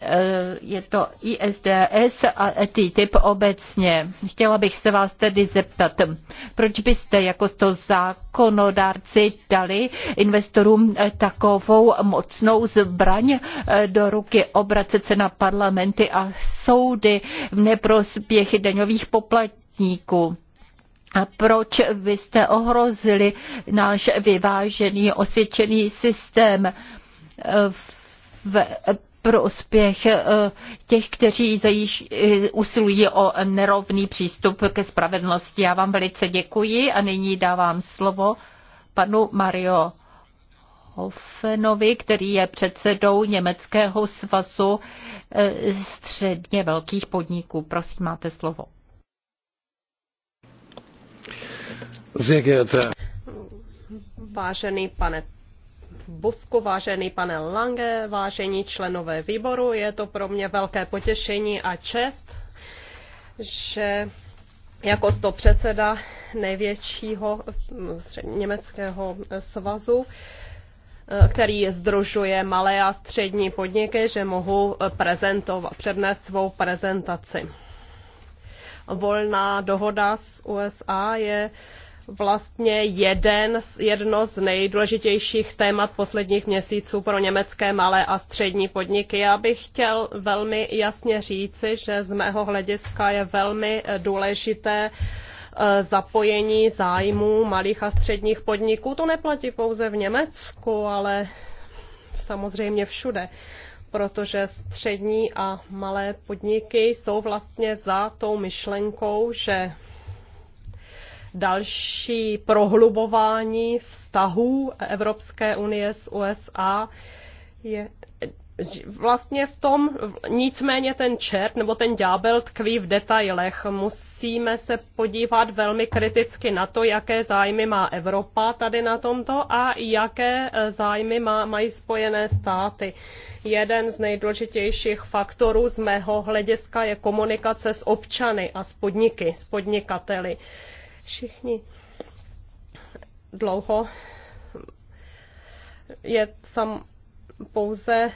Eh, je to ISDS a ty typ obecně. Chtěla bych se vás tedy zeptat, proč byste jako to zákonodárci dali investorům takovou mocnou zbraň eh, do ruky obracet se na parlamenty a soudy v neprospěch daňových poplatníků? A proč vy jste ohrozili náš vyvážený osvědčený systém? v prospěch eh, těch, kteří zajiš, eh, usilují o nerovný přístup ke spravedlnosti. Já vám velice děkuji a nyní dávám slovo panu Mario Hofenovi, který je předsedou Německého svazu eh, středně velkých podniků. Prosím, máte slovo. Vážený pane Busku, vážený pane Lange, vážení členové výboru. Je to pro mě velké potěšení a čest, že jako sto předseda největšího německého svazu eh, který združuje malé a střední podniky, že mohu prezentovat, přednést svou prezentaci. Volná dohoda s USA je vlastně jeden, jedno z nejdůležitějších témat posledních měsíců pro německé malé a střední podniky. Já bych chtěl velmi jasně říci, že z mého hlediska je velmi eh, důležité eh, zapojení zájmů malých a středních podniků. To neplatí pouze v Německu, ale samozřejmě všude protože střední a malé podniky jsou vlastně za tou myšlenkou, že další prohlubování vztahů Evropské unie s USA je vlastně v tom, nicméně ten čert nebo ten ďábel tkví v detailech. Musíme se podívat velmi kriticky na to, jaké zájmy má Evropa tady na tomto a jaké eh, zájmy má, mají spojené státy. Jeden z nejdůležitějších faktorů z mého hlediska je komunikace s občany a s podniky, s podnikateli Všichni dlouho je sam pouze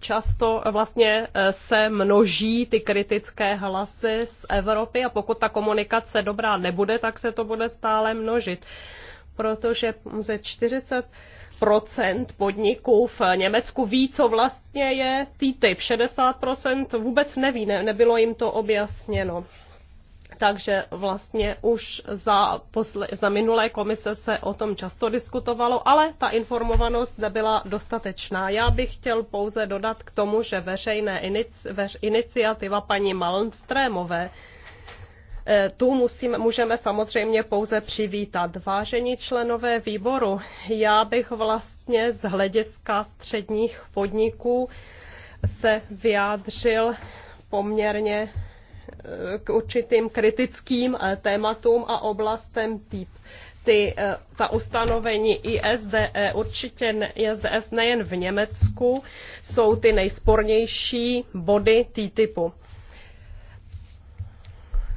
často vlastně eh, se množí ty kritické hlasy z Evropy a pokud ta komunikace dobrá nebude, tak se to bude stále množit. Protože ze 40 procent podniků v Německu ví, co vlastně je TTIP. 60% vůbec neví, ne, nebylo jim to objasněno takže vlastně už za, posle, za minulé komise se o tom často diskutovalo, ale ta informovanost nebyla dostatečná. Já bych chtěl pouze dodat k tomu, že veřejné inici, veř, iniciativa paní Malmstrémové eh, tu musím, můžeme samozřejmě pouze přivítat. Vážení členové výboru, já bych vlastně z hlediska středních podniků se vyjádřil poměrně k určitým kritickým eh, tématům a oblastem typ ty, eh, ta ustanovení ISDE, určitě ne, ISDS nejen v Německu, jsou ty nejspornější body typu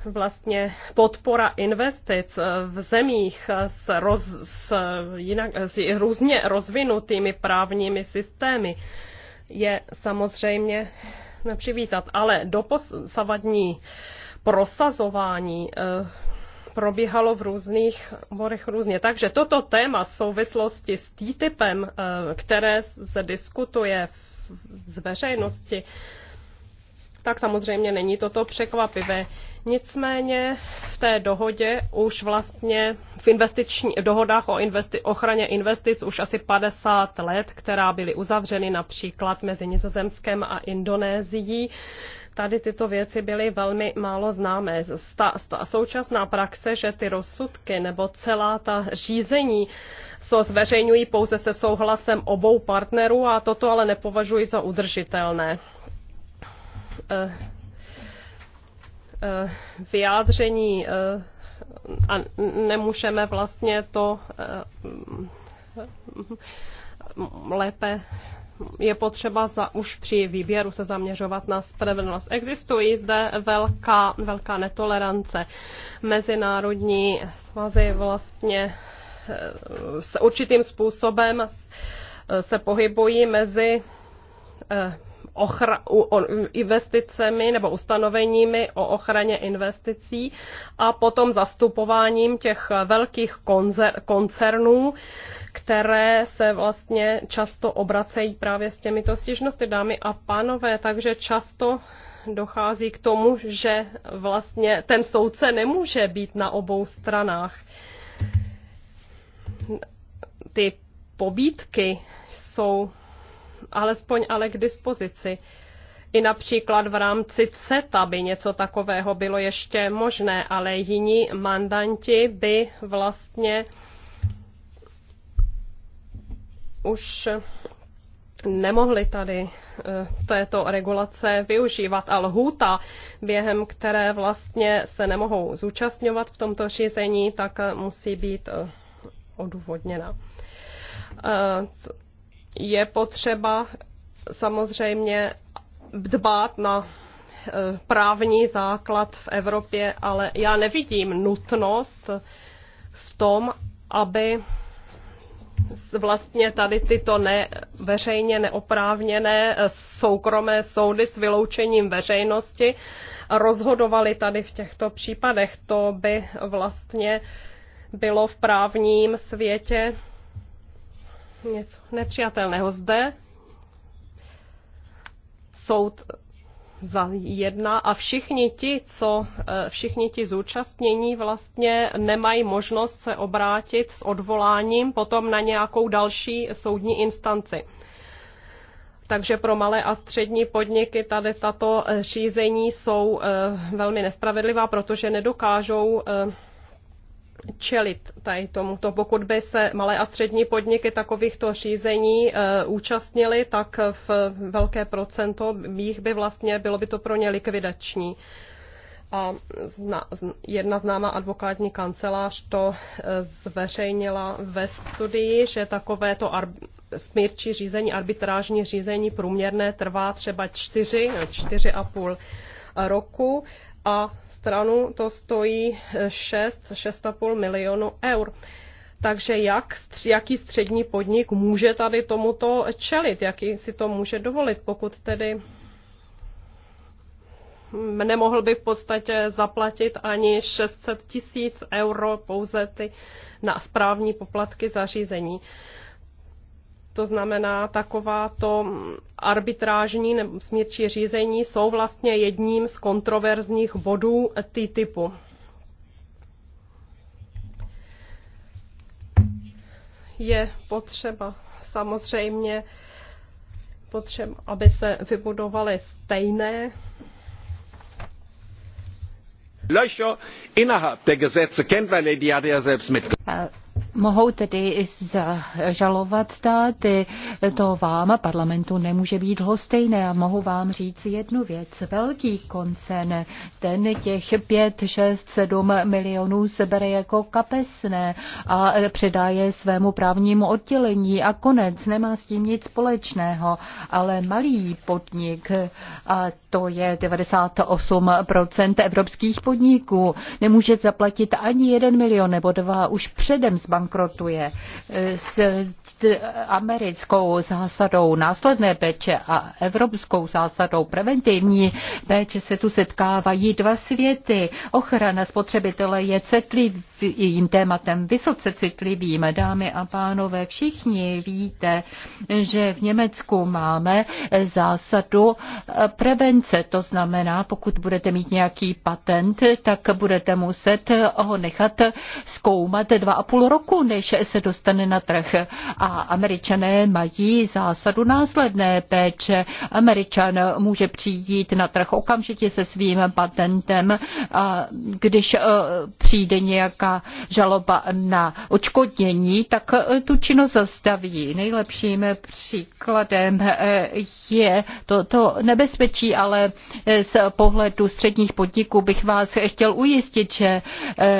Vlastně podpora investic eh, v zemích s, roz, s, jinak, s různě rozvinutými právními systémy je samozřejmě nepřivítat, ale doposavadní prosazování eh, probíhalo v různých morech různě. Takže toto téma v souvislosti s TTIPem, eh, které se diskutuje z veřejnosti, tak samozřejmě není toto překvapivé. Nicméně v té dohodě už vlastně v investiční dohodách o investi, ochraně investic už asi 50 let, která byly uzavřeny například mezi Nizozemskem a Indonésií, tady tyto věci byly velmi málo známé. Sta, sta, současná praxe, že ty rozsudky nebo celá ta řízení se zveřejňují pouze se souhlasem obou partnerů a toto ale nepovažuji za udržitelné. Eh, eh, vyjádření eh, a nemůžeme vlastně to lépe je potřeba za, už při výběru se zaměřovat na spravedlnost. Existují zde velká, velká netolerance. Mezinárodní svazy vlastně s určitým způsobem se pohybují mezi ochra, o, investicemi nebo ustanoveními o ochraně investicí a potom zastupováním těch velkých konzer, koncernů, které se vlastně často obracejí právě s těmito stěžnosti, dámy a pánové, takže často dochází k tomu, že vlastně ten soudce nemůže být na obou stranách. Ty pobídky jsou alespoň ale k dispozici. I například v rámci CETA by něco takového bylo ještě možné, ale jiní mandanti by vlastně už nemohli tady eh, této regulace využívat a lhůta, během které vlastně se nemohou zúčastňovat v tomto řízení, tak musí být eh, odůvodněna. Eh, je potřeba samozřejmě dbát na eh, právní základ v Evropě, ale já nevidím nutnost v tom, aby vlastně tady tyto ne, veřejně neoprávněné eh, soukromé soudy s vyloučením veřejnosti rozhodovaly tady v těchto případech. To by vlastně bylo v právním světě něco nepřijatelného. Zde soud za jedna a všichni ti, co, e, všichni ti zúčastnění vlastně nemají možnost se obrátit s odvoláním potom na nějakou další soudní instanci. Takže pro malé a střední podniky tady tato řízení jsou e, velmi nespravedlivá, protože nedokážou e, čelit tady tomuto. Pokud by se malé a střední podniky takovýchto řízení e, účastnili, tak v velké procento jich by vlastně, bylo by to pro ně likvidační. A zna, jedna známá advokátní kancelář to eh, zveřejnila ve studii, že takovéto ar, smírčí řízení, arbitrážní řízení průměrné trvá třeba čtyři, čtyři a půl roku a stranu to stojí 6, 6,5 milionu eur. Takže jak, jaký střední podnik může tady tomuto čelit, jaký si to může dovolit, pokud tedy nemohl by v podstatě zaplatit ani 600 tisíc euro pouze ty na správní poplatky zařízení. To znamená, taková to arbitrážní nebo smírčí řízení jsou vlastně jedním z kontroverzních bodů TTIPu. Je potřeba samozřejmě, potřeba, aby se vybudovaly stejné Löcher innerhalb der Gesetze kennt, weil er die hat er selbst mitgebracht. Mohou tedy zažalovat státy, to vám a parlamentu nemůže být hostejné a mohu vám říct jednu věc. Velký koncern, ten těch 5, 6, 7 milionů sebere jako kapesné a předá je svému právnímu oddělení a konec, nemá s tím nic společného, ale malý podnik, a to je 98% evropských podniků, nemůže zaplatit ani 1 milion nebo dva už předem zbankrotuje. Eh, s americkou zásadou následné péče a evropskou zásadou preventivní péče se tu setkávají dva světy. Ochrana spotřebitele je citlivým tématem, vysoce citlivým. Dámy a pánové, všichni víte, že v Německu máme zásadu prevence. To znamená, pokud budete mít nějaký patent, tak budete muset ho nechat zkoumat dva a půl roku, než se dostane na trh. A američané mají zásadu následné péče. Američan může přijít na trh okamžitě se svým patentem, a když e, přijde nějaká žaloba na očkodnění, tak e, tu činnost zastaví. Nejlepším příkladem e, je to, to nebezpečí, ale z pohledu středních podniků bych vás chtěl ujistit, že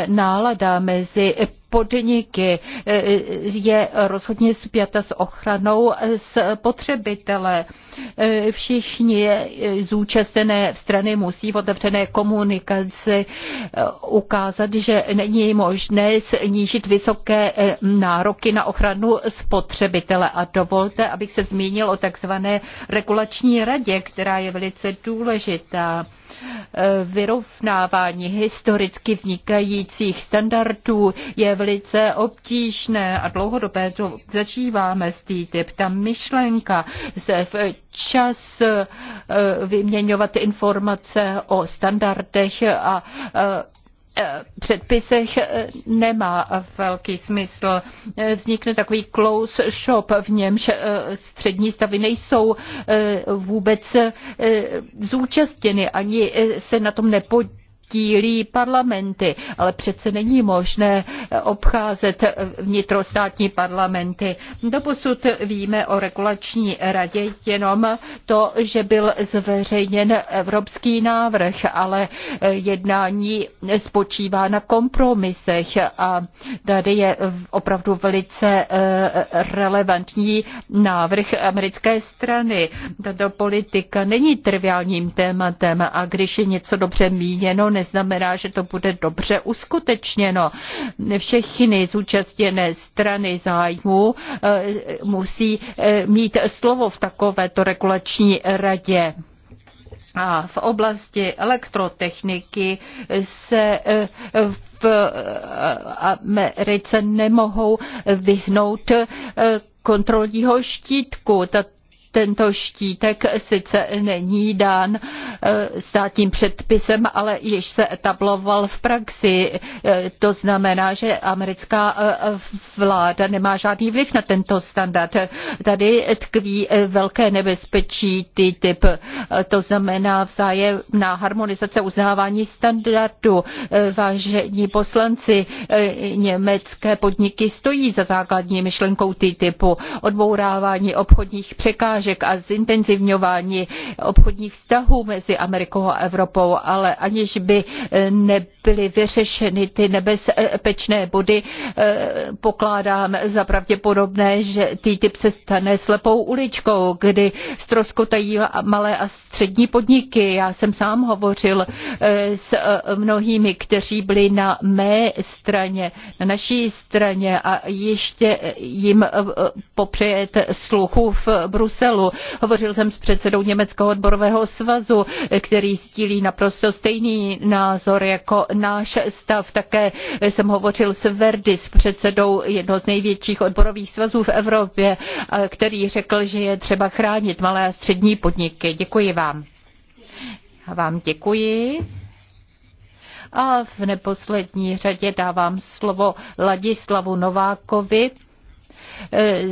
nálada mezi podniky je rozhodně zpěta s ochranou spotřebitele. Všichni zúčastněné strany musí v otevřené komunikaci ukázat, že není možné snížit vysoké nároky na ochranu spotřebitele. A dovolte, abych se zmínil o takzvané regulační radě, která je velice důležitá vyrovnávání historicky vznikajících standardů je velice obtížné a dlouhodobé to začíváme s TTIP. Ta myšlenka se v čas eh, vyměňovat informace o standardech a eh, Eh, předpisech eh, nemá velký smysl. Eh, vznikne takový close shop, v němž střední stavy nejsou vůbec zúčastněny, ani se na tom nepodílí sdílí parlamenty, ale přece není možné obcházet vnitrostátní parlamenty. Doposud víme o regulační radě jenom to, že byl zveřejněn evropský návrh, ale jednání spočívá na kompromisech a tady je opravdu velice eh, relevantní návrh americké strany. Tato politika není triviálním tématem a když je něco dobře míněno, neznamená, že to bude dobře uskutečněno. Všechny zúčastněné strany zájmu eh, musí eh, mít slovo v takovéto regulační radě. A v oblasti elektrotechniky se eh, v Americe nemohou vyhnout kontrolního štítku. Tato tento štítek sice není dán eh, státním předpisem, ale již se etabloval v praxi. Eh, to znamená, že americká eh, vláda nemá žádný vliv na tento standard. Tady tkví velké nebezpečí ty typ. To znamená vzájemná harmonizace uznávání standardu. Vážení poslanci, německé podniky stojí za základní myšlenkou ty typu odbourávání obchodních překážek překážek a zintenzivňování obchodních vztahů mezi Amerikou a Evropou, ale aniž by eh, nebyly vyřešeny ty nebezpečné body, eh, pokládám za pravděpodobné, že TTIP se stane slepou uličkou, kdy stroskotají malé a střední podniky. Já jsem sám hovořil eh, s mnohými, kteří byli na mé straně, na naší straně a ještě jim popřejete sluchu v Bruselu. Bruselu. Hovořil jsem s předsedou Německého odborového svazu, který sdílí naprosto stejný názor jako náš stav. Také jsem hovořil s Verdi, s předsedou jednoho z největších odborových svazů v Evropě, který řekl, že je třeba chránit malé a střední podniky. Děkuji vám. Já vám děkuji. A v neposlední řadě dávám slovo Ladislavu Novákovi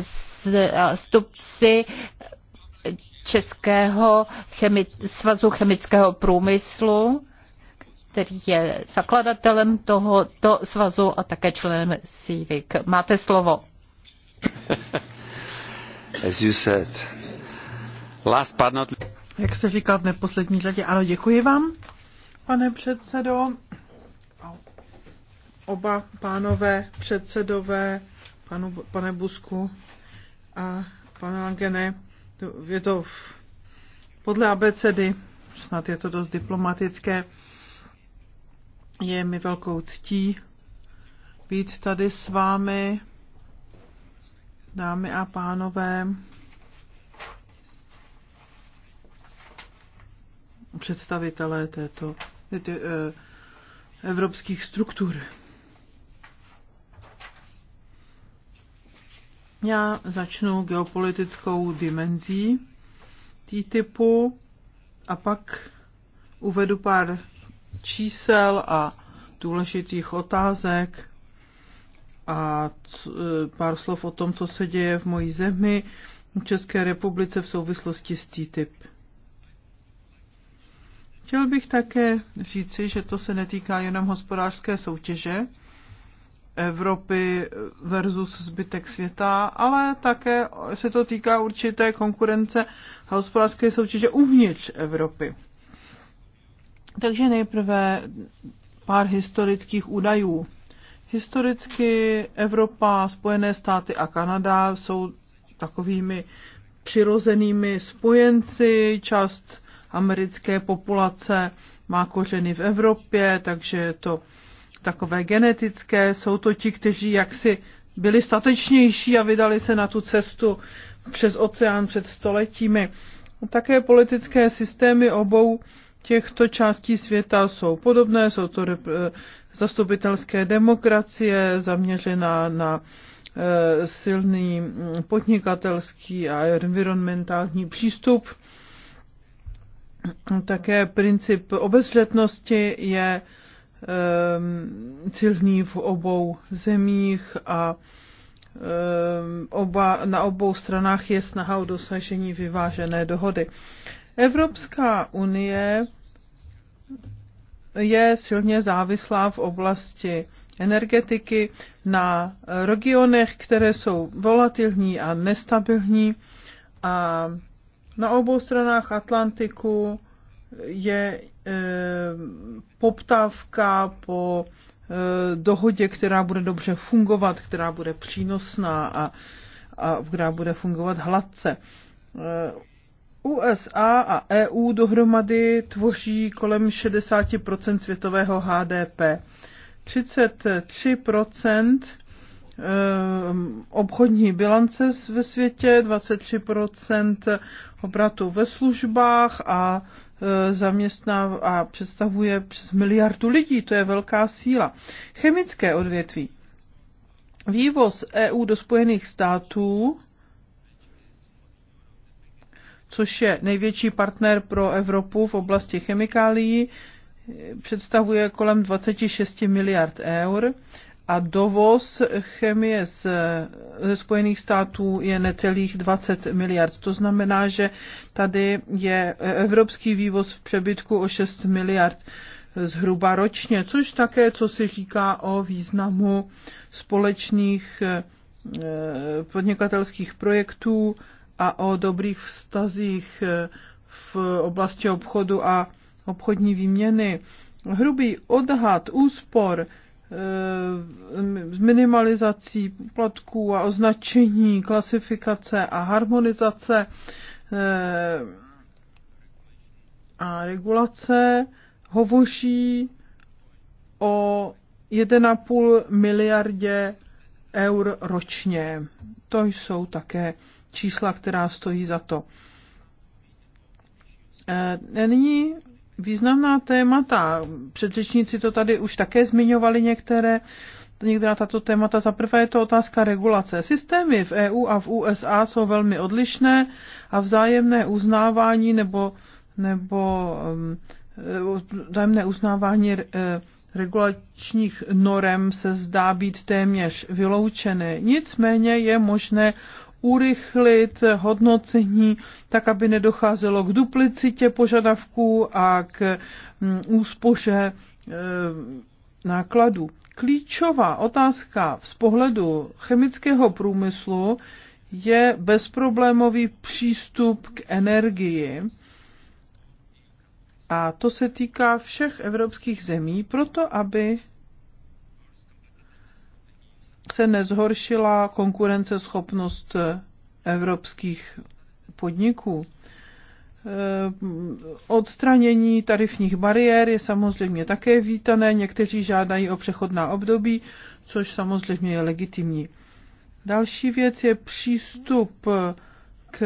z eh, zástupci Českého chemi- svazu chemického průmyslu, který je zakladatelem tohoto svazu a také členem CIVIC. Máte slovo. As you said. Last but not... Jak se říkal v neposlední řadě, ano, děkuji vám, pane předsedo. Oba pánové předsedové, panu, pane Busku, a pane Langene, je to podle abecedy, snad je to dost diplomatické, je mi velkou ctí být tady s vámi, dámy a pánové. představitelé této, této eh, evropských struktur. Já začnu geopolitickou dimenzí TTIPu a pak uvedu pár čísel a důležitých otázek a e, pár slov o tom, co se děje v mojí zemi, v České republice v souvislosti s TTIP. Chtěl bych také říci, že to se netýká jenom hospodářské soutěže, Evropy versus zbytek světa, ale také se to týká určité konkurence a hospodářské soutěže uvnitř Evropy. Takže nejprve pár historických údajů. Historicky Evropa, Spojené státy a Kanada jsou takovými přirozenými spojenci. Část americké populace má kořeny v Evropě, takže je to takové genetické, jsou to ti, kteří jaksi byli statečnější a vydali se na tu cestu přes oceán před stoletími. Také politické systémy obou těchto částí světa jsou podobné, jsou to eh, zastupitelské demokracie zaměřená na eh, silný mm, podnikatelský a environmentální přístup. Také princip obezřetnosti je silný ehm, v obou zemích a ehm, oba, na obou stranách je snaha o dosažení vyvážené dohody. Evropská unie je silně závislá v oblasti energetiky na regionech, které jsou volatilní a nestabilní a na obou stranách Atlantiku je eh, poptávka po eh, dohodě, která bude dobře fungovat, která bude přínosná a, a která bude fungovat hladce. Eh, USA a EU dohromady tvoří kolem 60% světového HDP. 33% obchodní bilance ve světě, 23% obratu ve službách a Eh, zaměstná a představuje přes miliardu lidí. To je velká síla. Chemické odvětví. Vývoz EU do Spojených států což je největší partner pro Evropu v oblasti chemikálií, představuje kolem 26 miliard eur a dovoz chemie z, ze Spojených států je necelých 20 miliard. To znamená, že tady je evropský vývoz v přebytku o 6 miliard zhruba ročně, což také, co se říká o významu společných eh, podnikatelských projektů a o dobrých vztazích eh, v oblasti obchodu a obchodní výměny. Hrubý odhad úspor Eh, minimalizací poplatků a označení, klasifikace a harmonizace eh, a regulace hovoří o 1,5 miliardě eur ročně. To jsou také čísla, která stojí za to. Eh, nyní významná témata. Předřečníci to tady už také zmiňovali některé některá tato témata. Za prvé je to otázka regulace. Systémy v EU a v USA jsou velmi odlišné a vzájemné uznávání nebo, nebo um, eh, vzájemné uznávání eh, regulačních norem se zdá být téměř vyloučené. Nicméně je možné urychlit hodnocení, tak aby nedocházelo k duplicitě požadavků a k mm, úspoře e, nákladů. Klíčová otázka z pohledu chemického průmyslu je bezproblémový přístup k energii. A to se týká všech evropských zemí, proto aby se nezhoršila konkurenceschopnost eh, evropských podniků. Eh, odstranění tarifních bariér je samozřejmě také vítané, někteří žádají o přechodná období, což samozřejmě je legitimní. Další věc je přístup eh, k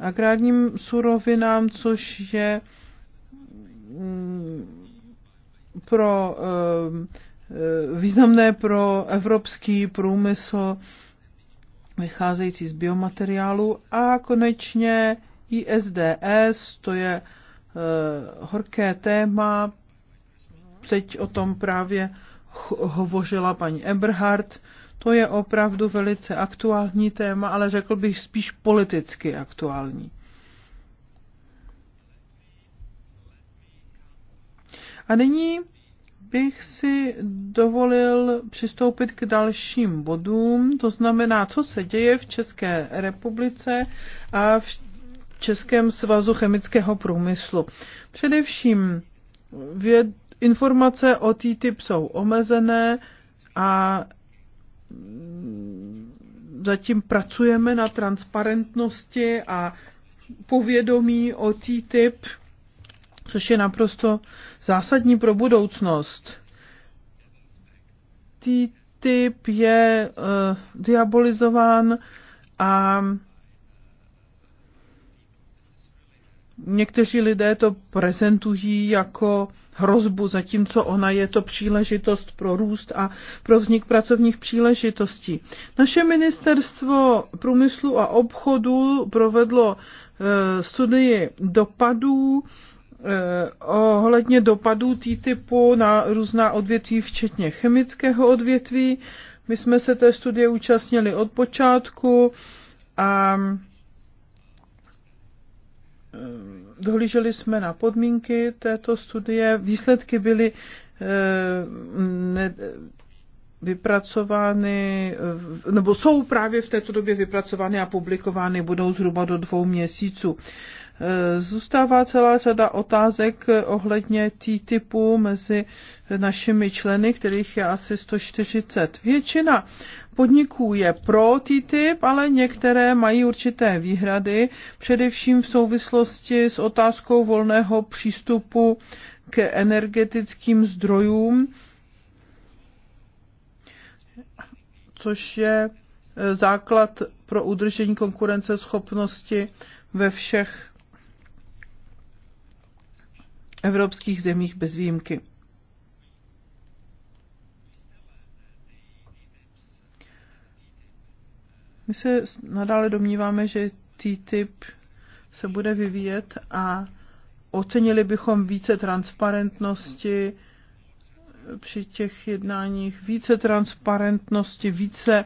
agrárním surovinám, což je mm, pro Eh, významné pro evropský průmysl vycházející z biomateriálu a konečně ISDS, to je eh, horké téma, teď o tom právě hovořila paní Eberhardt, to je opravdu velice aktuální téma, ale řekl bych spíš politicky aktuální. A nyní bych si dovolil přistoupit k dalším bodům, to znamená, co se děje v České republice a v Českém svazu chemického průmyslu. Především věd, informace o TTIP jsou omezené a zatím pracujeme na transparentnosti a povědomí o TTIP což je naprosto zásadní pro budoucnost. TTIP je uh, diabolizován a někteří lidé to prezentují jako hrozbu, zatímco ona je to příležitost pro růst a pro vznik pracovních příležitostí. Naše ministerstvo průmyslu a obchodu provedlo eh, studii dopadů Eh, ohledně dopadů TTIPu na různá odvětví, včetně chemického odvětví. My jsme se té studie účastnili od počátku a eh, dohlíželi jsme na podmínky této studie. Výsledky byly eh, vypracovány, nebo jsou právě v této době vypracovány a publikovány, budou zhruba do dvou měsíců. Zůstává celá řada otázek ohledně TTIPu mezi našimi členy, kterých je asi 140. Většina podniků je pro TTIP, ale některé mají určité výhrady, především v souvislosti s otázkou volného přístupu k energetickým zdrojům, což je e, základ pro udržení konkurenceschopnosti ve všech evropských zemích bez výjimky. My se nadále domníváme, že TTIP se bude vyvíjet a ocenili bychom více transparentnosti při těch jednáních, více transparentnosti, více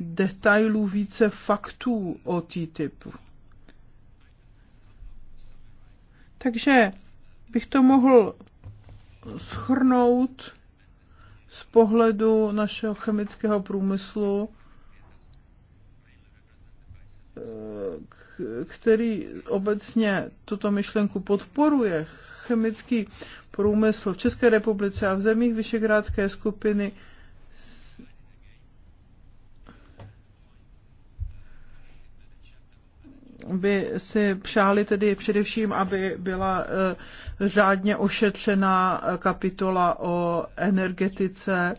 detailů, více faktů o TTIPu. Takže bych to mohl schrnout z pohledu našeho chemického průmyslu, který obecně tuto myšlenku podporuje. Chemický průmysl v České republice a v zemích Vyšegrádské skupiny by si přáli tedy především, aby byla eh, řádně ošetřena eh, kapitola o energetice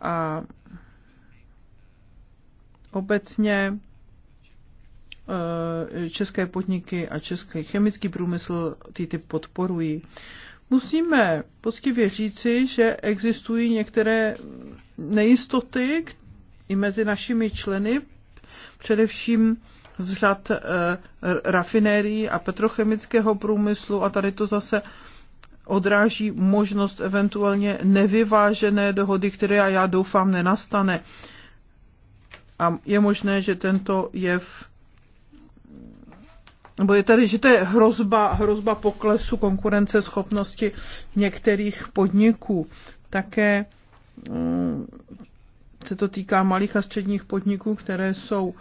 a obecně eh, české podniky a český chemický průmysl typ podporují. Musíme poctivě říci, že existují některé nejistoty i mezi našimi členy, především z řad eh, rafinérií a petrochemického průmyslu a tady to zase odráží možnost eventuálně nevyvážené dohody, které a já doufám nenastane. A je možné, že tento jev nebo je tady, že to je hrozba, hrozba poklesu konkurenceschopnosti některých podniků. Také mm, se to týká malých a středních podniků, které jsou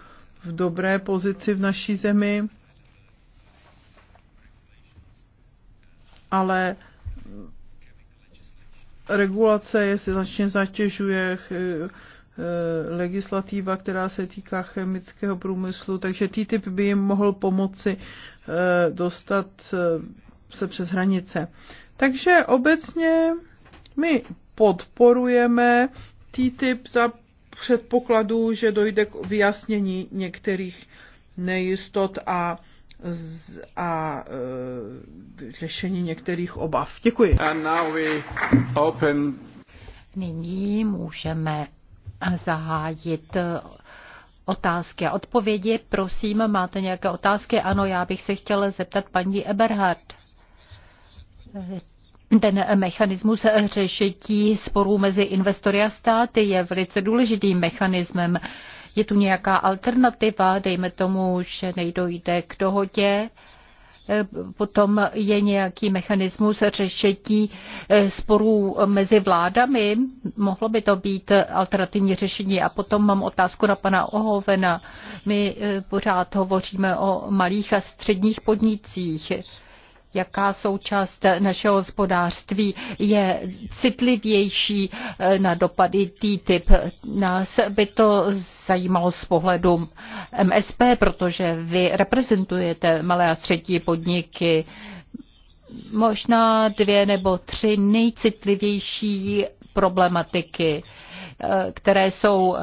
v dobré pozici v naší zemi, ale regulace je značně zatěžuje eh, eh, legislativa, která se týká chemického průmyslu, takže TTIP by jim mohl pomoci eh, dostat se přes hranice. Takže obecně my podporujeme TTIP za předpokladu, že dojde k vyjasnění některých nejistot a z, a e, řešení některých obav. Děkuji. And now we open... Nyní můžeme zahájit e, otázky a odpovědi. Prosím, máte nějaké otázky? Ano, já bych se chtěla zeptat paní Eberhardt ten mechanismus řešení sporů mezi investory a státy je velice důležitým mechanismem. Je tu nějaká alternativa, dejme tomu, že nejdojde k dohodě, potom je nějaký mechanismus řešení sporů mezi vládami. Mohlo by to být alternativní řešení. A potom mám otázku na pana Ohovena. My pořád hovoříme o malých a středních podnicích jaká součást našeho hospodářství je citlivější eh, na dopady TTIP. Nás by to zajímalo z pohledu MSP, protože vy reprezentujete malé a střední podniky, možná dvě nebo tři nejcitlivější problematiky Eh, které jsou eh,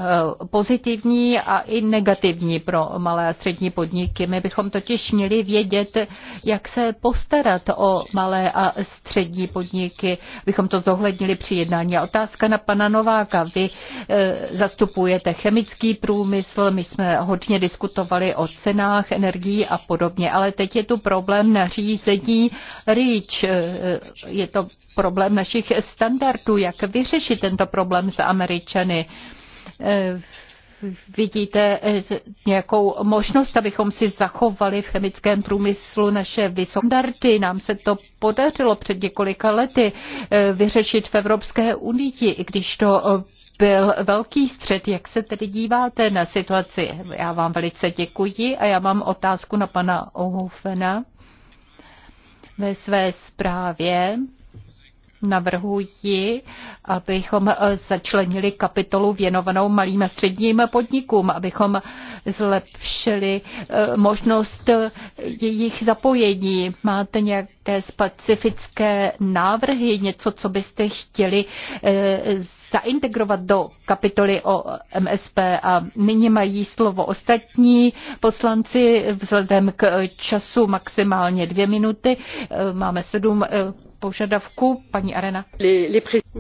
pozitivní a i negativní pro malé a střední podniky. My bychom totiž měli vědět, jak se postarat o malé a střední podniky, bychom to zohlednili při jednání. A otázka na pana Nováka. Vy eh, zastupujete chemický průmysl, my jsme hodně diskutovali o cenách energií a podobně, ale teď je tu problém nařízení REACH. Je to problém našich standardů, jak vyřešit tento problém s Američany e, vidíte e, nějakou možnost, abychom si zachovali v chemickém průmyslu naše vysoké standardy. Nám se to podařilo před několika lety e, vyřešit v Evropské unii, i když to byl velký střed. Jak se tedy díváte na situaci? Já vám velice děkuji a já mám otázku na pana Ohofena. Ve své zprávě navrhuji, abychom začlenili kapitolu věnovanou malým a středním podnikům, abychom zlepšili eh, možnost jejich zapojení. Máte nějaké specifické návrhy, něco, co byste chtěli eh, zaintegrovat do kapitoly o MSP a nyní mají slovo ostatní poslanci vzhledem k času maximálně dvě minuty. Eh, máme sedm požadavku, Paní Arena.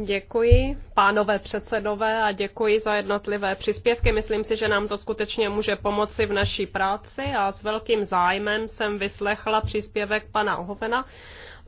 Děkuji, pánové předsedové, a děkuji za jednotlivé příspěvky. Myslím si, že nám to skutečně může pomoci v naší práci a s velkým zájmem jsem vyslechla příspěvek pana Ohovena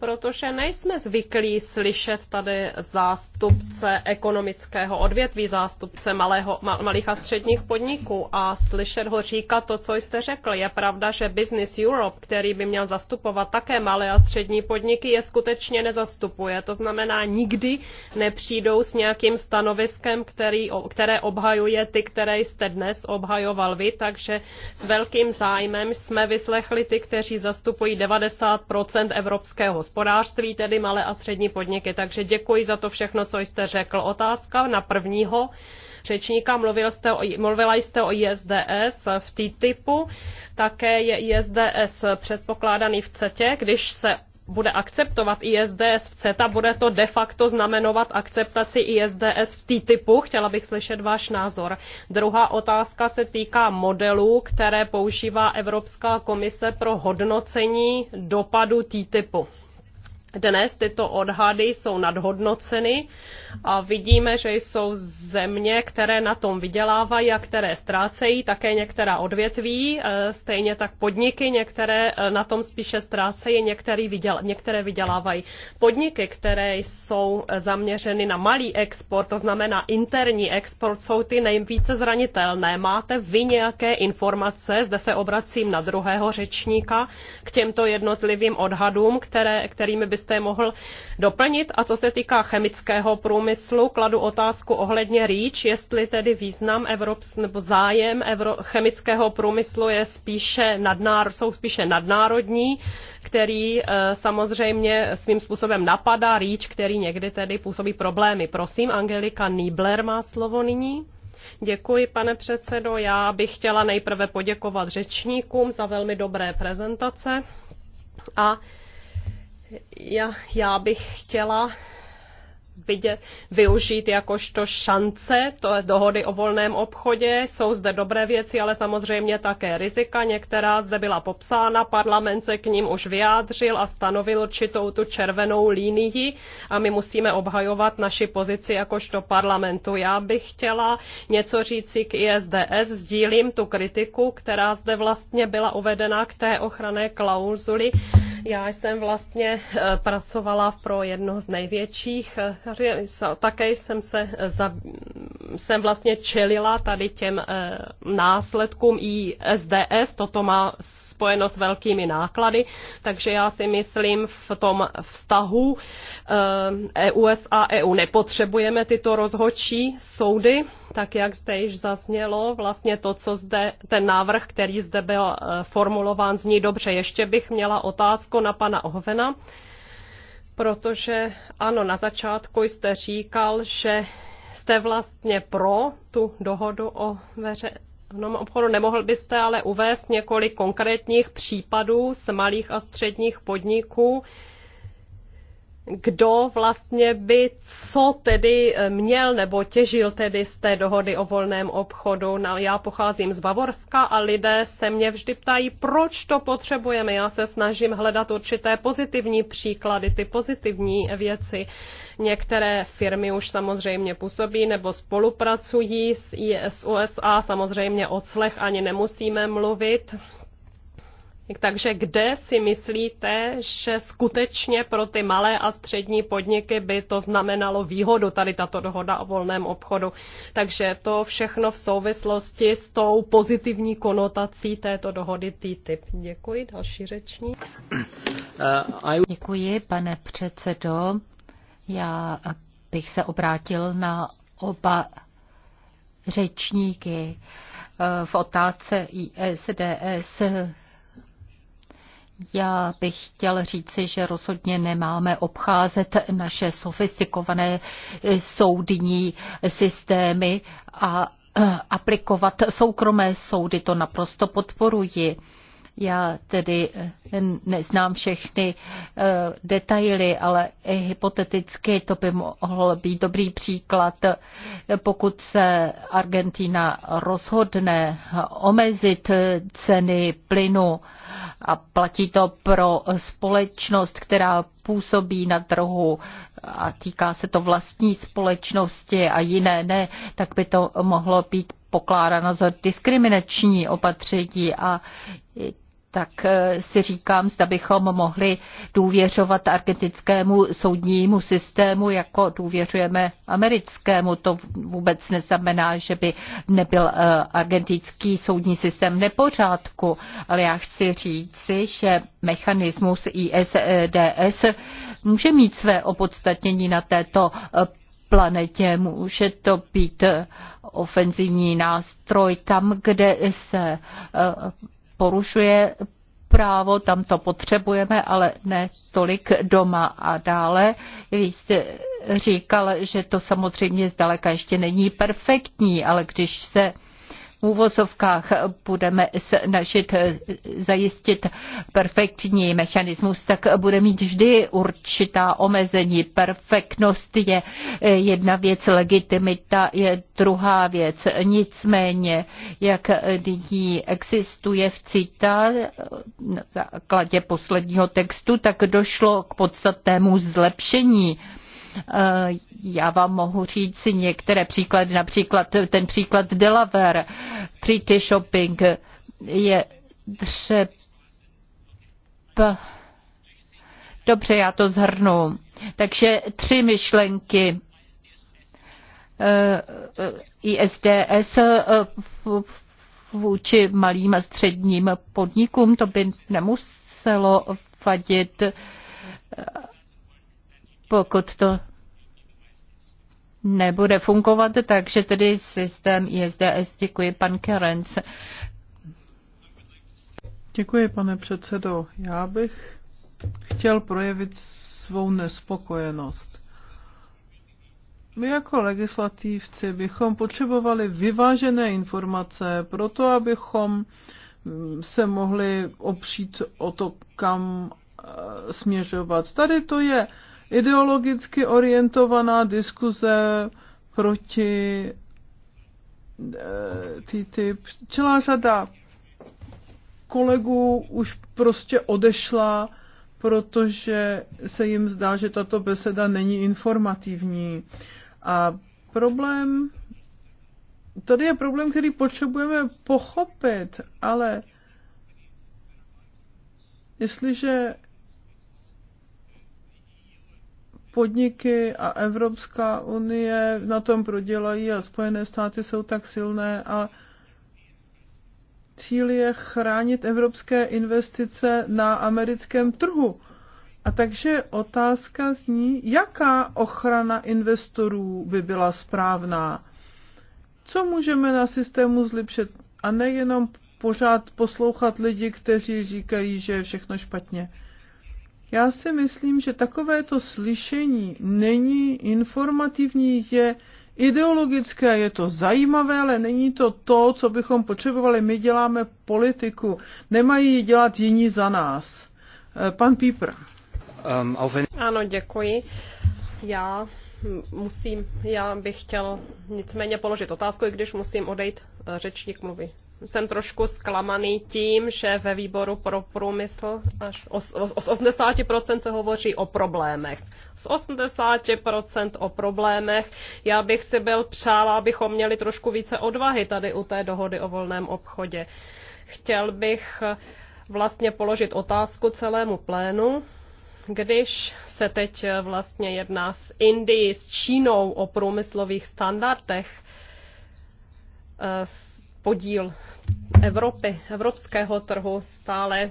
protože nejsme zvyklí slyšet tady zástupce ekonomického odvětví, zástupce malého, ma, malých a středních podniků a slyšet ho říkat to, co jste řekl. Je pravda, že Business Europe, který by měl zastupovat také malé a střední podniky, je skutečně nezastupuje. To znamená, nikdy nepřijdou s nějakým stanoviskem, který, které obhajuje ty, které jste dnes obhajoval vy, takže s velkým zájmem jsme vyslechli ty, kteří zastupují 90% evropského hospodářství, tedy malé a střední podniky. Takže děkuji za to všechno, co jste řekl. Otázka na prvního řečníka. Mluvil jste o, mluvila jste o ISDS v TTIPu, také je ISDS předpokládaný v CETě. Když se bude akceptovat ISDS v CETA, bude to de facto znamenovat akceptaci ISDS v TTIPu. Chtěla bych slyšet váš názor. Druhá otázka se týká modelů, které používá Evropská komise pro hodnocení dopadu TTIPu. Dnes tyto odhady jsou nadhodnoceny a vidíme, že jsou země, které na tom vydělávají a které ztrácejí, také některá odvětví, eh, stejně tak podniky, některé eh, na tom spíše ztrácejí, některé, některé vydělávají. Podniky, které jsou eh, zaměřeny na malý export, to znamená interní export, jsou ty nejvíce zranitelné. Máte vy nějaké informace, zde se obracím na druhého řečníka, k těmto jednotlivým odhadům, které, kterými byste byste mohl doplnit. A co se týká chemického průmyslu, kladu otázku ohledně REACH, jestli tedy význam Evrops, nebo zájem Evro, chemického průmyslu je spíše nadnáro, jsou spíše nadnárodní, který eh, samozřejmě svým způsobem napadá REACH, který někdy tedy působí problémy. Prosím, Angelika Niebler má slovo nyní. Děkuji, pane předsedo. Já bych chtěla nejprve poděkovat řečníkům za velmi dobré prezentace a já, bych chtěla vidět, využít jakožto šance, to je dohody o volném obchodě, jsou zde dobré věci, ale samozřejmě také rizika, některá zde byla popsána, parlament se k ním už vyjádřil a stanovil určitou tu červenou línii a my musíme obhajovat naši pozici jakožto parlamentu. Já bych chtěla něco říci k ISDS, sdílím tu kritiku, která zde vlastně byla uvedena k té ochranné klauzuli. Já jsem vlastně eh, pracovala pro jedno z největších eh, také jsem se za, jsem vlastně čelila tady těm eh, následkům SDS, toto má spojeno s velkými náklady, takže já si myslím v tom vztahu eh, e USA EU nepotřebujeme tyto rozhodčí soudy, tak jak zde již zaznělo, vlastně to, co zde, ten návrh, který zde byl eh, formulován, zní dobře. Ještě bych měla otázku na pana Ohvena. Eh, protože ano, na začátku jste říkal, že jste vlastně pro tu dohodu o veřejném obchodu. Nemohl byste ale uvést několik konkrétních případů z malých a středních podniků, kdo vlastně by co tedy eh, měl nebo těžil tedy z té dohody o volném obchodu. No, já pocházím z Bavorska a lidé se mě vždy ptají, proč to potřebujeme. Já se snažím hledat určité pozitivní příklady, ty pozitivní věci. Některé firmy už samozřejmě působí nebo spolupracují s, USA, samozřejmě o ani nemusíme mluvit. Takže kde si myslíte, že skutečně pro ty malé a střední podniky by to znamenalo výhodu, tady tato dohoda o volném obchodu? Takže to všechno v souvislosti s tou pozitivní konotací této dohody TTIP. Děkuji, další řečník. Eh, Děkuji, pane předsedo. Já bych se obrátil na oba řečníky eh, v otázce ISDS já bych chtěl říci, že rozhodně nemáme obcházet naše sofistikované eh, soudní systémy a eh, aplikovat soukromé soudy. To naprosto podporuji. Já tedy eh, neznám všechny eh, detaily, ale hypoteticky to by mohl být dobrý příklad. Eh, pokud se Argentina rozhodne omezit ceny plynu a platí to pro společnost, která působí na trhu a týká se to vlastní společnosti a jiné ne, tak by to mohlo být pokládáno za diskriminační opatření a tak eh, si říkám, zda bychom mohli důvěřovat argentinskému soudnímu systému, jako důvěřujeme americkému. To vůbec neznamená, že by nebyl eh, argentinský soudní systém nepořádku, ale já chci říci, že mechanismus ISDS může mít své opodstatnění na této eh, planetě. Může to být ofenzivní nástroj tam, kde se porušuje právo, tam to potřebujeme, ale ne tolik doma. A dále vy jste říkal, že to samozřejmě zdaleka ještě není perfektní, ale když se úvozovkách budeme snažit zajistit perfektní mechanismus, tak bude mít vždy určitá omezení. Perfektnost je jedna věc, legitimita je druhá věc. Nicméně, jak nyní existuje v CITA na základě posledního textu, tak došlo k podstatnému zlepšení já vám mohu říct si některé příklady, například ten příklad Delaware, treaty shopping je třeba... Dobře, já to zhrnu. Takže tři myšlenky. Eh, eh, ISDS eh, vůči malým a středním podnikům, to by nemuselo vadit, pokud to nebude fungovat, takže tedy systém ISDS. Děkuji, pan Kerenc. Děkuji, pane předsedo. Já bych chtěl projevit svou nespokojenost. My jako legislativci bychom potřebovali vyvážené informace pro to, abychom mm, se mohli opřít o to, kam eh, směřovat. Tady to je ideologicky orientovaná diskuze proti eh, ty Celá řada kolegů už prostě odešla, protože se jim zdá, že tato beseda není informativní. A problém, tady je problém, který potřebujeme pochopit, ale jestliže podniky a Evropská unie na tom prodělají a Spojené státy jsou tak silné a cíl je chránit evropské investice na americkém trhu. A takže otázka zní, jaká ochrana investorů by byla správná? Co můžeme na systému zlepšit? A nejenom pořád poslouchat lidi, kteří říkají, že je všechno špatně. Já si myslím, že takovéto slyšení není informativní, je ideologické, je to zajímavé, ale není to to, co bychom potřebovali. My děláme politiku, nemají ji dělat jiní za nás. Eh, pan Pípr. Um, ano, děkuji. Já musím, já bych chtěl nicméně položit otázku, i když musím odejít, eh, řečník mluví jsem trošku zklamaný tím, že ve výboru pro průmysl až o, o, z 80% se hovoří o problémech. Z 80% o problémech. Já bych si byl přála, abychom měli trošku více odvahy tady u té dohody o volném obchodě. Chtěl bych eh, vlastně položit otázku celému plénu, když se teď eh, vlastně jedná s Indií, s Čínou o průmyslových standardech, eh, s podíl Evropy, evropského trhu stále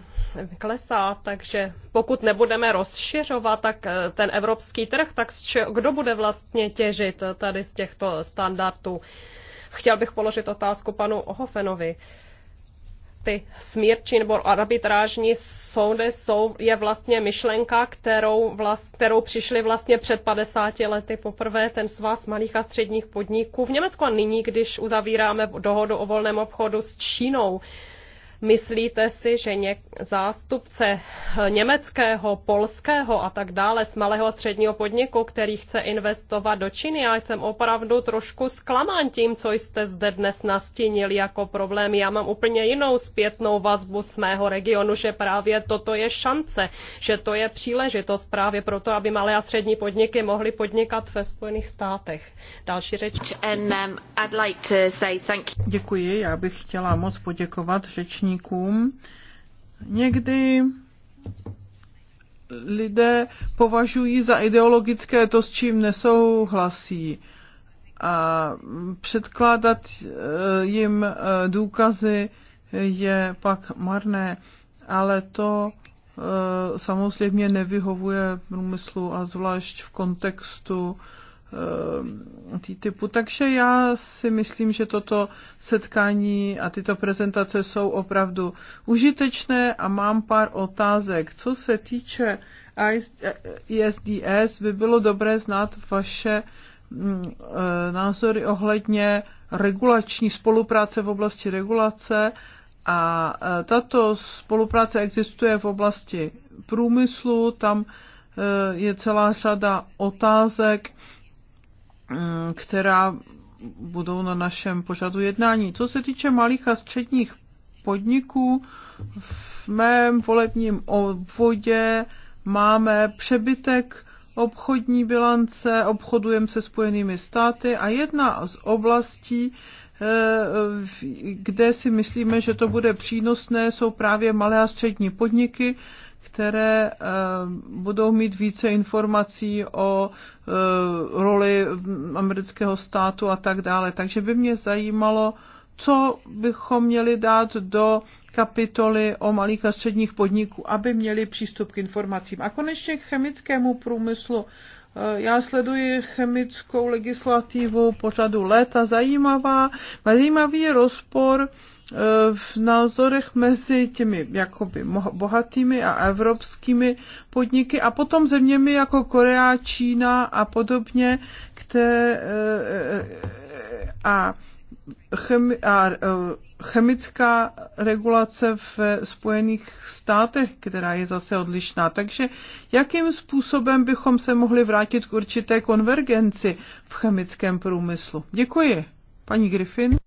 klesá, takže pokud nebudeme rozšiřovat tak eh, ten evropský trh, tak kdo bude vlastně těžit tady z těchto standardů? Chtěl bych položit otázku panu Ohofenovi. Uh, ty smírčí nebo arbitrážní soudy jsou, je vlastně myšlenka, kterou, vlast, kterou přišli vlastně před 50 lety poprvé ten svaz malých a středních podniků v Německu a nyní, když uzavíráme dohodu o volném obchodu s Čínou, Myslíte si, že něk- zástupce eh, německého, polského a tak dále z malého a středního podniku, který chce investovat do Číny, já jsem opravdu trošku zklamán tím, co jste zde dnes nastínili jako problém. Já mám úplně jinou zpětnou vazbu z mého regionu, že právě toto je šance, že to je příležitost právě proto, aby malé a střední podniky mohly podnikat ve Spojených státech. Další řeč. Um, Děkuji, já bych chtěla moc poděkovat řečníkům řečníkům. Někdy lidé považují za ideologické to, s čím nesouhlasí a předkládat eh, jim eh, důkazy je pak marné, ale to eh, samozřejmě nevyhovuje průmyslu a zvlášť v kontextu Eh, typu. Takže já si myslím, že toto setkání a tyto prezentace jsou opravdu užitečné a mám pár otázek. Co se týče ISDS, by bylo dobré znát vaše mm, eh, názory ohledně regulační spolupráce v oblasti regulace a eh, tato spolupráce existuje v oblasti průmyslu, tam je celá řada otázek Mm, která budou na našem pořadu jednání. Co se týče malých a středních podniků, v mém volebním obvodě máme přebytek obchodní bilance, obchodujeme se Spojenými státy a jedna z oblastí, eh, kde si myslíme, že to bude přínosné, jsou právě malé a střední podniky, které eh, budou mít více informací o eh, roli amerického státu a tak dále. Takže by mě zajímalo, co bychom měli dát do kapitoly o malých a středních podniků, aby měli přístup k informacím. A konečně k chemickému průmyslu. Eh, já sleduji chemickou legislativu pořadu řadu let a zajímavá, zajímavý je rozpor E, v názorech mezi těmi jakoby bohatými a evropskými podniky a potom zeměmi jako Korea, Čína a podobně, které e, e, a, chemi, a chemická regulace v Spojených státech, která je zase odlišná. Takže jakým způsobem bychom se mohli vrátit k určité konvergenci v chemickém průmyslu? Děkuji. Paní Griffin.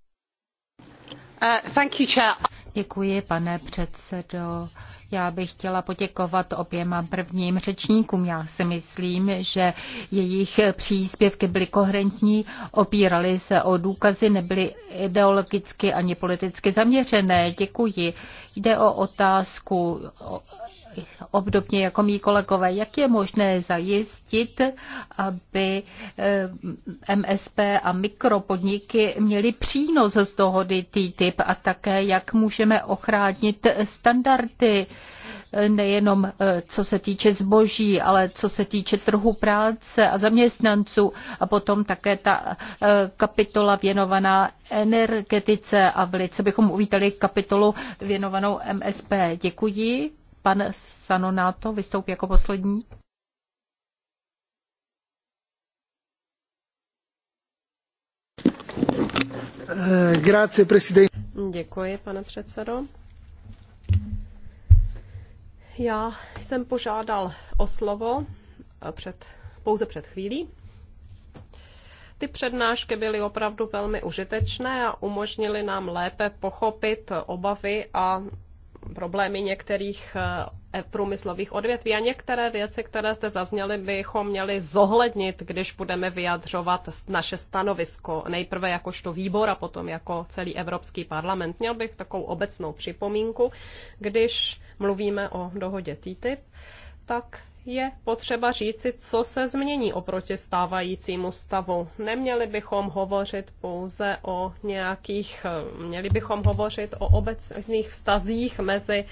Uh, Děkuji, pane předsedo. Já bych chtěla poděkovat oběma prvním řečníkům. Já si myslím, že jejich příspěvky byly koherentní, opíraly se o důkazy, nebyly ideologicky ani politicky zaměřené. Děkuji. Jde o otázku obdobně jako mý kolegové. Jak je možné zajistit, aby eh, MSP a mikropodniky měly přínos z dohody TTIP a také jak můžeme ochránit standardy eh, nejenom eh, co se týče zboží, ale co se týče trhu práce a zaměstnanců a potom také ta kapitola věnovaná energetice a velice bychom uvítali kapitolu věnovanou MSP. Děkuji. Pan Sanonato vystoupí jako poslední. Děkuji, pane předsedo. Já jsem požádal o slovo před, pouze před chvílí. Ty přednášky byly opravdu velmi užitečné a umožnily nám lépe pochopit obavy a problémy některých eh, e, průmyslových odvětví a některé věci, které jste zazněli, bychom měli zohlednit, když budeme vyjadřovat naše stanovisko, nejprve jakožto výbor a potom jako celý Evropský parlament. Měl bych takovou obecnou připomínku, když mluvíme o dohodě TTIP, tak je potřeba říci, co se změní oproti stávajícímu stavu. Neměli bychom hovořit pouze o nějakých, eh, měli bychom hovořit o obecných vztazích mezi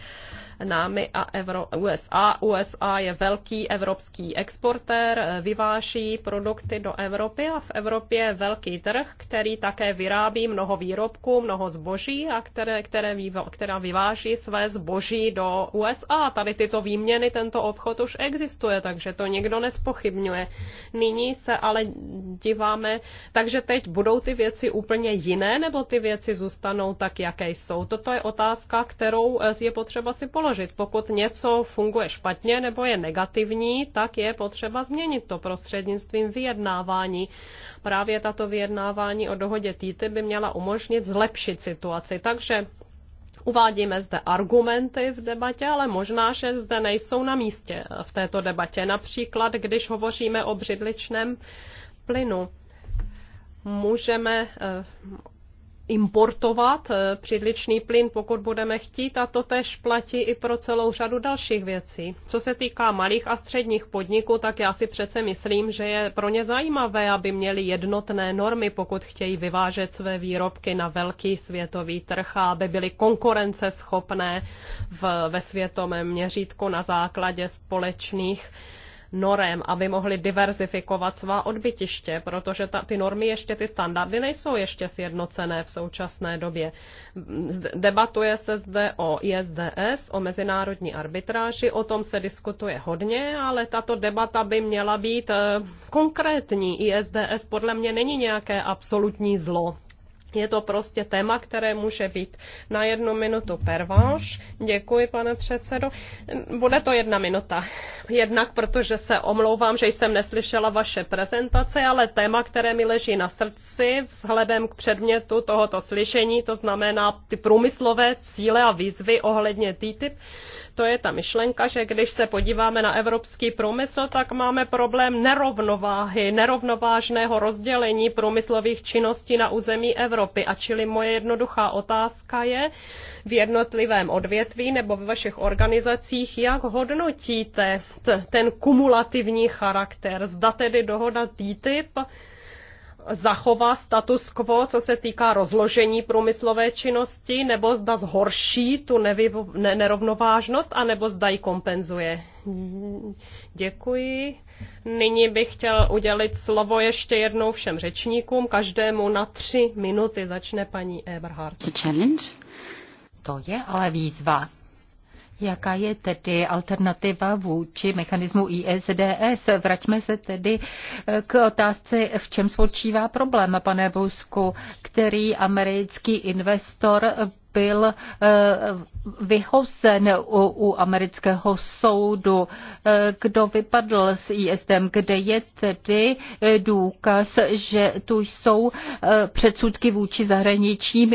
námi a Evro- USA. USA je velký evropský exportér, eh, vyváží produkty do Evropy a v Evropě je velký trh, který také vyrábí mnoho výrobků, mnoho zboží a které, které vyva- která vyváží své zboží do USA. Tady tyto výměny, tento obchod už existuje, takže to nikdo nespochybňuje. Nyní se ale díváme, takže teď budou ty věci úplně jiné, nebo ty věci zůstanou tak, jaké jsou? Toto je otázka, kterou eh, je potřeba si položit doložit. Pokud něco funguje špatně nebo je negativní, tak je potřeba změnit to prostřednictvím vyjednávání. Právě tato vyjednávání o dohodě TTIP by měla umožnit zlepšit situaci. Takže Uvádíme zde argumenty v debatě, ale možná, že zde nejsou na místě v této debatě. Například, když hovoříme o břidličném plynu, můžeme eh, importovat eh, přidličný plyn, pokud budeme chtít, a to tež platí i pro celou řadu dalších věcí. Co se týká malých a středních podniků, tak já si přece myslím, že je pro ně zajímavé, aby měli jednotné normy, pokud chtějí vyvážet své výrobky na velký světový trh a aby byly konkurenceschopné v, ve světovém měřítku na základě společných uh, norem, aby mohli diverzifikovat svá odbytiště, protože ta, ty normy ještě, ty standardy nejsou ještě sjednocené v současné době. Debatuje se zde o ISDS, o mezinárodní arbitráži, o tom se diskutuje hodně, ale tato debata by měla být eh, konkrétní. ISDS podle mě není nějaké absolutní zlo je to prostě téma, které může být na jednu minutu per váš. Děkuji, pane předsedo. Bude to jedna minuta. Jednak, protože se omlouvám, že jsem neslyšela vaše prezentace, ale téma, které mi leží na srdci vzhledem k předmětu tohoto slyšení, to znamená ty průmyslové cíle a výzvy ohledně TTIP, to je ta myšlenka, že když se podíváme na evropský průmysl, tak máme problém nerovnováhy, nerovnovážného rozdělení průmyslových činností na území Evropy. A čili moje jednoduchá otázka je v jednotlivém odvětví nebo ve vašich organizacích, jak hodnotíte ten kumulativní charakter. Zda tedy dohoda TTIP zachová status quo, co se týká rozložení průmyslové činnosti, nebo zda zhorší tu nevyvo- ne- nerovnovážnost, anebo zda ji kompenzuje. Děkuji. Nyní bych chtěl udělit slovo ještě jednou všem řečníkům, každému na tři minuty. Začne paní Eberhardt. To je ale výzva. Jaká je tedy alternativa vůči mechanismu ISDS? Vraťme se tedy eh, k otázce, v čem spočívá problém, pane Bousku, který americký investor eh, byl eh, vyhozen u, u amerického soudu, eh, kdo vypadl s ISDM, kde je tedy eh, důkaz, že tu jsou předsudky vůči zahraničním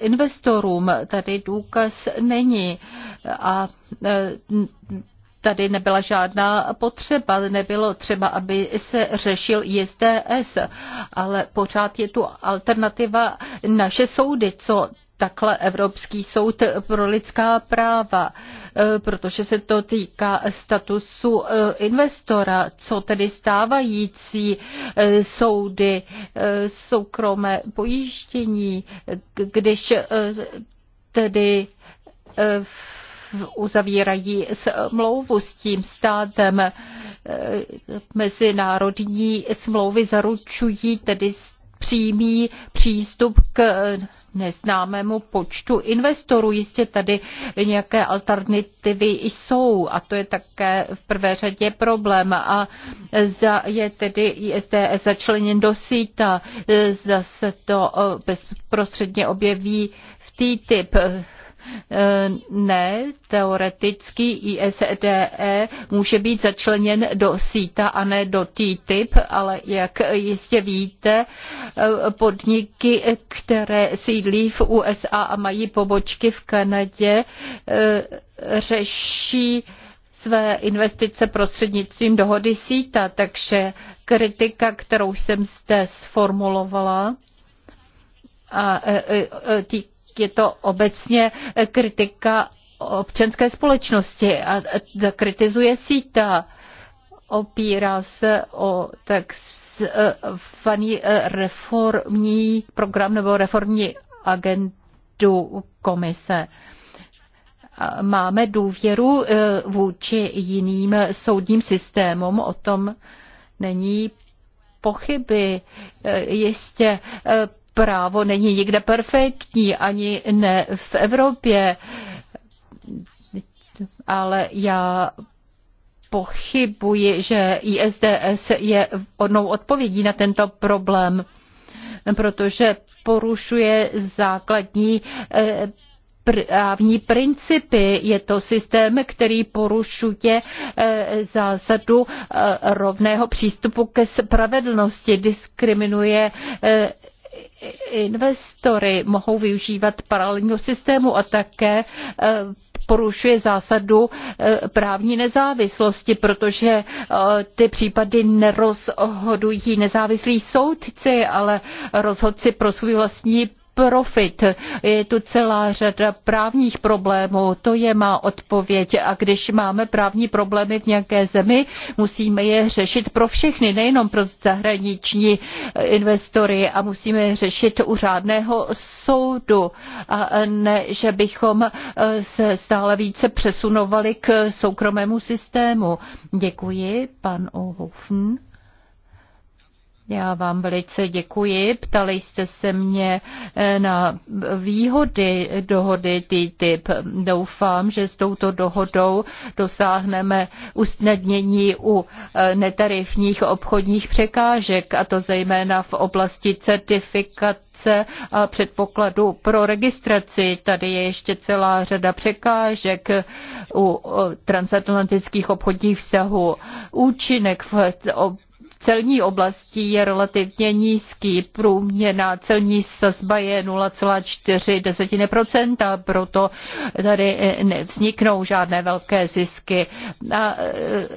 investorům. Tady důkaz není. A tady nebyla žádná potřeba, nebylo třeba, aby se řešil ISDS, ale pořád je tu alternativa naše soudy, co takhle Evropský soud pro lidská práva, e, protože se to týká statusu e, investora, co tedy stávající e, soudy, soukromé pojištění, když tedy uzavírají smlouvu s tím státem. Mezinárodní smlouvy zaručují tedy přímý přístup k eh, neznámému počtu investorů. Jistě tady nějaké alternativy jsou a to je také v prvé řadě problém. A zda je tedy ISDS začleněn do síta, eh, zda se to eh, bezprostředně objeví v TTIP. Ne, teoreticky ISDE může být začleněn do síta a ne do TTIP, ale jak jistě víte, podniky, které sídlí v USA a mají pobočky v Kanadě, řeší své investice prostřednictvím dohody síta, takže kritika, kterou jsem zde sformulovala, a, a, a, tý, je to obecně kritika občanské společnosti a kritizuje síta. Opírá se o takzvaný reformní program nebo reformní agendu komise máme důvěru e, vůči jiným soudním systémům, o tom není pochyby. E, jistě e, právo není nikde perfektní, ani ne v Evropě. Ale já pochybuji, že ISDS je odnou odpovědí na tento problém, protože porušuje základní eh, právní principy. Je to systém, který porušuje eh, zásadu eh, rovného přístupu ke spravedlnosti, diskriminuje investory mohou využívat paralelního systému a také eh, porušuje zásadu eh, právní nezávislosti, protože eh, ty případy nerozhodují nezávislí soudci, ale rozhodci pro svůj vlastní profit. Je tu celá řada právních problémů, to je má odpověď. A když máme právní problémy v nějaké zemi, musíme je řešit pro všechny, nejenom pro zahraniční investory a musíme je řešit u řádného soudu. A ne, že bychom eh, se stále více přesunovali k soukromému systému. Děkuji, pan Ohofn. Já vám velice děkuji. Ptali jste se mě eh, na výhody dohody TTIP. Doufám, že s touto dohodou dosáhneme usnadnění u eh, netarifních obchodních překážek, a to zejména v oblasti certifikace a předpokladu pro registraci. Tady je ještě celá řada překážek eh, u transatlantických obchodních vztahů. Účinek v celní oblasti je relativně nízký. Průměrná celní sazba je 0,4%, proto tady eh, nevzniknou žádné velké zisky. A eh,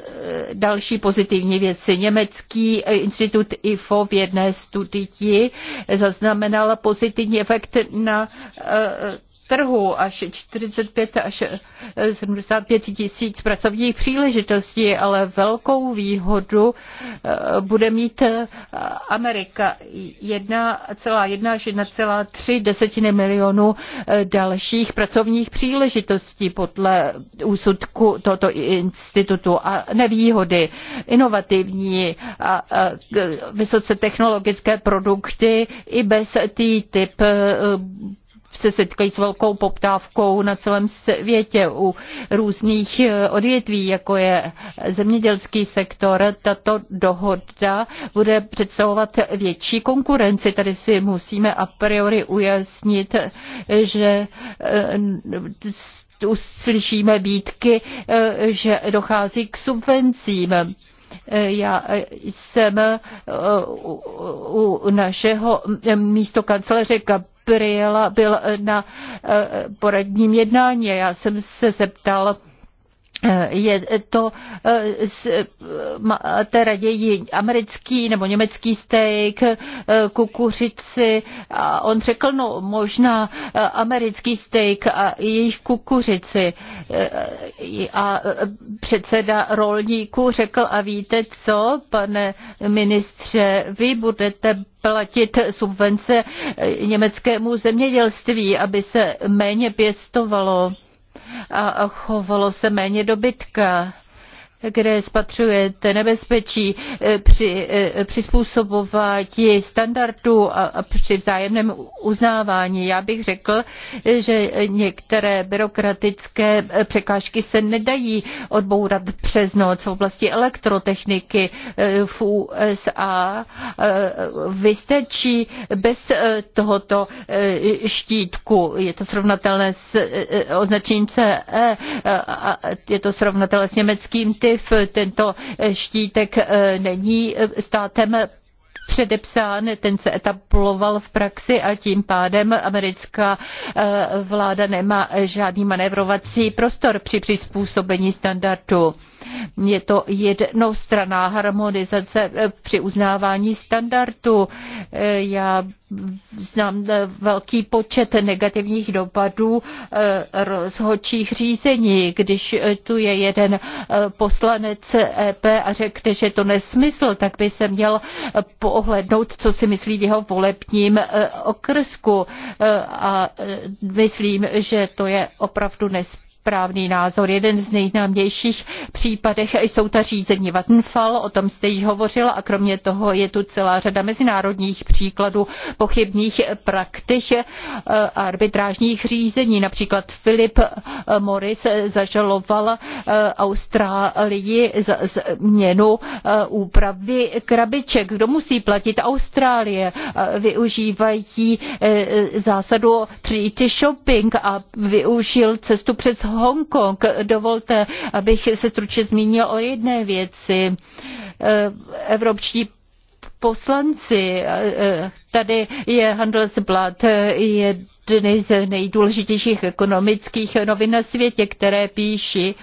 další pozitivní věci. Německý eh, institut IFO v jedné studii zaznamenal pozitivní efekt na trhu až 45 až 75 tisíc pracovních příležitostí, ale velkou výhodu eh, bude mít eh, Amerika 1,1 až 1,3 desetiny milionu eh, dalších pracovních příležitostí podle úsudku tohoto institutu a nevýhody. Inovativní a vysoce technologické produkty i bez TTIP se setkají s velkou poptávkou na celém světě u různých eh, odvětví, jako je zemědělský sektor. Tato dohoda bude představovat větší konkurenci. Tady si musíme a priori ujasnit, že eh, uslyšíme výtky, eh, že dochází k subvencím. Já jsem u našeho místo kanceleře Bril byl na eh, poradním jednání. Já jsem se zeptal je to, eh, máte raději americký nebo německý steak, eh, kukuřici. A on řekl, no možná eh, americký steak a jejich kukuřici. A předseda rolníků řekl, a víte co, pane ministře, vy budete platit subvence německému zemědělství, aby se méně pěstovalo a chovalo se méně dobytka kde spatřujete nebezpečí eh, při eh, přizpůsobování standardů a při vzájemném uznávání. Já bych řekl, že některé byrokratické eh, překážky se nedají odbourat přes noc v oblasti elektrotechniky v USA. Vystačí bez tohoto štítku. Je to srovnatelné s označením CE, je to srovnatelné s německým typem ačkoliv tento štítek eh, není státem předepsán, ten se etabloval v praxi a tím pádem americká eh, vláda nemá žádný manévrovací prostor při přizpůsobení standardu. Je to jednostraná harmonizace eh, při uznávání standardu. Eh, já znám eh, velký počet negativních dopadů rozhodčích řízení, když tu je jeden poslanec EP a řekne, že to nesmysl, tak by se měl pohlednout, co si myslí v jeho volebním okrsku. A myslím, že to je opravdu nesmysl správný názor. Jeden z nejznámějších případech jsou ta řízení Vattenfall, o tom jste již hovořila a kromě toho je tu celá řada mezinárodních příkladů pochybných praktik eh, arbitrážních řízení. Například Philip eh, Morris zažaloval eh, Austrálii za změnu úpravy krabiček. Kdo musí platit? Austrálie. Využívají zásadu treaty shopping a využil cestu přes Hongkong. Dovolte, abych se stručně zmínil o jedné věci. Eh, evropští poslanci, eh, tady je Handelsblatt eh, jedny z nejdůležitějších ekonomických novin na světě, které píší,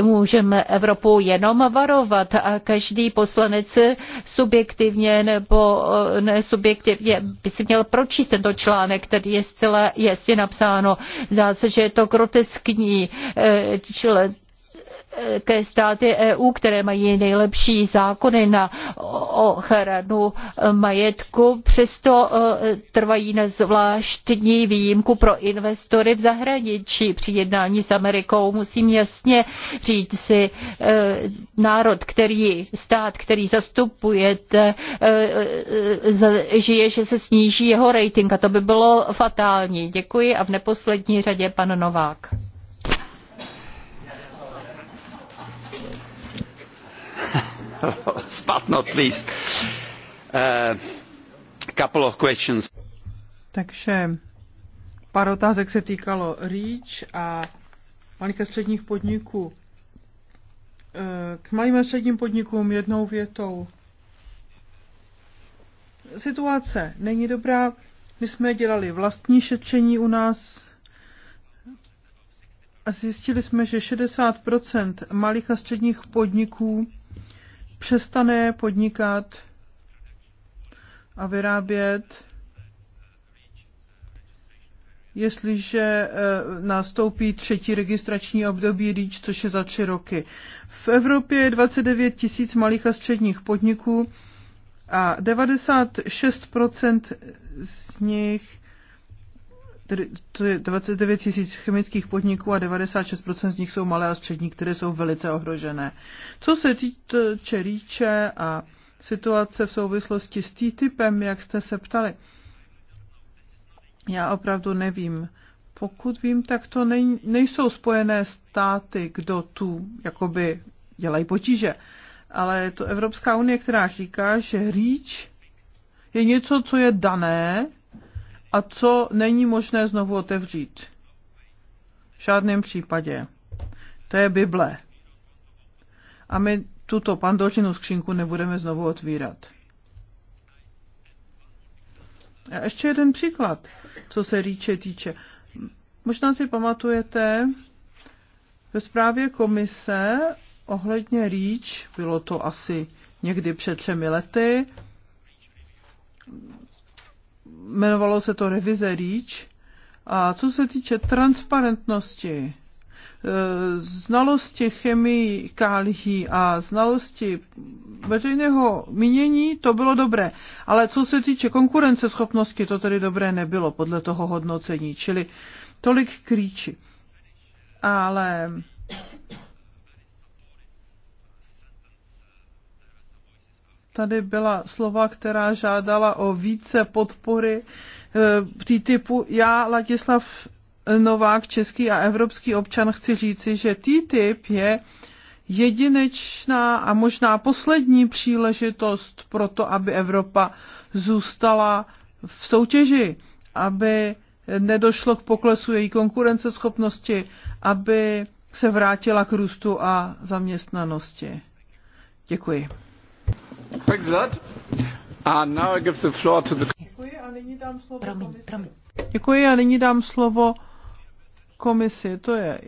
můžeme Evropu jenom varovat a každý poslanec subjektivně nebo eh, nesubjektivně by si měl pročíst tento článek, který je zcela jasně napsáno. Zdá se, že je to groteskní eh, člen ke státy EU, které mají nejlepší zákony na ochranu majetku, přesto e, trvají na zvláštní výjimku pro investory v zahraničí. Při jednání s Amerikou musím jasně říct si, e, národ, který, stát, který zastupujete, e, žije, že se sníží jeho rating a to by bylo fatální. Děkuji a v neposlední řadě pan Novák. but not least, uh, couple of questions. Takže pár otázek se týkalo REACH a malých a středních podniků. Uh, k malým a středním podnikům jednou větou. Situace není dobrá. My jsme dělali vlastní šetření u nás a zjistili jsme, že 60 malých a středních podniků přestane podnikat a vyrábět, jestliže eh, nastoupí třetí registrační období REACH, což je za tři roky. V Evropě je 29 tisíc malých a středních podniků a 96 z nich to je 29 tisíc chemických podniků a 96% z nich jsou malé a střední, které jsou velice ohrožené. Co se týče rýče a situace v souvislosti s TTIPem, jak jste se ptali, já opravdu nevím. Pokud vím, tak to nej, nejsou spojené státy, kdo tu jakoby dělají potíže. Ale je to Evropská unie, která říká, že rýč je něco, co je dané, a co není možné znovu otevřít. V žádném případě. To je Bible. A my tuto pandořinu skřínku nebudeme znovu otvírat. A ještě jeden příklad, co se rýče týče. Možná si pamatujete, ve zprávě komise ohledně REACH, bylo to asi někdy před třemi lety, jmenovalo se to revize REACH. A co se týče transparentnosti, e, znalosti chemii kálí a znalosti veřejného mínění, to bylo dobré. Ale co se týče konkurenceschopnosti, to tedy dobré nebylo podle toho hodnocení, čili tolik k Ale Tady byla slova, která žádala o více podpory eh, Tý typu. Já, Ladislav Novák, český a evropský občan, chci říci, že TTIP je jedinečná a možná poslední příležitost pro to, aby Evropa zůstala v soutěži, aby nedošlo k poklesu její konkurenceschopnosti, aby se vrátila k růstu a zaměstnanosti. Děkuji. Thanks a lot. And now I give the floor to the... Děkuji a nyní dám slovo promiň, komisi. Promiň. Děkuji a nyní dám slovo komisi. To je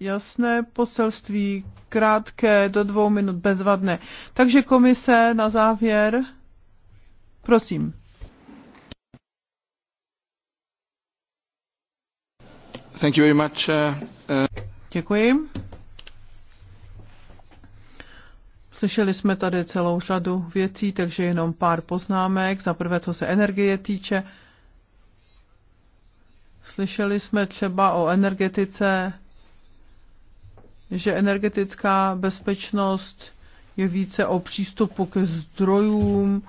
jasné poselství, krátké, do dvou minut, bezvadné. Takže komise na závěr, prosím. Thank you very much. Uh, uh... Děkuji. Slyšeli jsme tady celou řadu věcí, takže jenom pár poznámek. Za prvé, co se energie týče. Slyšeli jsme třeba o energetice, že energetická bezpečnost je více o přístupu ke zdrojům,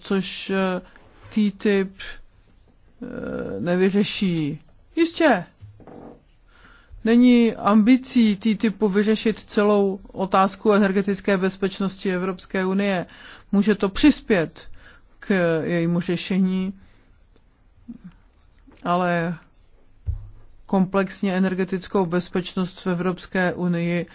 což eh, TTIP eh, nevyřeší. Jistě, není ambicí TTIPu vyřešit celou otázku energetické bezpečnosti Evropské unie. Může to přispět k jejímu řešení, ale komplexně energetickou bezpečnost v Evropské unii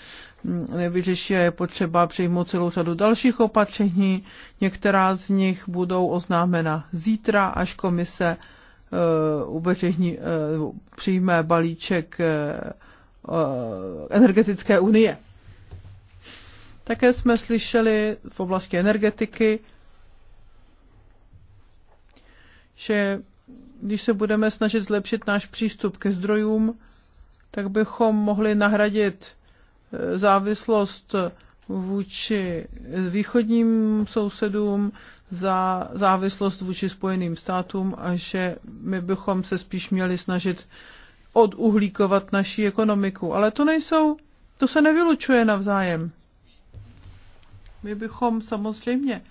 nevyřeší a je potřeba přijmout celou řadu dalších opatření. Některá z nich budou oznámena zítra, až komise Eh, ubeřehní, eh, přijme balíček eh, energetické unie. Také jsme slyšeli v oblasti energetiky, že když se budeme snažit zlepšit náš přístup ke zdrojům, tak bychom mohli nahradit závislost vůči východním sousedům, za závislost vůči Spojeným státům a že my bychom se spíš měli snažit oduhlíkovat naší ekonomiku. Ale to nejsou, to se nevylučuje navzájem. My bychom samozřejmě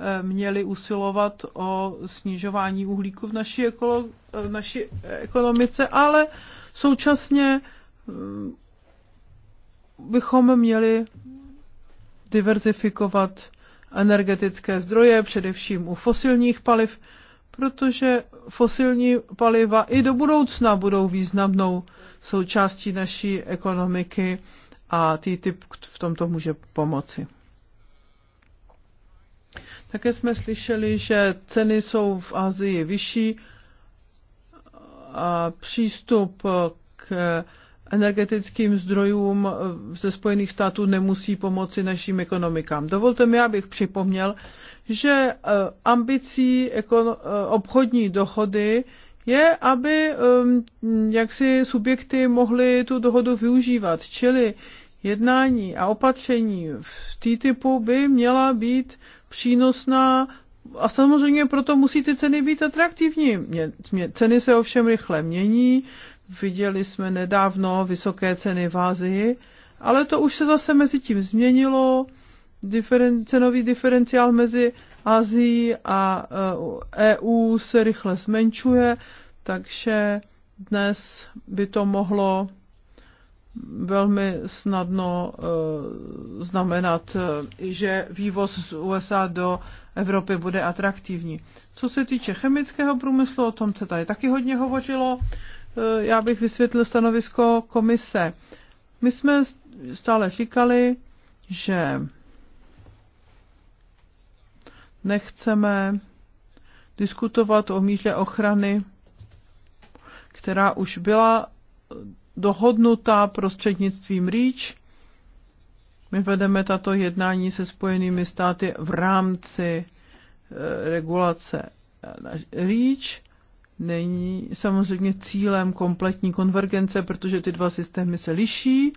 eh, měli usilovat o snižování uhlíku v naší, ekolo, eh, v naší ekonomice, ale současně mm, bychom měli diverzifikovat energetické zdroje, především u fosilních paliv, protože fosilní paliva i do budoucna budou významnou součástí naší ekonomiky a TTIP v tomto může pomoci. Také jsme slyšeli, že ceny jsou v Asii vyšší a přístup k energetickým zdrojům eh, ze Spojených států nemusí pomoci našim ekonomikám. Dovolte mi, abych připomněl, že eh, ambicí eh, obchodní dohody je, aby jaksi subjekty mohly tu dohodu využívat. Čili jednání a opatření v TTIPu by měla být přínosná a samozřejmě proto musí ty ceny být atraktivní. Ceny se ovšem rychle mění, Viděli jsme nedávno vysoké ceny v Ázii, ale to už se zase mezi tím změnilo. Diferen, cenový diferenciál mezi Azií a e, EU se rychle zmenšuje, takže dnes by to mohlo velmi snadno e, znamenat, e, že vývoz z USA do Evropy bude atraktivní. Co se týče chemického průmyslu, o tom se tady taky hodně hovořilo. Eh, já bych vysvětlil stanovisko komise. My jsme stále říkali, že nechceme diskutovat o míře ochrany, která už byla dohodnutá prostřednictvím REACH. My vedeme tato jednání se spojenými státy v rámci eh, regulace REACH není samozřejmě cílem kompletní konvergence, protože ty dva systémy se liší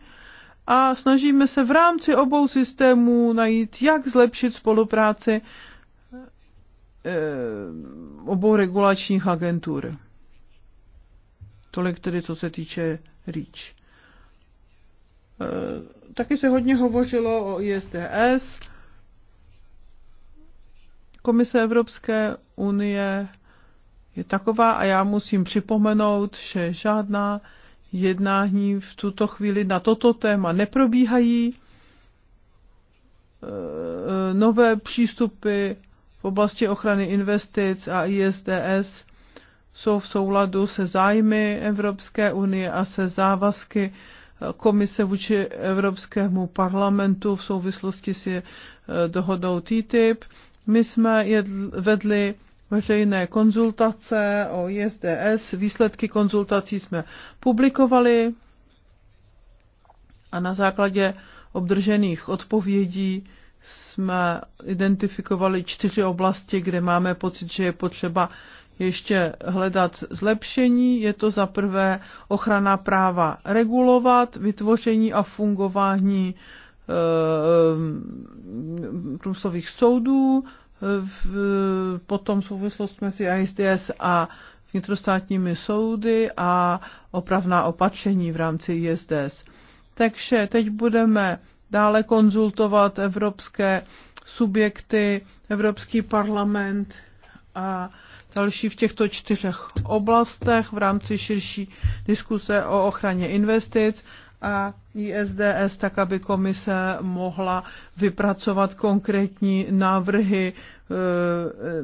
a snažíme se v rámci obou systémů najít, jak zlepšit spolupráci eh, obou regulačních agentur. Tolik tedy, co se týče REACH. Eh, taky se hodně hovořilo o ISDS. Komise Evropské unie je taková a já musím připomenout, že žádná jednání v tuto chvíli na toto téma neprobíhají. E, e, nové přístupy v oblasti ochrany investic a ISDS jsou v souladu se zájmy Evropské unie a se závazky komise vůči Evropskému parlamentu v souvislosti s e, dohodou TTIP. My jsme vedli veřejné konzultace o ISDS. Výsledky konzultací jsme publikovali a na základě obdržených odpovědí jsme identifikovali čtyři oblasti, kde máme pocit, že je potřeba ještě hledat zlepšení. Je to za prvé ochrana práva regulovat, vytvoření a fungování eh, průmyslových soudů, v, potom souvislost mezi ISDS a vnitrostátními soudy a opravná opatření v rámci ISDS. Takže teď budeme dále konzultovat evropské subjekty, Evropský parlament a další v těchto čtyřech oblastech v rámci širší diskuse o ochraně investic a ISDS, tak aby komise mohla vypracovat konkrétní návrhy e, e,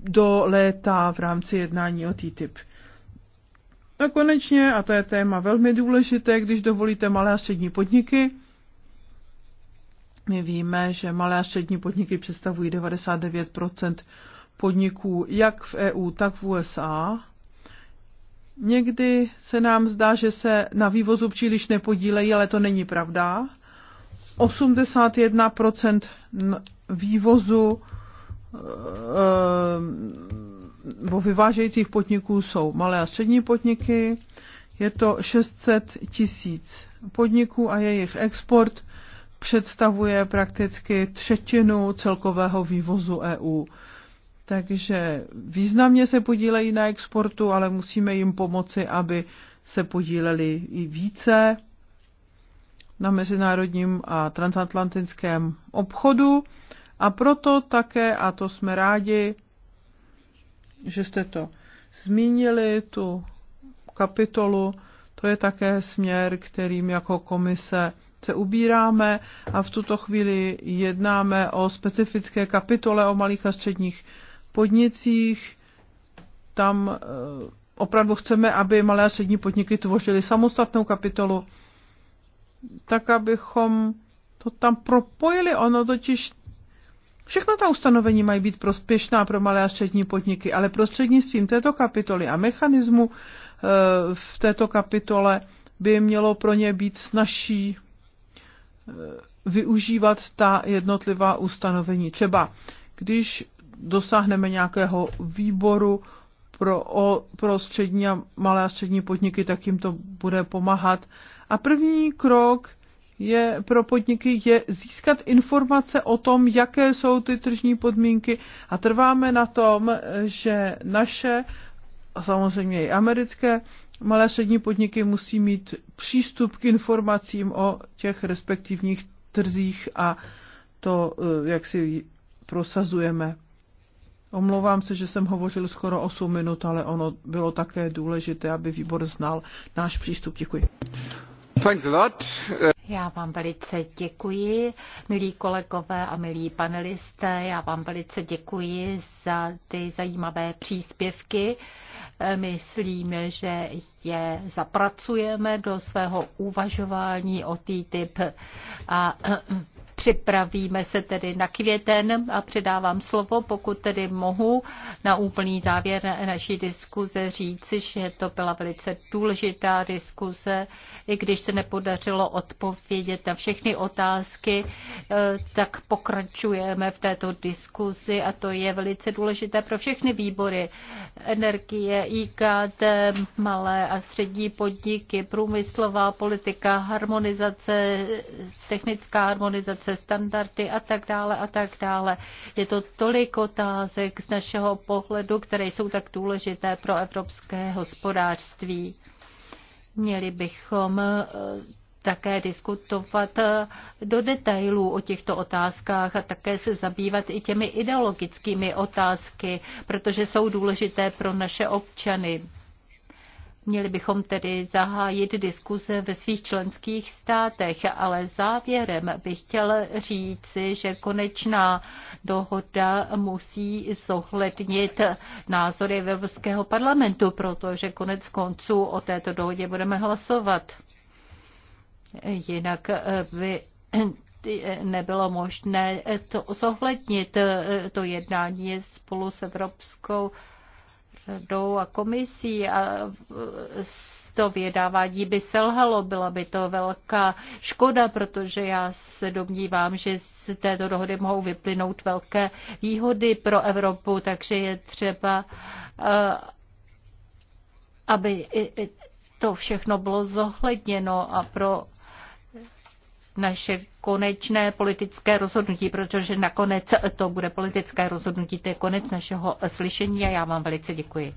do léta v rámci jednání o TTIP. A konečně, a to je téma velmi důležité, když dovolíte malé a střední podniky, my víme, že malé a střední podniky představují 99 podniků jak v EU, tak v USA Někdy se nám zdá, že se na vývozu příliš nepodílejí, ale to není pravda. 81 vývozu eh, nebo vyvážejících podniků jsou malé a střední podniky. Je to 600 tisíc podniků a jejich export představuje prakticky třetinu celkového vývozu EU takže významně se podílejí na exportu, ale musíme jim pomoci, aby se podíleli i více na mezinárodním a transatlantickém obchodu. A proto také, a to jsme rádi, že jste to zmínili, tu kapitolu, to je také směr, kterým jako komise se ubíráme a v tuto chvíli jednáme o specifické kapitole o malých a středních podnicích. Tam eh, opravdu chceme, aby malé a střední podniky tvořily samostatnou kapitolu, tak abychom to tam propojili. Ono totiž všechno ta ustanovení mají být prospěšná pro malé a střední podniky, ale prostřednictvím této kapitoly a mechanismu eh, v této kapitole by mělo pro ně být snažší eh, využívat ta jednotlivá ustanovení. Třeba když dosáhneme nějakého výboru pro, o, pro střední a malé a střední podniky, tak jim to bude pomáhat. A první krok je pro podniky je získat informace o tom, jaké jsou ty tržní podmínky a trváme na tom, že naše a samozřejmě i americké malé střední podniky musí mít přístup k informacím o těch respektivních trzích a to, eh, jak si prosazujeme. Omlouvám se, že jsem hovořil skoro 8 minut, ale ono bylo také důležité, aby výbor znal náš přístup. Děkuji. Thanks a lot. Já vám velice děkuji, milí kolegové a milí panelisté. Já vám velice děkuji za ty zajímavé příspěvky. Myslím, že je zapracujeme do svého uvažování o TTIP a Připravíme se tedy na květen a předávám slovo, pokud tedy mohu na úplný závěr naší diskuze říci, že to byla velice důležitá diskuze, i když se nepodařilo odpovědět na všechny otázky, eh, tak pokračujeme v této diskuzi a to je velice důležité pro všechny výbory. Energie, IKT, malé a střední podniky, průmyslová politika, harmonizace, technická harmonizace, standardy a tak dále a tak dále. Je to tolik otázek z našeho pohledu, které jsou tak důležité pro evropské hospodářství. Měli bychom eh, také diskutovat eh, do detailů o těchto otázkách a také se zabývat i těmi ideologickými otázky, protože jsou důležité pro naše občany. Měli bychom tedy zahájit diskuze ve svých členských státech, ale závěrem bych chtěl říci, že konečná dohoda musí zohlednit názory Evropského parlamentu, protože konec konců o této dohodě budeme hlasovat. Jinak by nebylo možné to zohlednit. To jednání je spolu s Evropskou radou a komisí a to vědávání by selhalo. Byla by to velká škoda, protože já se domnívám, že z této dohody mohou vyplynout velké výhody pro Evropu, takže je třeba, eh, aby to všechno bylo zohledněno a pro naše konečné politické rozhodnutí, protože nakonec to bude politické rozhodnutí, to je konec našeho slyšení a já vám velice děkuji.